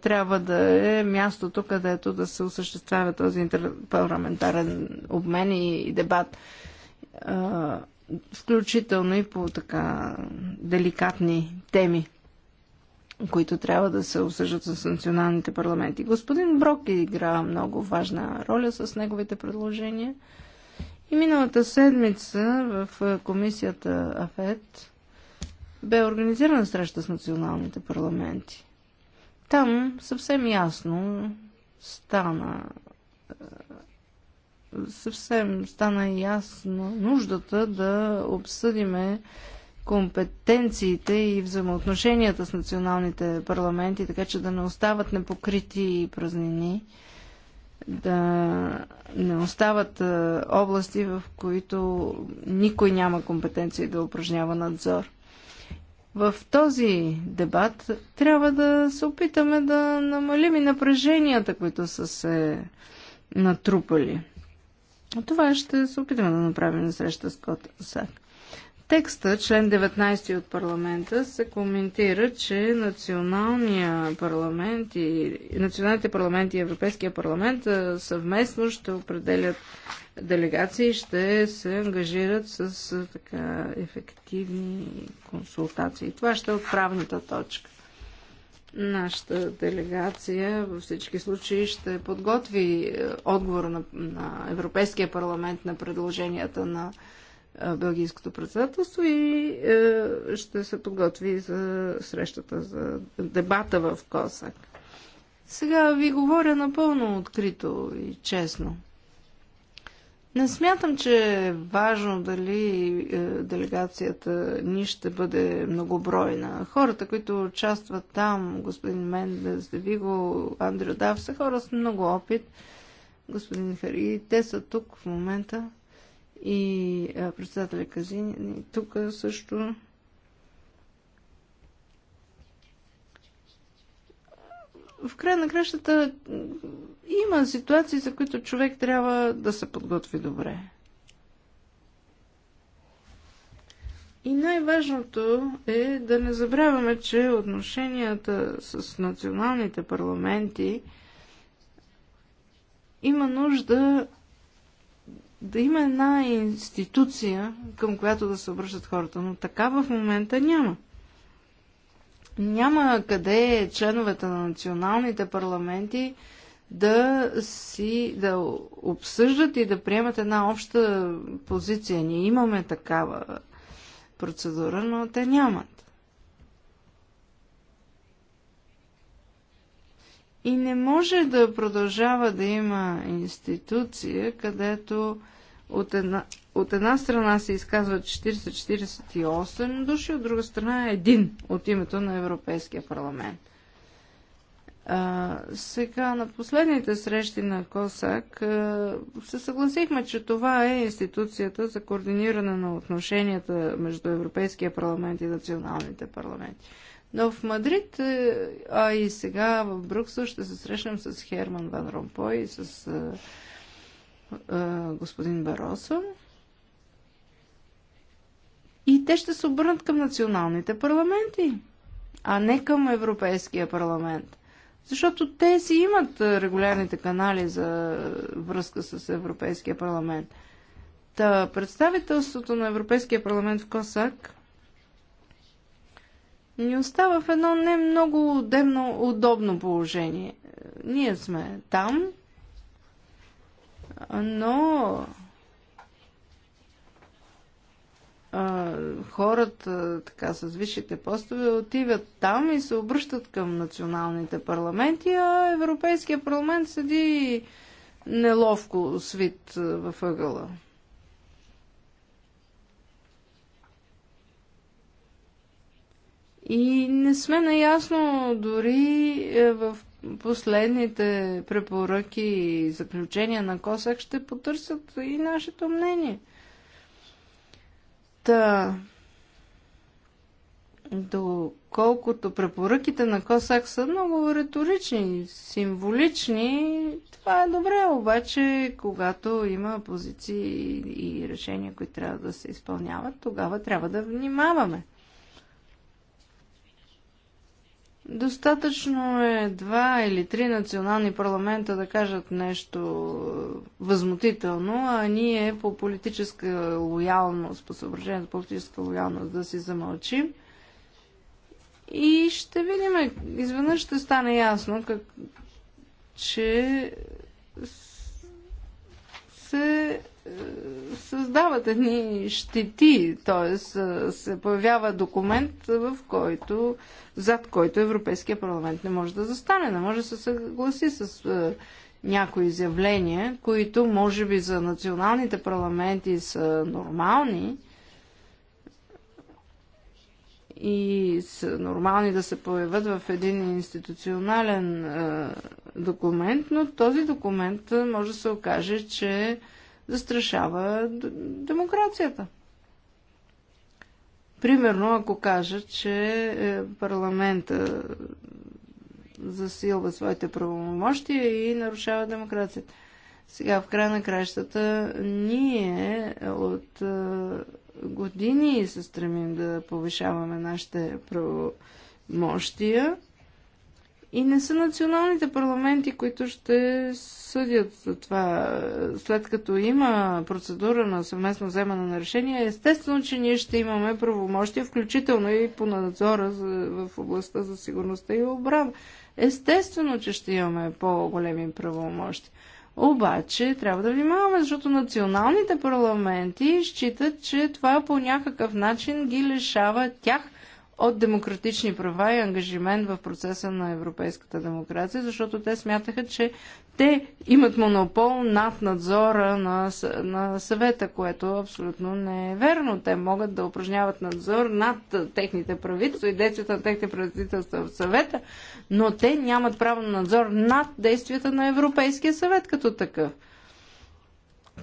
трябва да е мястото, където да се осъществява този парламентарен обмен и дебат. Включително и по така деликатни теми, които трябва да се осъждат с националните парламенти. Господин Брок игра много важна роля с неговите предложения. И миналата седмица в комисията АФЕД бе организирана среща с националните парламенти. Там съвсем ясно стана съвсем стана ясно нуждата да обсъдиме компетенциите и взаимоотношенията с националните парламенти, така че да не остават непокрити и празнини да не остават е, области, в които никой няма компетенции да упражнява надзор. В този дебат трябва да се опитаме да намалим и напреженията, които са се натрупали. Това ще се опитаме да направим на среща с Кот Сак текста, член 19 от парламента, се коментира, че националния парламент и, националните парламенти и Европейския парламент съвместно ще определят делегации и ще се ангажират с така ефективни консултации. Това ще е отправната точка. Нашата делегация във всички случаи ще подготви отговор на, на Европейския парламент на предложенията на Белгийското председателство и е, ще се подготви за срещата, за дебата в Косак. Сега ви говоря напълно открито и честно. Не смятам, че е важно дали е, делегацията ни ще бъде многобройна. Хората, които участват там, господин Мендес, Девиго, Андрю Дав, са хора с много опит. Господин Хари, те са тук в момента и председателя Казин. Тук също в края на кращата има ситуации, за които човек трябва да се подготви добре. И най-важното е да не забравяме, че отношенията с националните парламенти има нужда да има една институция, към която да се обръщат хората, но така в момента няма. Няма къде членовете на националните парламенти да си да обсъждат и да приемат една обща позиция. Ние имаме такава процедура, но те нямат. И не може да продължава да има институция, където от една, от една страна се изказват 40-48 души, от друга страна е един от името на Европейския парламент. А, сега на последните срещи на КОСАК а, се съгласихме, че това е институцията за координиране на отношенията между Европейския парламент и националните парламенти. Но в Мадрид, е, а и сега в Брюксел ще се срещнем с Херман Ван Ромпой и с а, е, а, е, господин Баросо. И те ще се обърнат към националните парламенти, а не към Европейския парламент. Защото те си имат регулярните канали за връзка с Европейския парламент. Та представителството на Европейския парламент в Косак ни остава в едно не много демно удобно положение. Ние сме там, но а, хората така с висшите постове отиват там и се обръщат към националните парламенти, а Европейския парламент седи неловко свит в ъгъла. И не сме наясно дори е, в последните препоръки и заключения на Косак ще потърсят и нашето мнение. Та, доколкото препоръките на Косак са много риторични, символични, това е добре, обаче когато има позиции и решения, които трябва да се изпълняват, тогава трябва да внимаваме. Достатъчно е два или три национални парламента да кажат нещо възмутително, а ние по политическа лоялност, по съображение за политическа лоялност да си замълчим. И ще видим, изведнъж ще стане ясно, как, че се създават едни щети, т.е. се появява документ, в който, зад който Европейския парламент не може да застане, не може да се съгласи с е, някои изявления, които може би за националните парламенти са нормални и са нормални да се появят в един институционален е, документ, но този документ може да се окаже, че застрашава демокрацията. Примерно, ако кажа, че е, парламента засилва своите правомощия и нарушава демокрацията. Сега, в края на краищата, ние е, от е, години се стремим да повишаваме нашите правомощия и не са националните парламенти, които ще съдят за това. След като има процедура на съвместно вземане на решение, естествено, че ние ще имаме правомощия, включително и по надзора в областта за сигурността и обрана. Естествено, че ще имаме по-големи правомощи. Обаче трябва да внимаваме, защото националните парламенти считат, че това по някакъв начин ги лишава тях – от демократични права и ангажимент в процеса на европейската демокрация, защото те смятаха, че те имат монопол над надзора на, на съвета, което абсолютно не е верно. Те могат да упражняват надзор над техните правителства и действията на техните правителства в съвета, но те нямат право на надзор над действията на Европейския съвет като такъв.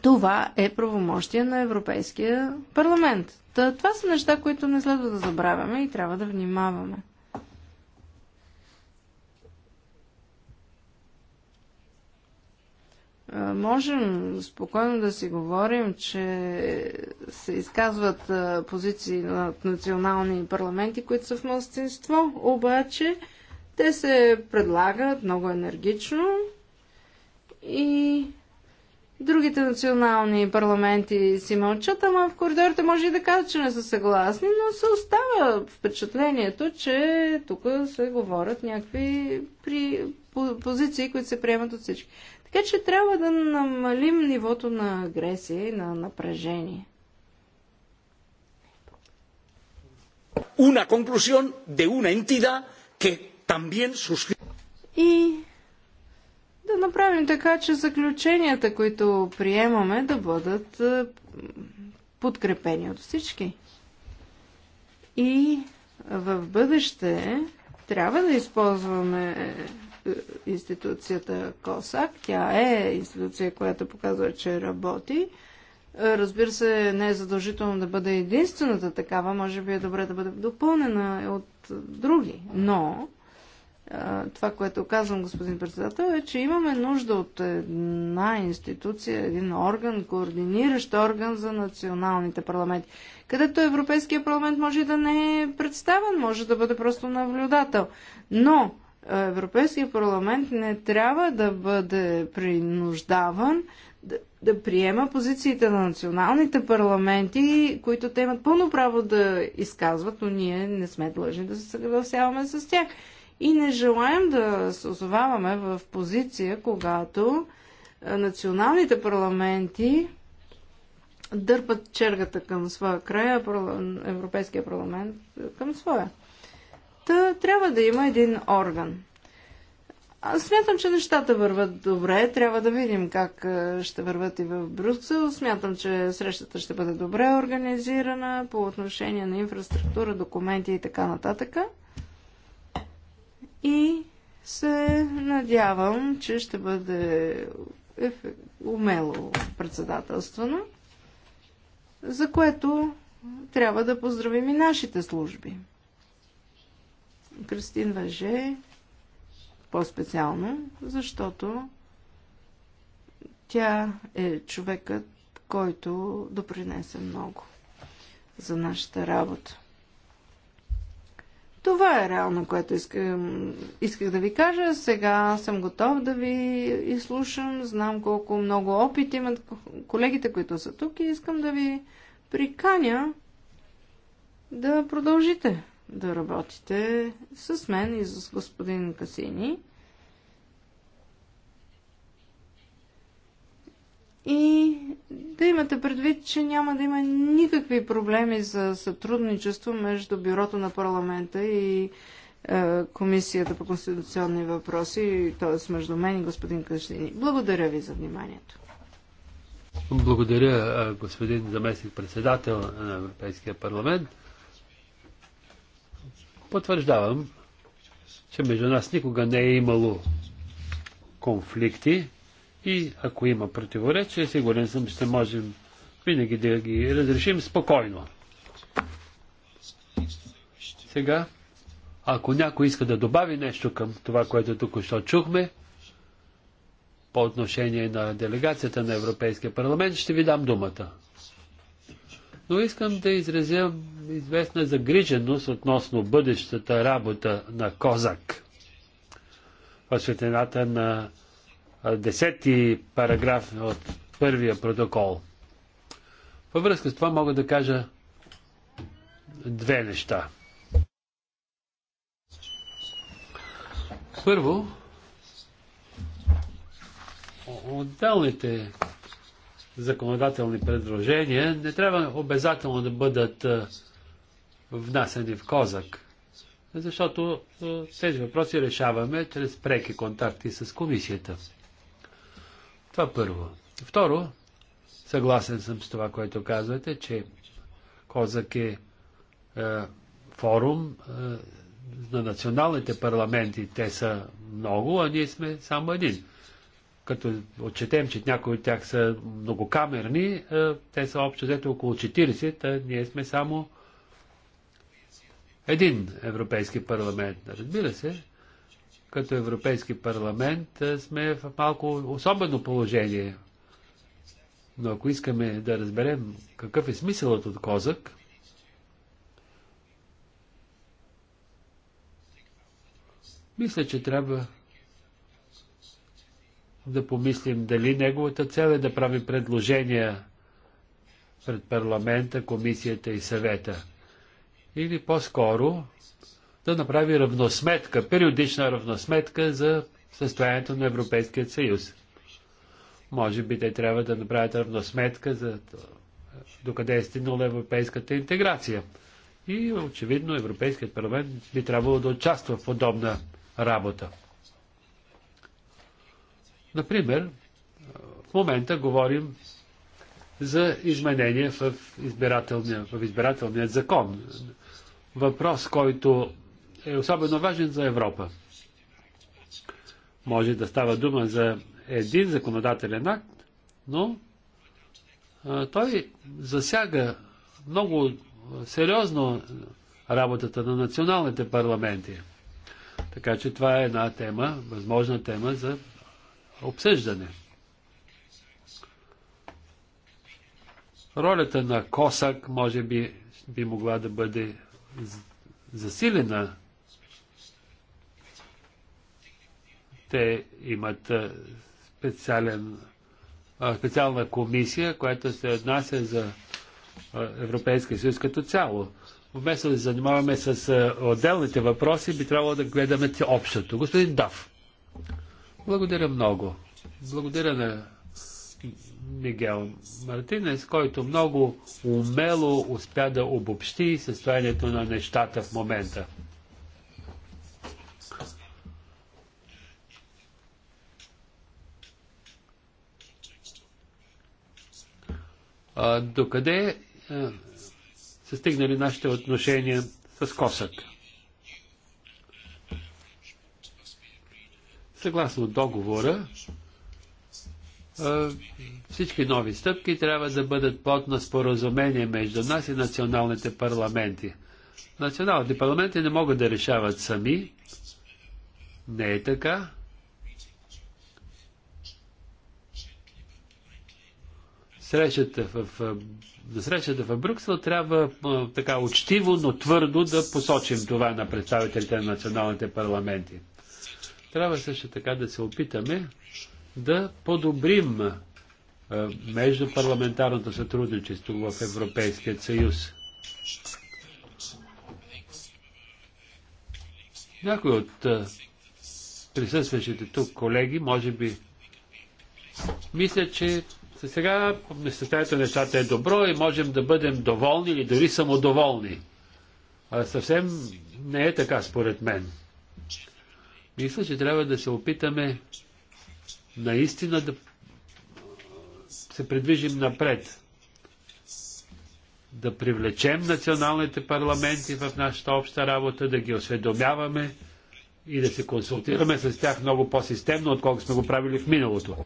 Това е правомощие на Европейския парламент. Та, това са неща, които не следва да забравяме и трябва да внимаваме. Можем спокойно да си говорим, че се изказват позиции на национални парламенти, които са в мнозинство, обаче те се предлагат много енергично и Другите национални парламенти си мълчат, ама в коридорите може и да кажат, че не са съгласни, но се остава впечатлението, че тук се говорят някакви при позиции, които се приемат от всички. Така че трябва да намалим нивото на агресия и на напрежение. Una conclusión de una entidad que también suscribe. И да направим така, че заключенията, които приемаме, да бъдат е, подкрепени от всички. И в бъдеще трябва да използваме е, е, институцията КОСАК. Тя е институция, която показва, че работи. Разбира се, не е задължително да бъде единствената такава, може би е добре да бъде допълнена от други, но това, което казвам, господин председател, е, че имаме нужда от една институция, един орган, координиращ орган за националните парламенти, където Европейския парламент може да не е представен, може да бъде просто наблюдател. Но Европейския парламент не трябва да бъде принуждаван да, да приема позициите на националните парламенти, които те имат пълно право да изказват, но ние не сме длъжни да се съгласяваме с тях и не желаем да се озоваваме в позиция, когато националните парламенти дърпат чергата към своя края, Европейския парламент към своя. Та трябва да има един орган. Аз смятам, че нещата върват добре. Трябва да видим как ще върват и в Брюксел. Смятам, че срещата ще бъде добре организирана по отношение на инфраструктура, документи и така нататък и се надявам, че ще бъде умело председателствано, за което трябва да поздравим и нашите служби. Кристин Въже по-специално, защото тя е човекът, който допринесе много за нашата работа. Това е реално, което искам, исках да ви кажа. Сега съм готов да ви изслушам. Знам колко много опит имат колегите, които са тук и искам да ви приканя да продължите да работите с мен и с господин Касини. и да имате предвид, че няма да има никакви проблеми за сътрудничество между Бюрото на парламента и е, Комисията по конституционни въпроси, т.е. между мен и господин Къщини. Благодаря ви за вниманието. Благодаря, е, господин заместник председател на Европейския парламент. Потвърждавам, че между нас никога не е имало конфликти. И ако има противоречие, сигурен съм, ще можем винаги да ги разрешим спокойно. Сега, ако някой иска да добави нещо към това, което тук що чухме, по отношение на делегацията на Европейския парламент, ще ви дам думата. Но искам да изразя известна загриженост относно бъдещата работа на Козак в светлината на десети параграф от първия протокол. Във връзка с това мога да кажа две неща. Първо, отделните законодателни предложения не трябва обязателно да бъдат внасени в Козак, защото тези въпроси решаваме чрез преки контакти с комисията. Това първо. Второ, съгласен съм с това, което казвате, че Козак е, е форум е, на националните парламенти. Те са много, а ние сме само един. Като отчетем, че някои от тях са многокамерни, е, те са общо взето около 40, а ние сме само един Европейски парламент. Разбира се, като Европейски парламент сме в малко особено положение. Но ако искаме да разберем какъв е смисълът от Козък, мисля, че трябва да помислим дали неговата цел е да прави предложения пред парламента, комисията и съвета. Или по-скоро да направи равносметка, периодична равносметка за състоянието на Европейския съюз. Може би те трябва да направят равносметка за докъде е стигнала европейската интеграция. И очевидно Европейският парламент би трябвало да участва в подобна работа. Например, в момента говорим за изменения в избирателния, в избирателния закон. Въпрос, който е особено важен за Европа. Може да става дума за един законодателен акт, но той засяга много сериозно работата на националните парламенти. Така че това е една тема, възможна тема за обсъждане. Ролята на Косак може би би могла да бъде засилена Те имат специален, специална комисия, която се отнася за Европейския съюз като цяло. Вместо да се занимаваме с отделните въпроси, би трябвало да гледаме общото. Господин Дав, благодаря много. Благодаря на Мигел Мартинес, който много умело успя да обобщи състоянието на нещата в момента. До докъде са стигнали нашите отношения с Косък. Съгласно договора, всички нови стъпки трябва да бъдат под на споразумение между нас и националните парламенти. Националните парламенти не могат да решават сами. Не е така. срещата в, за срещата в Брюксел трябва така учтиво, но твърдо да посочим това на представителите на националните парламенти. Трябва също така да се опитаме да подобрим междупарламентарното сътрудничество в Европейския съюз. Някои от присъстващите тук колеги, може би, мисля, че сега състоянието на нещата е добро и можем да бъдем доволни или дори самодоволни. А съвсем не е така, според мен. Мисля, че трябва да се опитаме наистина да се придвижим напред. Да привлечем националните парламенти в нашата обща работа, да ги осведомяваме и да се консултираме с тях много по-системно, отколкото сме го правили в миналото.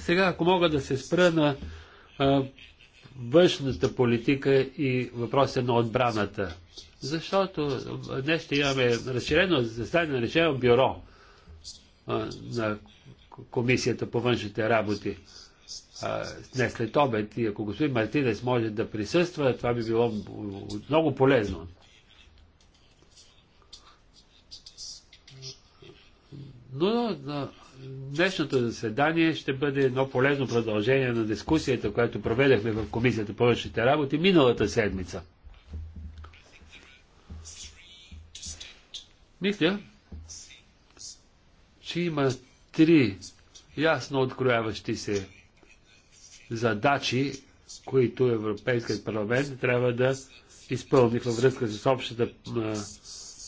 Сега, ако мога да се спра на а, външната политика и въпроса на отбраната. Защото днес ще имаме разширено заседание на решено бюро а, на Комисията по външните работи. А, днес след обед и ако господин Мартинес може да присъства, това би било много полезно. Но, но Днешното заседание ще бъде едно полезно продължение на дискусията, която проведахме в Комисията по външните работи миналата седмица. Мисля, че има три ясно открояващи се задачи, които Европейският парламент трябва да изпълни във връзка с общата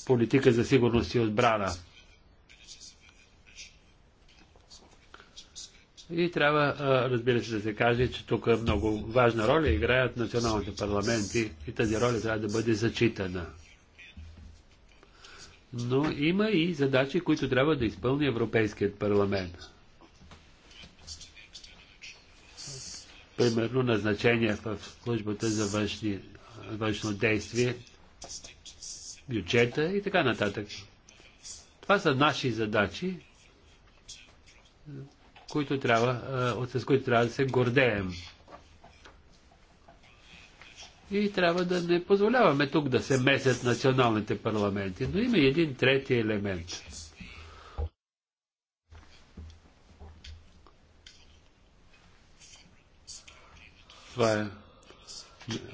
политика за сигурност и отбрана. И трябва, разбира се, да се каже, че тук много важна роля играят националните парламенти и тази роля трябва да бъде зачитана. Но има и задачи, които трябва да изпълни Европейският парламент. Примерно назначение в службата за външни, външно действие, бюджета и така нататък. Това са наши задачи, които трябва, с които трябва да се гордеем. И трябва да не позволяваме тук да се месят националните парламенти. Но има и един трети елемент. Това е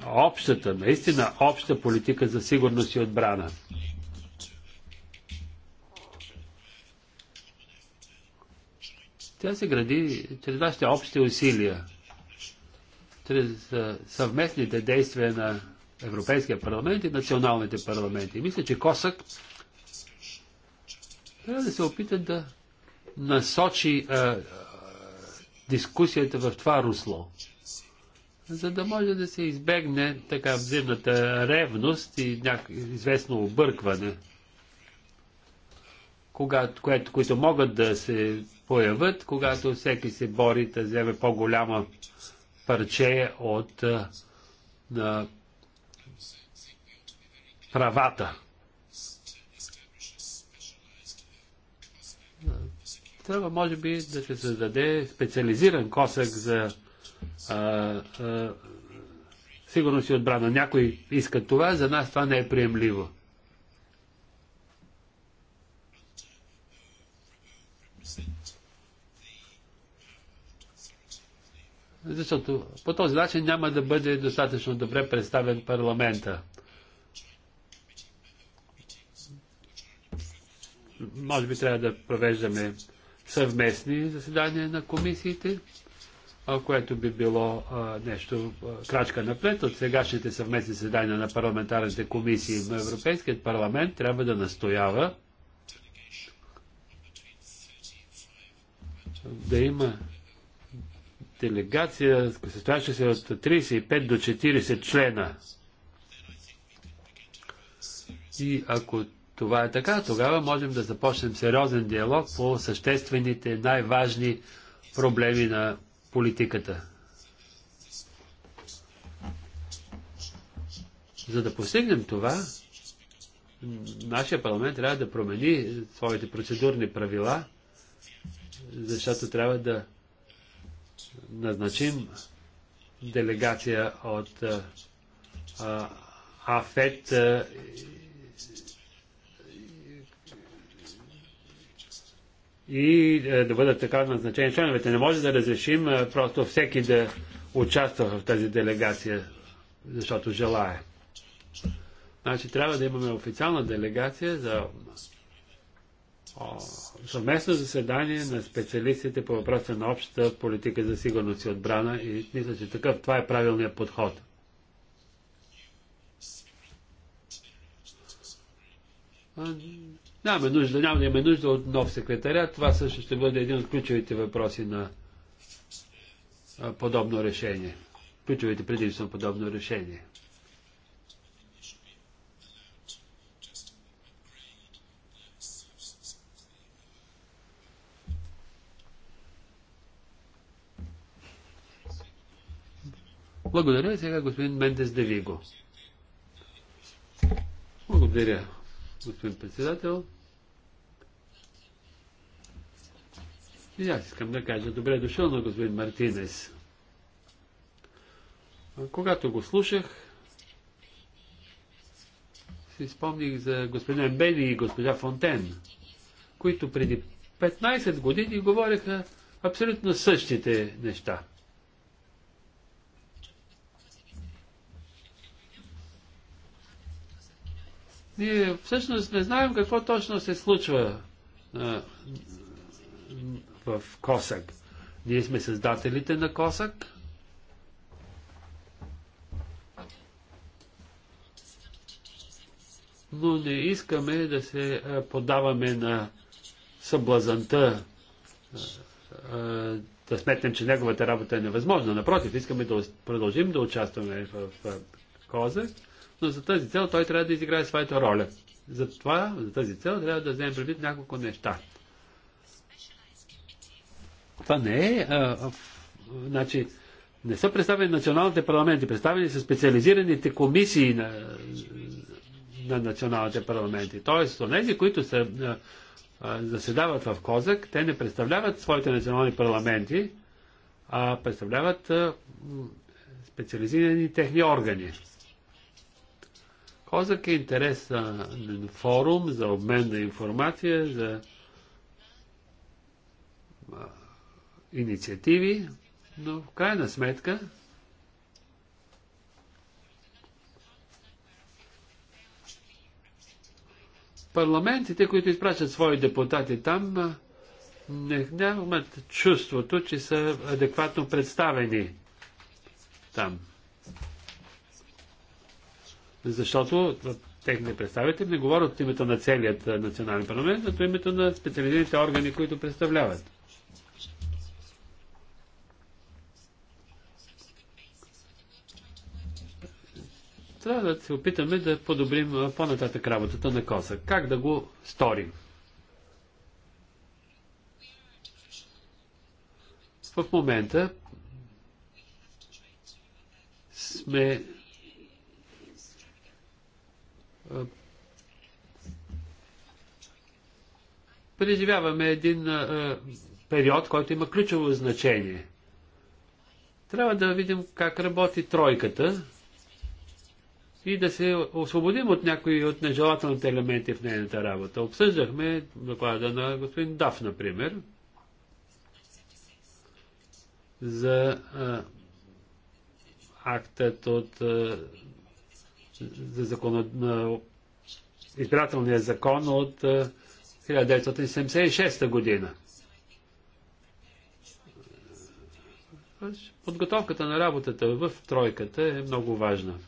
общата, наистина обща политика за сигурност и отбрана. Тя се гради чрез нашите общи усилия, чрез съвместните действия на Европейския парламент и националните парламенти. Мисля, че Косък трябва да се опита да насочи а, а, дискусията в това русло, за да може да се избегне така взаимната ревност и няк... известно объркване, когато, което, които могат да се появят, когато всеки се бори да вземе по-голяма парче от на правата. Трябва, може би, да се създаде специализиран косък за а, а, сигурност и отбрана. Някой иска това, за нас това не е приемливо. Защото по този начин няма да бъде достатъчно добре представен парламента. Може би трябва да провеждаме съвместни заседания на комисиите, което би било нещо крачка напред от сегашните съвместни заседания на парламентарните комисии. на Европейският парламент трябва да настоява да има делегация, състояща се от 35 до 40 члена. И ако това е така, тогава можем да започнем сериозен диалог по съществените, най-важни проблеми на политиката. За да постигнем това, нашия парламент трябва да промени своите процедурни правила, защото трябва да назначим делегация от а, АФЕТ а, и а, да бъдат така назначени членовете. Не може да разрешим а, просто всеки да участва в тази делегация, защото желая. Значи трябва да имаме официална делегация за съвместно заседание на специалистите по въпроса на общата политика за сигурност и отбрана и мисля, че такъв това е правилният подход. Нямаме нужда, няма да имаме нужда от нов секретарят. Това също ще бъде един от ключовите въпроси на подобно решение. Ключовите предимства на подобно решение. Благодаря сега господин Мендес Девиго. Благодаря, господин председател. И аз искам да кажа добре дошъл на господин Мартинес. Когато го слушах, си спомних за господин Бени и госпожа Фонтен, които преди 15 години говореха абсолютно същите неща. Ние всъщност не знаем какво точно се случва а, в Косък. Ние сме създателите на Косък. Но не искаме да се подаваме на съблазанта да сметнем, че неговата работа е невъзможна. Напротив, искаме да продължим да участваме в, в Козак но за тази цел той трябва да изиграе своята роля. За това, за тази цел трябва да вземем предвид няколко неща. Това не е. А, а, значи, не са представени националните парламенти, представени са специализираните комисии на, на националните парламенти. Тоест, тези, които са, а, а, заседават в Козак, те не представляват своите национални парламенти, а представляват а, специализирани техни органи. Козак е на форум за обмен на информация, за инициативи, но в крайна сметка парламентите, които изпращат свои депутати там, не, нямат чувството, че са адекватно представени там защото техните представители не говорят от името на целият национален парламент, а от името на специализираните органи, които представляват. Трябва да се опитаме да подобрим по-нататък работата на КОСА. Как да го сторим? В момента сме преживяваме един а, период, който има ключово значение. Трябва да видим как работи тройката и да се освободим от някои от нежелателните елементи в нейната работа. Обсъждахме доклада на господин Даф, например, за а, актът от а, за закон, на избирателния закон от 1976 е, година. Подготовката на работата в тройката е много важна.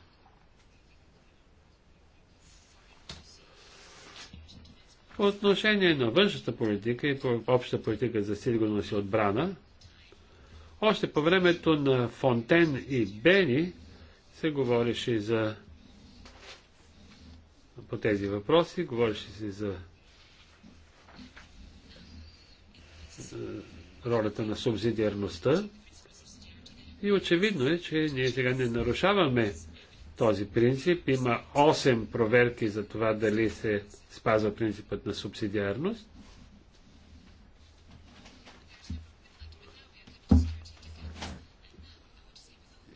По отношение на външната политика и по политика за сигурност и отбрана, още по времето на Фонтен и Бени се говореше за по тези въпроси. Говореше се за ролята на субсидиарността. И очевидно е, че ние сега не нарушаваме този принцип. Има 8 проверки за това дали се спазва принципът на субсидиарност.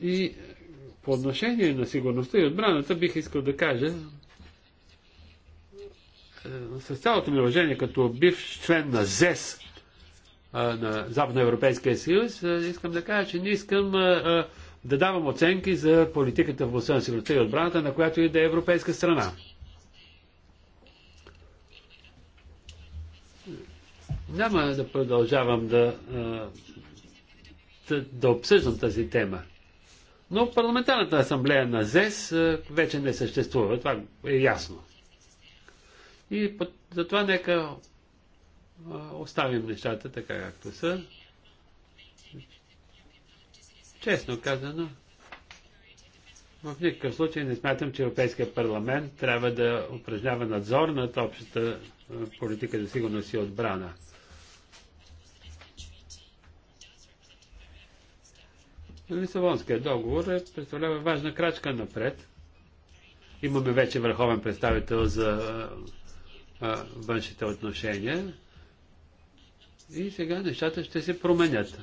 И по отношение на сигурността и отбраната бих искал да кажа с цялото ми уважение, като бив член на ЗЕС на Западноевропейския съюз, искам да кажа, че не искам да давам оценки за политиката в областта на сигурността и отбраната, на която и да е европейска страна. Няма да продължавам да, да, да обсъждам тази тема. Но парламентарната асамблея на ЗЕС вече не съществува. Това е ясно. И затова нека оставим нещата така както са. Честно казано, в никакъв случай не смятам, че Европейския парламент трябва да упражнява надзор над общата политика за сигурност и отбрана. Лисабонският договор е, представлява важна крачка напред. Имаме вече върховен представител за външните отношения. И сега нещата ще се променят.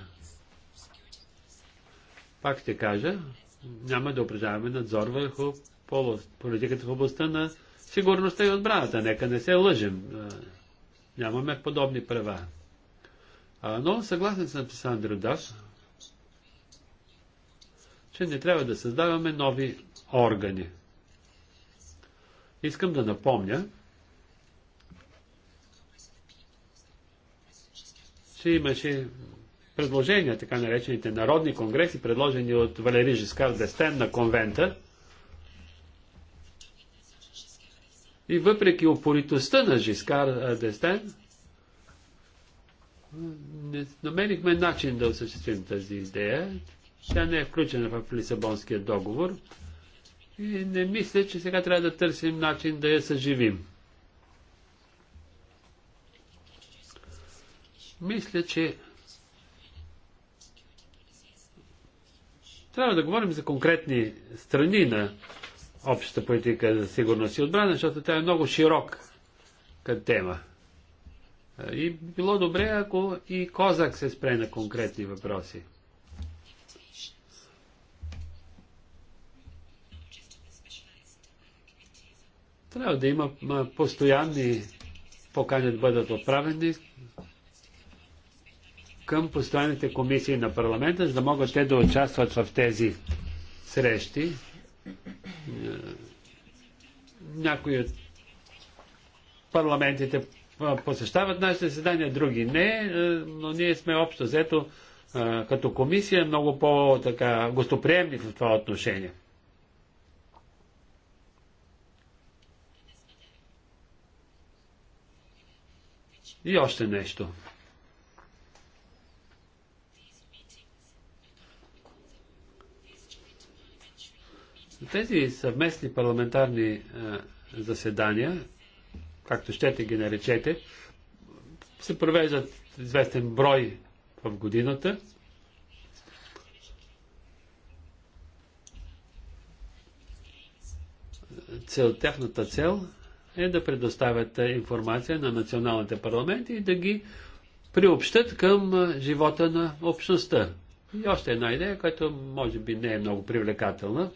Пак ще кажа, няма да упражняваме надзор върху политиката в областта на сигурността и отбраната. Нека не се лъжим. Нямаме подобни права. Но съгласен съм с Андрю Дас, че не трябва да създаваме нови органи. Искам да напомня, че имаше предложения, така наречените народни конгреси, предложени от Валери Жискар Дестен на конвента. И въпреки упоритостта на Жискар Дестен, не намерихме начин да осъществим тази идея. Тя не е включена в Лисабонския договор. И не мисля, че сега трябва да търсим начин да я съживим. Мисля, че трябва да говорим за конкретни страни на общата политика за сигурност и отбрана, защото тя е много широк като тема. И било добре, ако и Козак се спре на конкретни въпроси. Трябва да има постоянни покани да бъдат отправени към постоянните комисии на парламента, за да могат те да участват в тези срещи. Е, някои от парламентите посещават нашите заседания, други не, е, но ние сме общо взето е, като комисия много по гостоприемни в това отношение. И още нещо. Тези съвместни парламентарни е, заседания, както щете ги наречете, се провеждат известен брой в годината. Цел, тяхната цел е да предоставят е, информация на националните парламенти и да ги приобщат към е, живота на общността. И още една идея, която може би не е много привлекателна,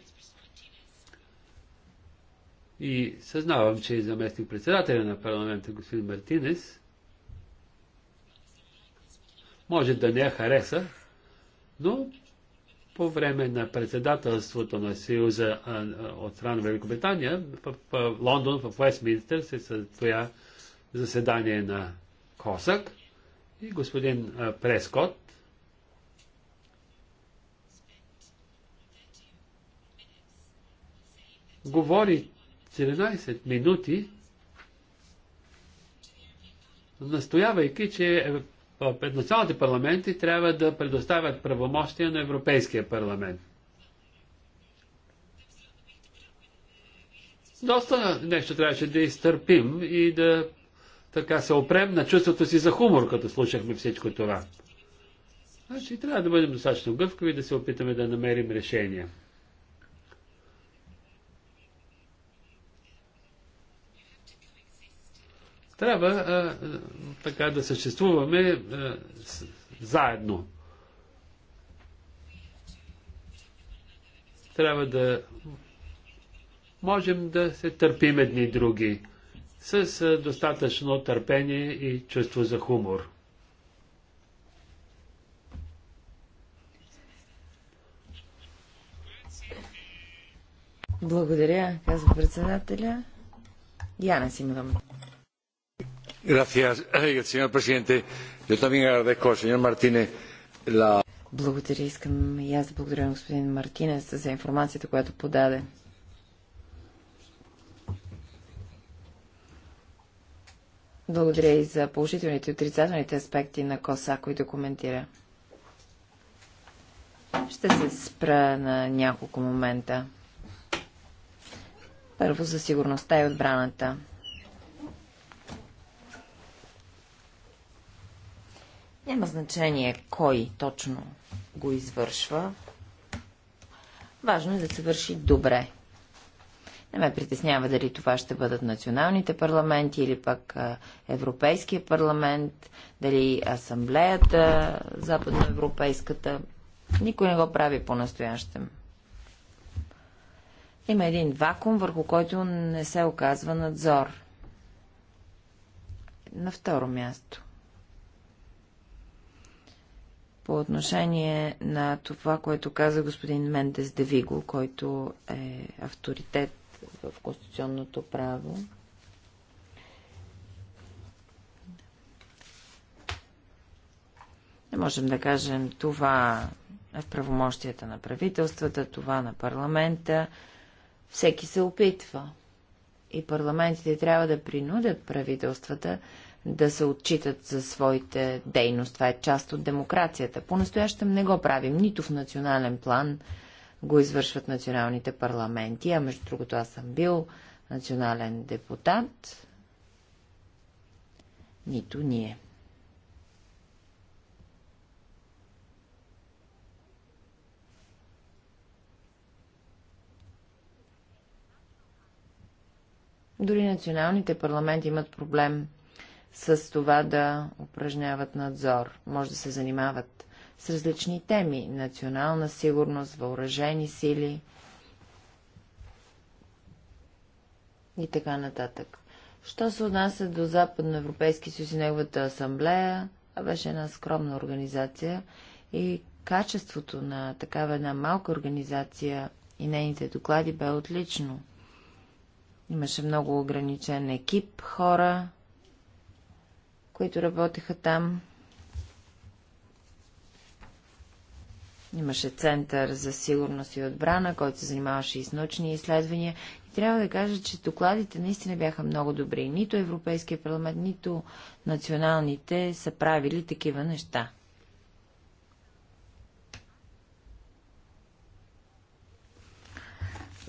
и съзнавам, че и заместник председателя на парламента, господин Мартинес, може да не я хареса, но по време на председателството на Съюза от страна на Великобритания в, в Лондон, в Уестминстър се състоя заседание на Косък и господин Прескот говори 17 минути, настоявайки, че е, е, националните парламенти трябва да предоставят правомощия на Европейския парламент. Доста нещо трябваше да изтърпим и да така се опрем на чувството си за хумор, като слушахме всичко това. Значи трябва да бъдем достатъчно гъвкави да се опитаме да намерим решение. Трябва а, така да съществуваме а, с, заедно. Трябва да можем да се търпим едни други с а, достатъчно търпение и чувство за хумор. Благодаря, казва председателя. Яна си имам. Благодаря. Искам и аз да благодаря на господин Мартинес за информацията, която подаде. Благодаря и за положителните и отрицателните аспекти на КОСА, които коментира. Ще се спра на няколко момента. Първо за сигурността и отбраната. Няма значение кой точно го извършва. Важно е да се върши добре. Не ме притеснява дали това ще бъдат националните парламенти или пък Европейския парламент, дали асамблеята западноевропейската. Никой не го прави по-настоящем. Има един вакуум, върху който не се оказва надзор. На второ място по отношение на това, което каза господин Мендес Девиго, който е авторитет в конституционното право. Не можем да кажем това е в правомощията на правителствата, това на парламента. Всеки се опитва. И парламентите трябва да принудят правителствата да се отчитат за своите дейност. Това е част от демокрацията. По-настоящем не го правим, нито в национален план го извършват националните парламенти, а между другото аз съм бил национален депутат, нито ние. Дори националните парламенти имат проблем с това да упражняват надзор. Може да се занимават с различни теми – национална сигурност, въоръжени сили и така нататък. Що се отнася до Западноевропейски съюз и неговата асамблея, а беше една скромна организация и качеството на такава една малка организация и нейните доклади бе отлично. Имаше много ограничен екип хора, които работеха там. Имаше център за сигурност и отбрана, който се занимаваше и с научни изследвания. И трябва да кажа, че докладите наистина бяха много добри. Нито Европейския парламент, нито националните са правили такива неща.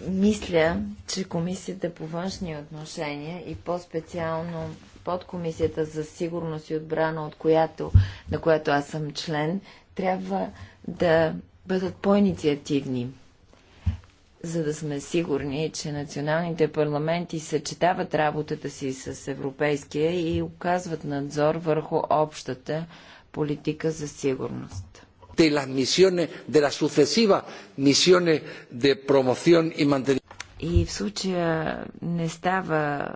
Мисля, че Комисията по външни отношения и по-специално подкомисията за сигурност и отбрана, от която, на която аз съм член, трябва да бъдат по-инициативни, за да сме сигурни, че националните парламенти съчетават работата си с европейския и оказват надзор върху общата политика за сигурност. De las misiones, de las sucesivas misiones de promoción y mantenimiento. И в случая не става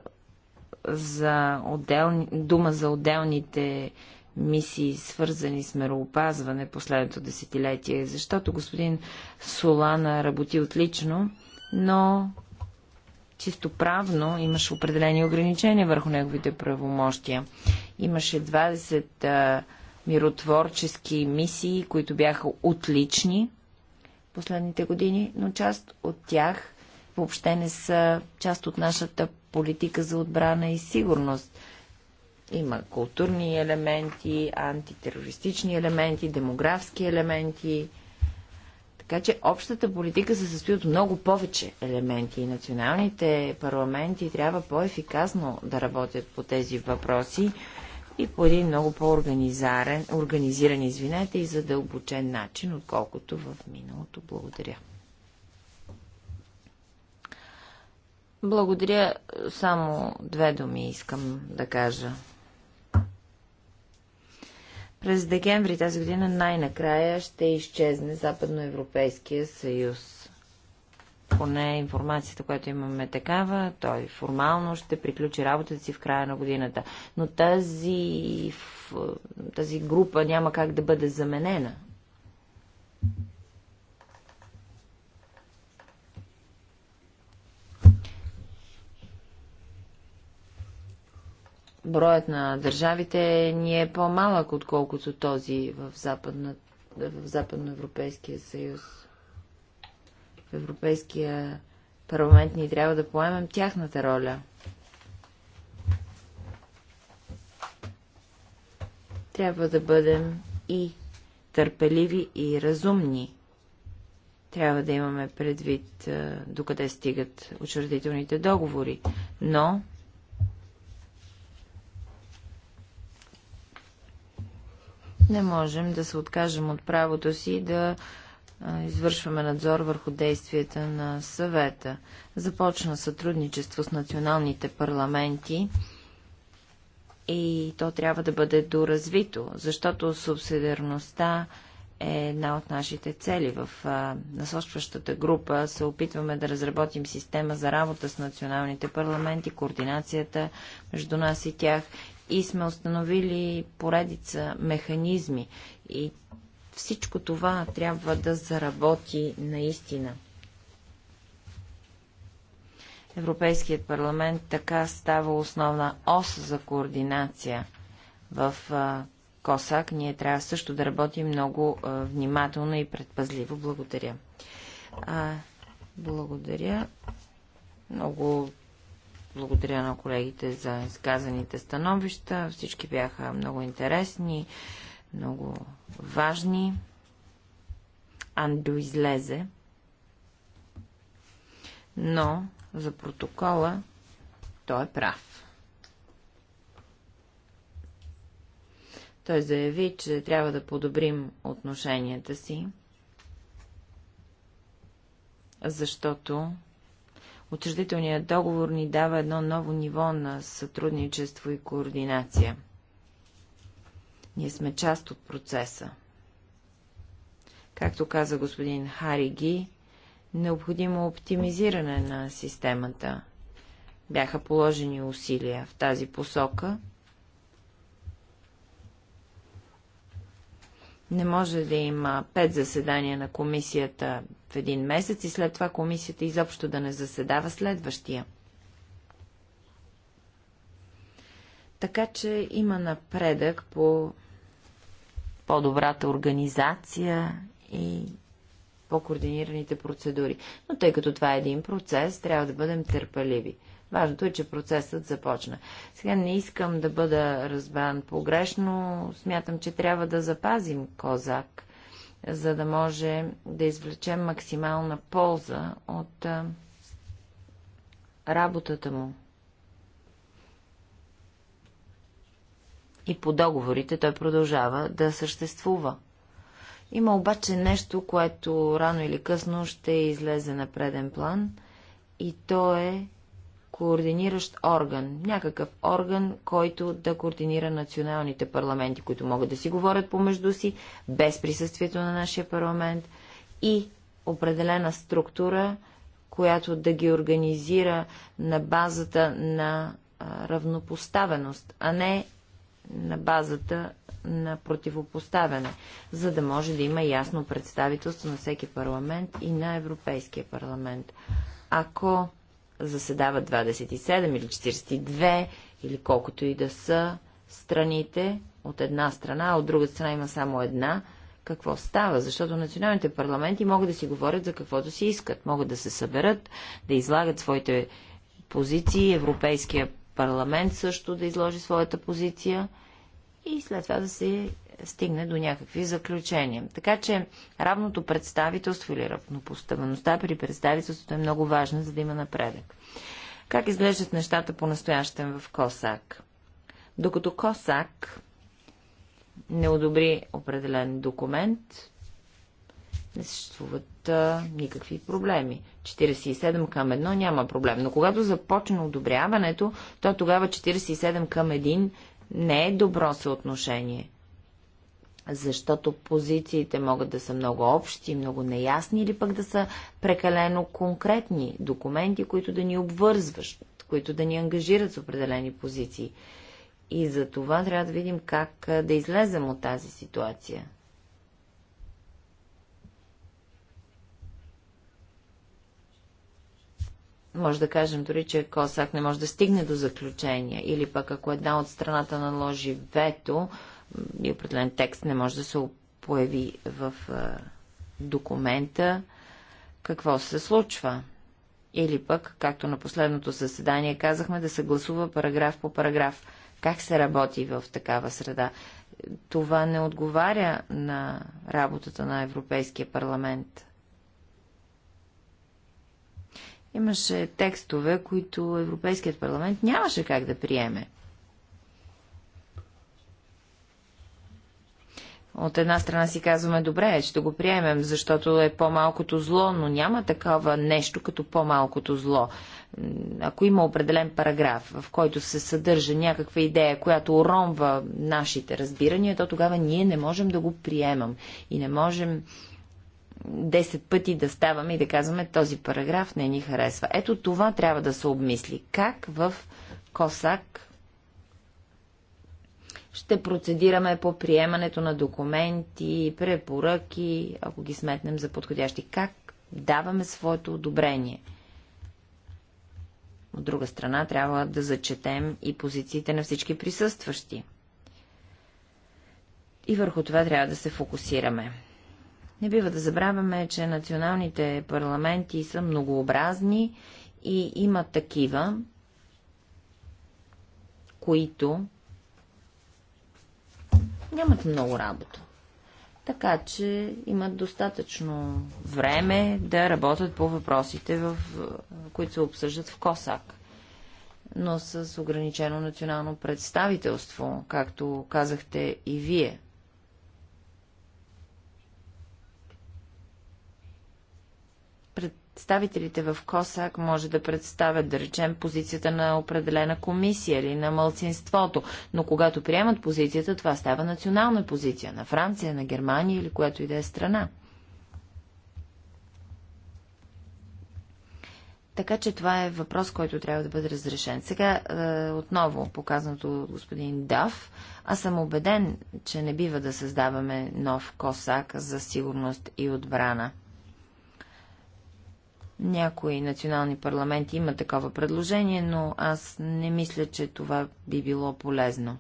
за отделни, дума за отделните мисии, свързани с мероопазване последното десетилетие, защото господин Солана работи отлично, но чисто правно имаше определени ограничения върху неговите правомощия. Имаше 20 а, миротворчески мисии, които бяха отлични последните години, но част от тях въобще не са част от нашата политика за отбрана и сигурност. Има културни елементи, антитерористични елементи, демографски елементи. Така че общата политика се състои от много повече елементи и националните парламенти трябва по-ефикасно да работят по тези въпроси и по един много по-организиран, извинете, и задълбочен начин, отколкото в миналото. Благодаря. Благодаря. Само две думи искам да кажа. През декември тази година най-накрая ще изчезне Западноевропейския съюз. Поне информацията, която имаме е такава, той формално ще приключи работата си в края на годината. Но тази, тази група няма как да бъде заменена. броят на държавите ни е по-малък, отколкото този в, западна, в Западноевропейския съюз. В Европейския парламент ни трябва да поемем тяхната роля. Трябва да бъдем и търпеливи и разумни. Трябва да имаме предвид е, докъде стигат учредителните договори, но Не можем да се откажем от правото си да извършваме надзор върху действията на съвета. Започна сътрудничество с националните парламенти и то трябва да бъде доразвито, защото субсидиарността е една от нашите цели. В насочващата група се опитваме да разработим система за работа с националните парламенти, координацията между нас и тях и сме установили поредица механизми и всичко това трябва да заработи наистина. Европейският парламент така става основна ос за координация. В Косак ние трябва също да работим много внимателно и предпазливо. Благодаря. Благодаря. Много благодаря на колегите за изказаните становища. Всички бяха много интересни, много важни. Андо излезе. Но за протокола той е прав. Той заяви, че трябва да подобрим отношенията си, защото Учредителният договор ни дава едно ново ниво на сътрудничество и координация. Ние сме част от процеса. Както каза господин Хариги, необходимо оптимизиране на системата. Бяха положени усилия в тази посока. Не може да има пет заседания на комисията един месец и след това комисията изобщо да не заседава следващия. Така че има напредък по по-добрата организация и по-координираните процедури. Но тъй като това е един процес, трябва да бъдем търпеливи. Важното е, че процесът започна. Сега не искам да бъда разбран погрешно. Смятам, че трябва да запазим Козак за да може да извлечем максимална полза от работата му. И по договорите той продължава да съществува. Има обаче нещо, което рано или късно ще излезе на преден план и то е координиращ орган, някакъв орган, който да координира националните парламенти, които могат да си говорят помежду си, без присъствието на нашия парламент и определена структура, която да ги организира на базата на равнопоставеност, а не на базата на противопоставяне, за да може да има ясно представителство на всеки парламент и на Европейския парламент. Ако Заседава 27 или 42 или колкото и да са страните от една страна, а от друга страна има само една, какво става, защото националните парламенти могат да си говорят за каквото си искат. Могат да се съберат, да излагат своите позиции, Европейския парламент също да изложи своята позиция и след това да се стигне до някакви заключения. Така че равното представителство или равнопоставеността при представителството е много важно, за да има напредък. Как изглеждат нещата по-настоящем в КОСАК? Докато КОСАК не одобри определен документ, не съществуват а, никакви проблеми. 47 към 1 няма проблем. Но когато започне одобряването, то тогава 47 към 1 не е добро съотношение защото позициите могат да са много общи, много неясни или пък да са прекалено конкретни документи, които да ни обвързват, които да ни ангажират с определени позиции. И за това трябва да видим как да излезем от тази ситуация. може да кажем дори, че Косак не може да стигне до заключения. или пък ако една от страната наложи вето, и определен текст не може да се появи в документа, какво се случва. Или пък, както на последното заседание казахме, да се гласува параграф по параграф. Как се работи в такава среда? Това не отговаря на работата на Европейския парламент. Имаше текстове, които Европейският парламент нямаше как да приеме. От една страна си казваме, добре, ще го приемем, защото е по-малкото зло, но няма такова нещо като по-малкото зло. Ако има определен параграф, в който се съдържа някаква идея, която уронва нашите разбирания, то тогава ние не можем да го приемам. И не можем 10 пъти да ставаме и да казваме, този параграф не ни харесва. Ето това трябва да се обмисли. Как в Косак ще процедираме по приемането на документи, препоръки, ако ги сметнем за подходящи. Как даваме своето одобрение? От друга страна, трябва да зачетем и позициите на всички присъстващи. И върху това трябва да се фокусираме. Не бива да забравяме, че националните парламенти са многообразни и има такива, които нямат много работа. Така че имат достатъчно време да работят по въпросите, в, които се обсъждат в Косак. Но с ограничено национално представителство, както казахте и вие. Пред представителите в КОСАК може да представят, да речем, позицията на определена комисия или на мълцинството, но когато приемат позицията, това става национална позиция на Франция, на Германия или която и да е страна. Така че това е въпрос, който трябва да бъде разрешен. Сега е, отново показаното от господин Дав. Аз съм убеден, че не бива да създаваме нов косак за сигурност и отбрана. Някои национални парламенти има такова предложение, но аз не мисля, че това би било полезно.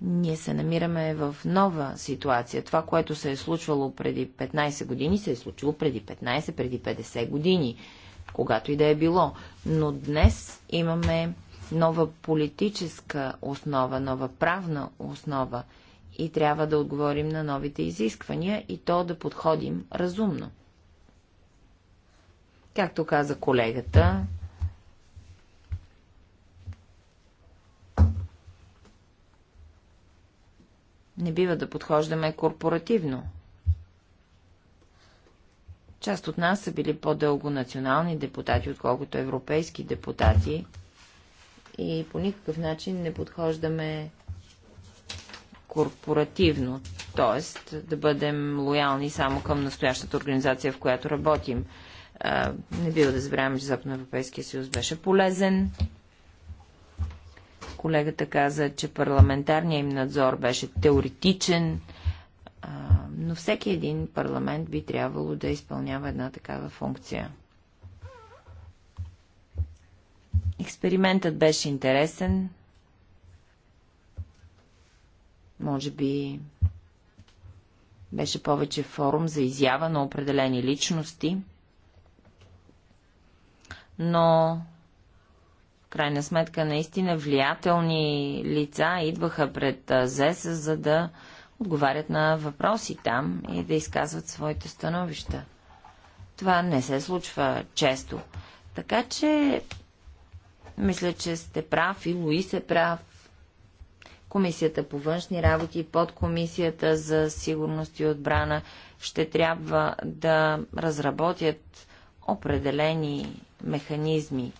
Ние се намираме в нова ситуация. Това, което се е случвало преди 15 години, се е случило преди 15, преди 50 години, когато и да е било. Но днес имаме нова политическа основа, нова правна основа и трябва да отговорим на новите изисквания и то да подходим разумно. Както каза колегата, не бива да подхождаме корпоративно. Част от нас са били по-дълго национални депутати, отколкото европейски депутати и по никакъв начин не подхождаме корпоративно, т.е. да бъдем лоялни само към настоящата организация, в която работим. Не бива да забравяме, че Западно Европейския съюз беше полезен. Колегата каза, че парламентарният им надзор беше теоретичен, но всеки един парламент би трябвало да изпълнява една такава функция. Експериментът беше интересен, може би беше повече форум за изява на определени личности, но в крайна сметка наистина влиятелни лица идваха пред ЗЕС, за да отговарят на въпроси там и да изказват своите становища. Това не се случва често. Така че, мисля, че сте прав и Луис е прав. Комисията по външни работи и подкомисията за сигурност и отбрана ще трябва да разработят определени механизми.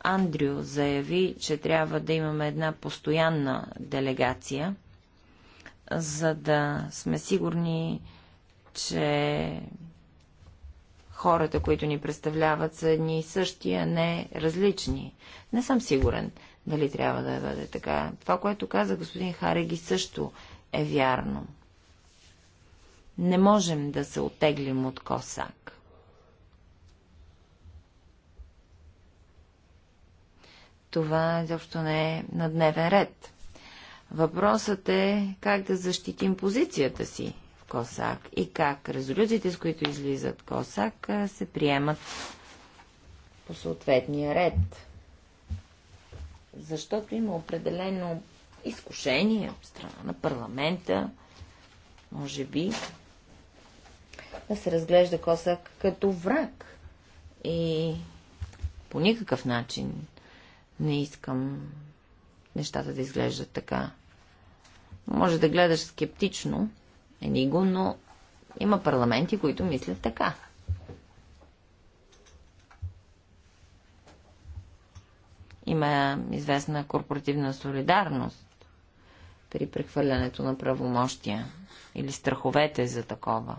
Андрю заяви, че трябва да имаме една постоянна делегация, за да сме сигурни, че хората, които ни представляват, са едни и същи, а не различни. Не съм сигурен дали трябва да бъде така. Това, което каза господин Хареги, също е вярно. Не можем да се отеглим от Косак. Това изобщо не е на дневен ред. Въпросът е как да защитим позицията си в Косак и как резолюциите, с които излизат Косак, се приемат по съответния ред защото има определено изкушение от страна на парламента, може би, да се разглежда Косак като враг. И по никакъв начин не искам нещата да изглеждат така. Може да гледаш скептично, ениго, но има парламенти, които мислят така. Има известна корпоративна солидарност при прехвърлянето на правомощия или страховете за такова.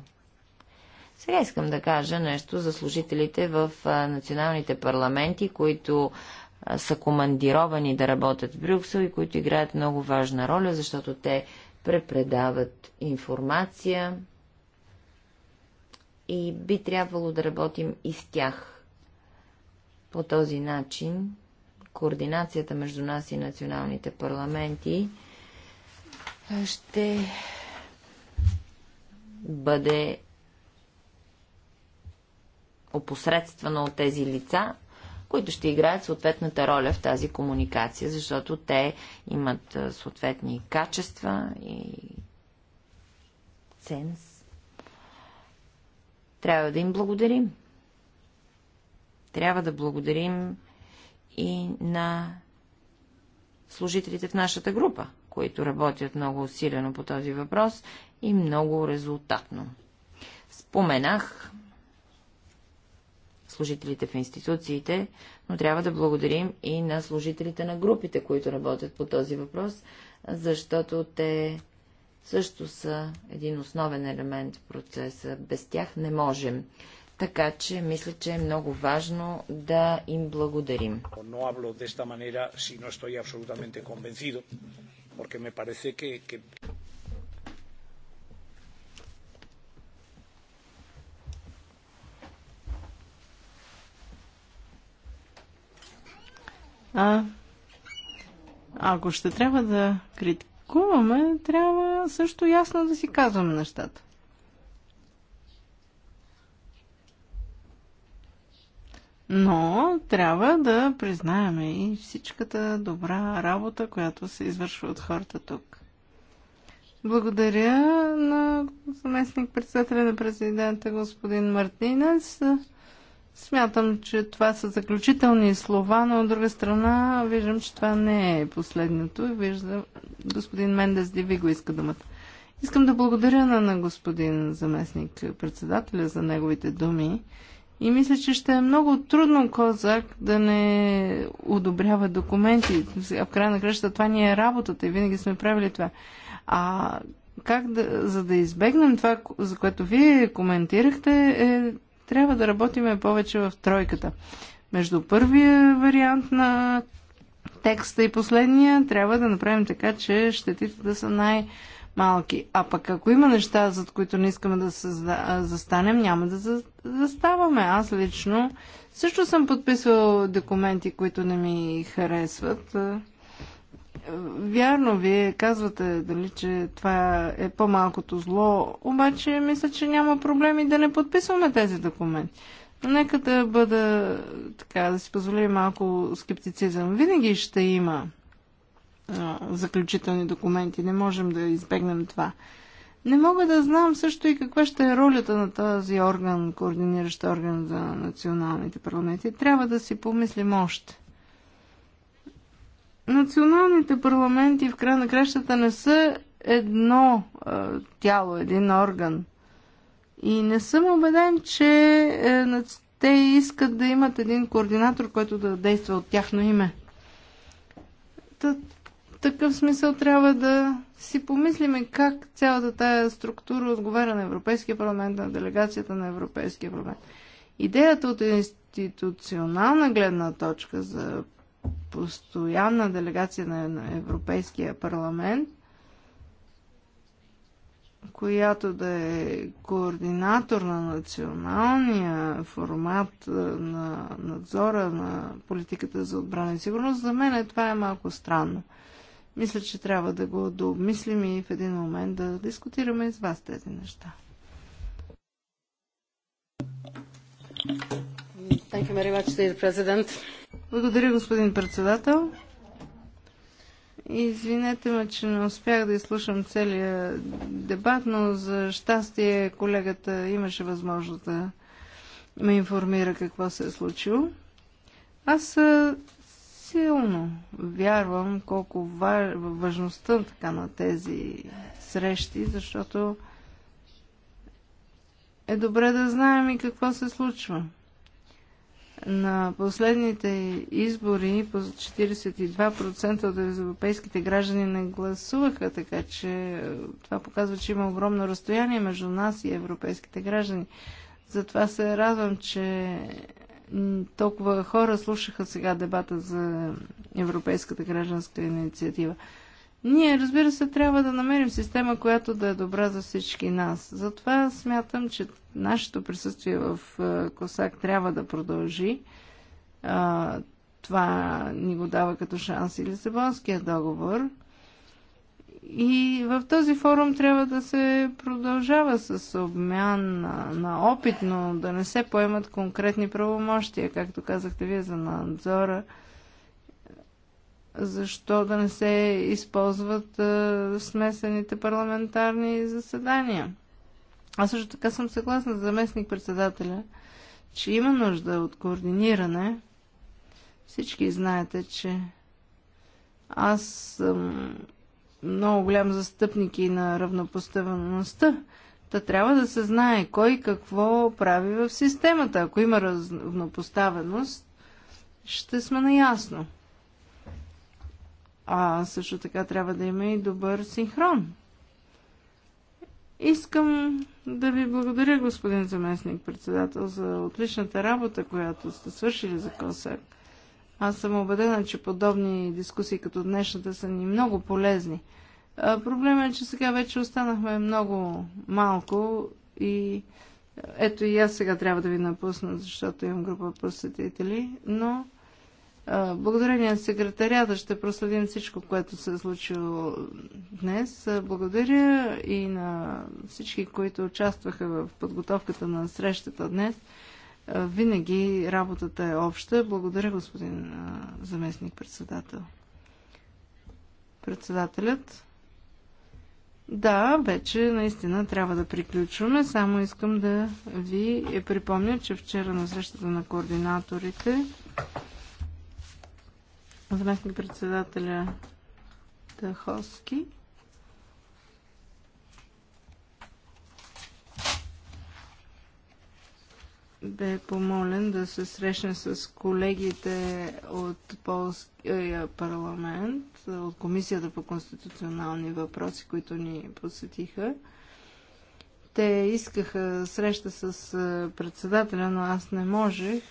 Сега искам да кажа нещо за служителите в националните парламенти, които са командировани да работят в Брюксел и които играят много важна роля, защото те препредават информация и би трябвало да работим и с тях. По този начин координацията между нас и националните парламенти ще бъде опосредствана от тези лица, които ще играят съответната роля в тази комуникация, защото те имат съответни качества и ценз. Трябва да им благодарим. Трябва да благодарим и на служителите в нашата група, които работят много усилено по този въпрос и много резултатно. Споменах служителите в институциите, но трябва да благодарим и на служителите на групите, които работят по този въпрос, защото те също са един основен елемент в процеса. Без тях не можем. Така че мисля, че е много важно да им благодарим. А, ако ще трябва да критикуваме, трябва също ясно да си казваме нещата. Но трябва да признаем и всичката добра работа, която се извършва от хората тук. Благодаря на заместник председателя на президента господин Мартинес. Смятам, че това са заключителни слова, но от друга страна виждам, че това не е последното. Виждам, господин Мендес го иска думата. Искам да благодаря на господин заместник председателя за неговите думи. И мисля, че ще е много трудно Козак да не одобрява документи. В края на кръща това ни е работата и винаги сме правили това. А как да, за да избегнем това, за което вие коментирахте, е, трябва да работиме повече в тройката. Между първия вариант на текста и последния трябва да направим така, че щетите да са най- малки. А пък ако има неща, зад които не искаме да се застанем, няма да заставаме. Аз лично също съм подписвал документи, които не ми харесват. Вярно, вие казвате, дали, че това е по-малкото зло, обаче мисля, че няма проблеми да не подписваме тези документи. Но нека да бъда, така, да си позволя малко скептицизъм. Винаги ще има заключителни документи. Не можем да избегнем това. Не мога да знам също и каква ще е ролята на този орган, координиращ орган за националните парламенти. Трябва да си помислим още. Националните парламенти в края на кращата не са едно е, тяло, един орган. И не съм убеден, че е, те искат да имат един координатор, който да действа от тяхно име. Та, такъв смисъл трябва да си помислиме как цялата тая структура отговаря на Европейския парламент, на делегацията на Европейския парламент. Идеята от институционална гледна точка за постоянна делегация на Европейския парламент, която да е координатор на националния формат е, на надзора на политиката за отбрана и сигурност, за мен е това е малко странно. Мисля, че трябва да го дообмислим и в един момент да дискутираме и с вас тези неща. Much, Благодаря, господин председател. Извинете ме, че не успях да изслушам целия дебат, но за щастие колегата имаше възможност да ме информира какво се е случило. Аз силно вярвам колко важността така, на тези срещи, защото е добре да знаем и какво се случва. На последните избори 42% от европейските граждани не гласуваха, така че е, това показва, че има огромно разстояние между нас и европейските граждани. Затова се радвам, че толкова хора слушаха сега дебата за Европейската гражданска инициатива. Ние, разбира се, трябва да намерим система, която да е добра за всички нас. Затова смятам, че нашето присъствие в е, Косак трябва да продължи. Това ни го дава като шанс и Лисабонския договор – и в този форум трябва да се продължава с обмян на, на опит, но да не се поемат конкретни правомощия, както казахте вие за надзора. Защо да не се използват а, смесените парламентарни заседания? Аз също така съм съгласна с заместник-председателя, че има нужда от координиране. Всички знаете, че аз съм много голям застъпник и на равнопоставеността. Та трябва да се знае кой какво прави в системата. Ако има равнопоставеност, ще сме наясно. А също така трябва да има и добър синхрон. Искам да ви благодаря, господин заместник председател, за отличната работа, която сте свършили за Косак. Аз съм убедена, че подобни дискусии като днешната са ни много полезни. Проблема е, че сега вече останахме много малко и е, ето и аз сега трябва да ви напусна, защото имам група посетители, но а, благодарение на секретарията ще проследим всичко, което се е случило днес. Благодаря и на всички, които участваха в подготовката на срещата днес. Винаги работата е обща. Благодаря, господин заместник-председател. Председателят. Да, вече наистина трябва да приключваме. Само искам да ви е припомня, че вчера на срещата на координаторите заместник-председателя Таховски бе помолен да се срещне с колегите от полския парламент, от Комисията по конституционални въпроси, които ни посетиха. Те искаха среща с председателя, но аз не можех.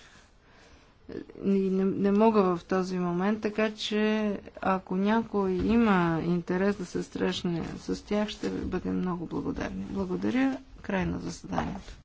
Не, не мога в този момент, така че ако някой има интерес да се срещне с тях, ще бъдем много благодарни. Благодаря. Край на заседанието.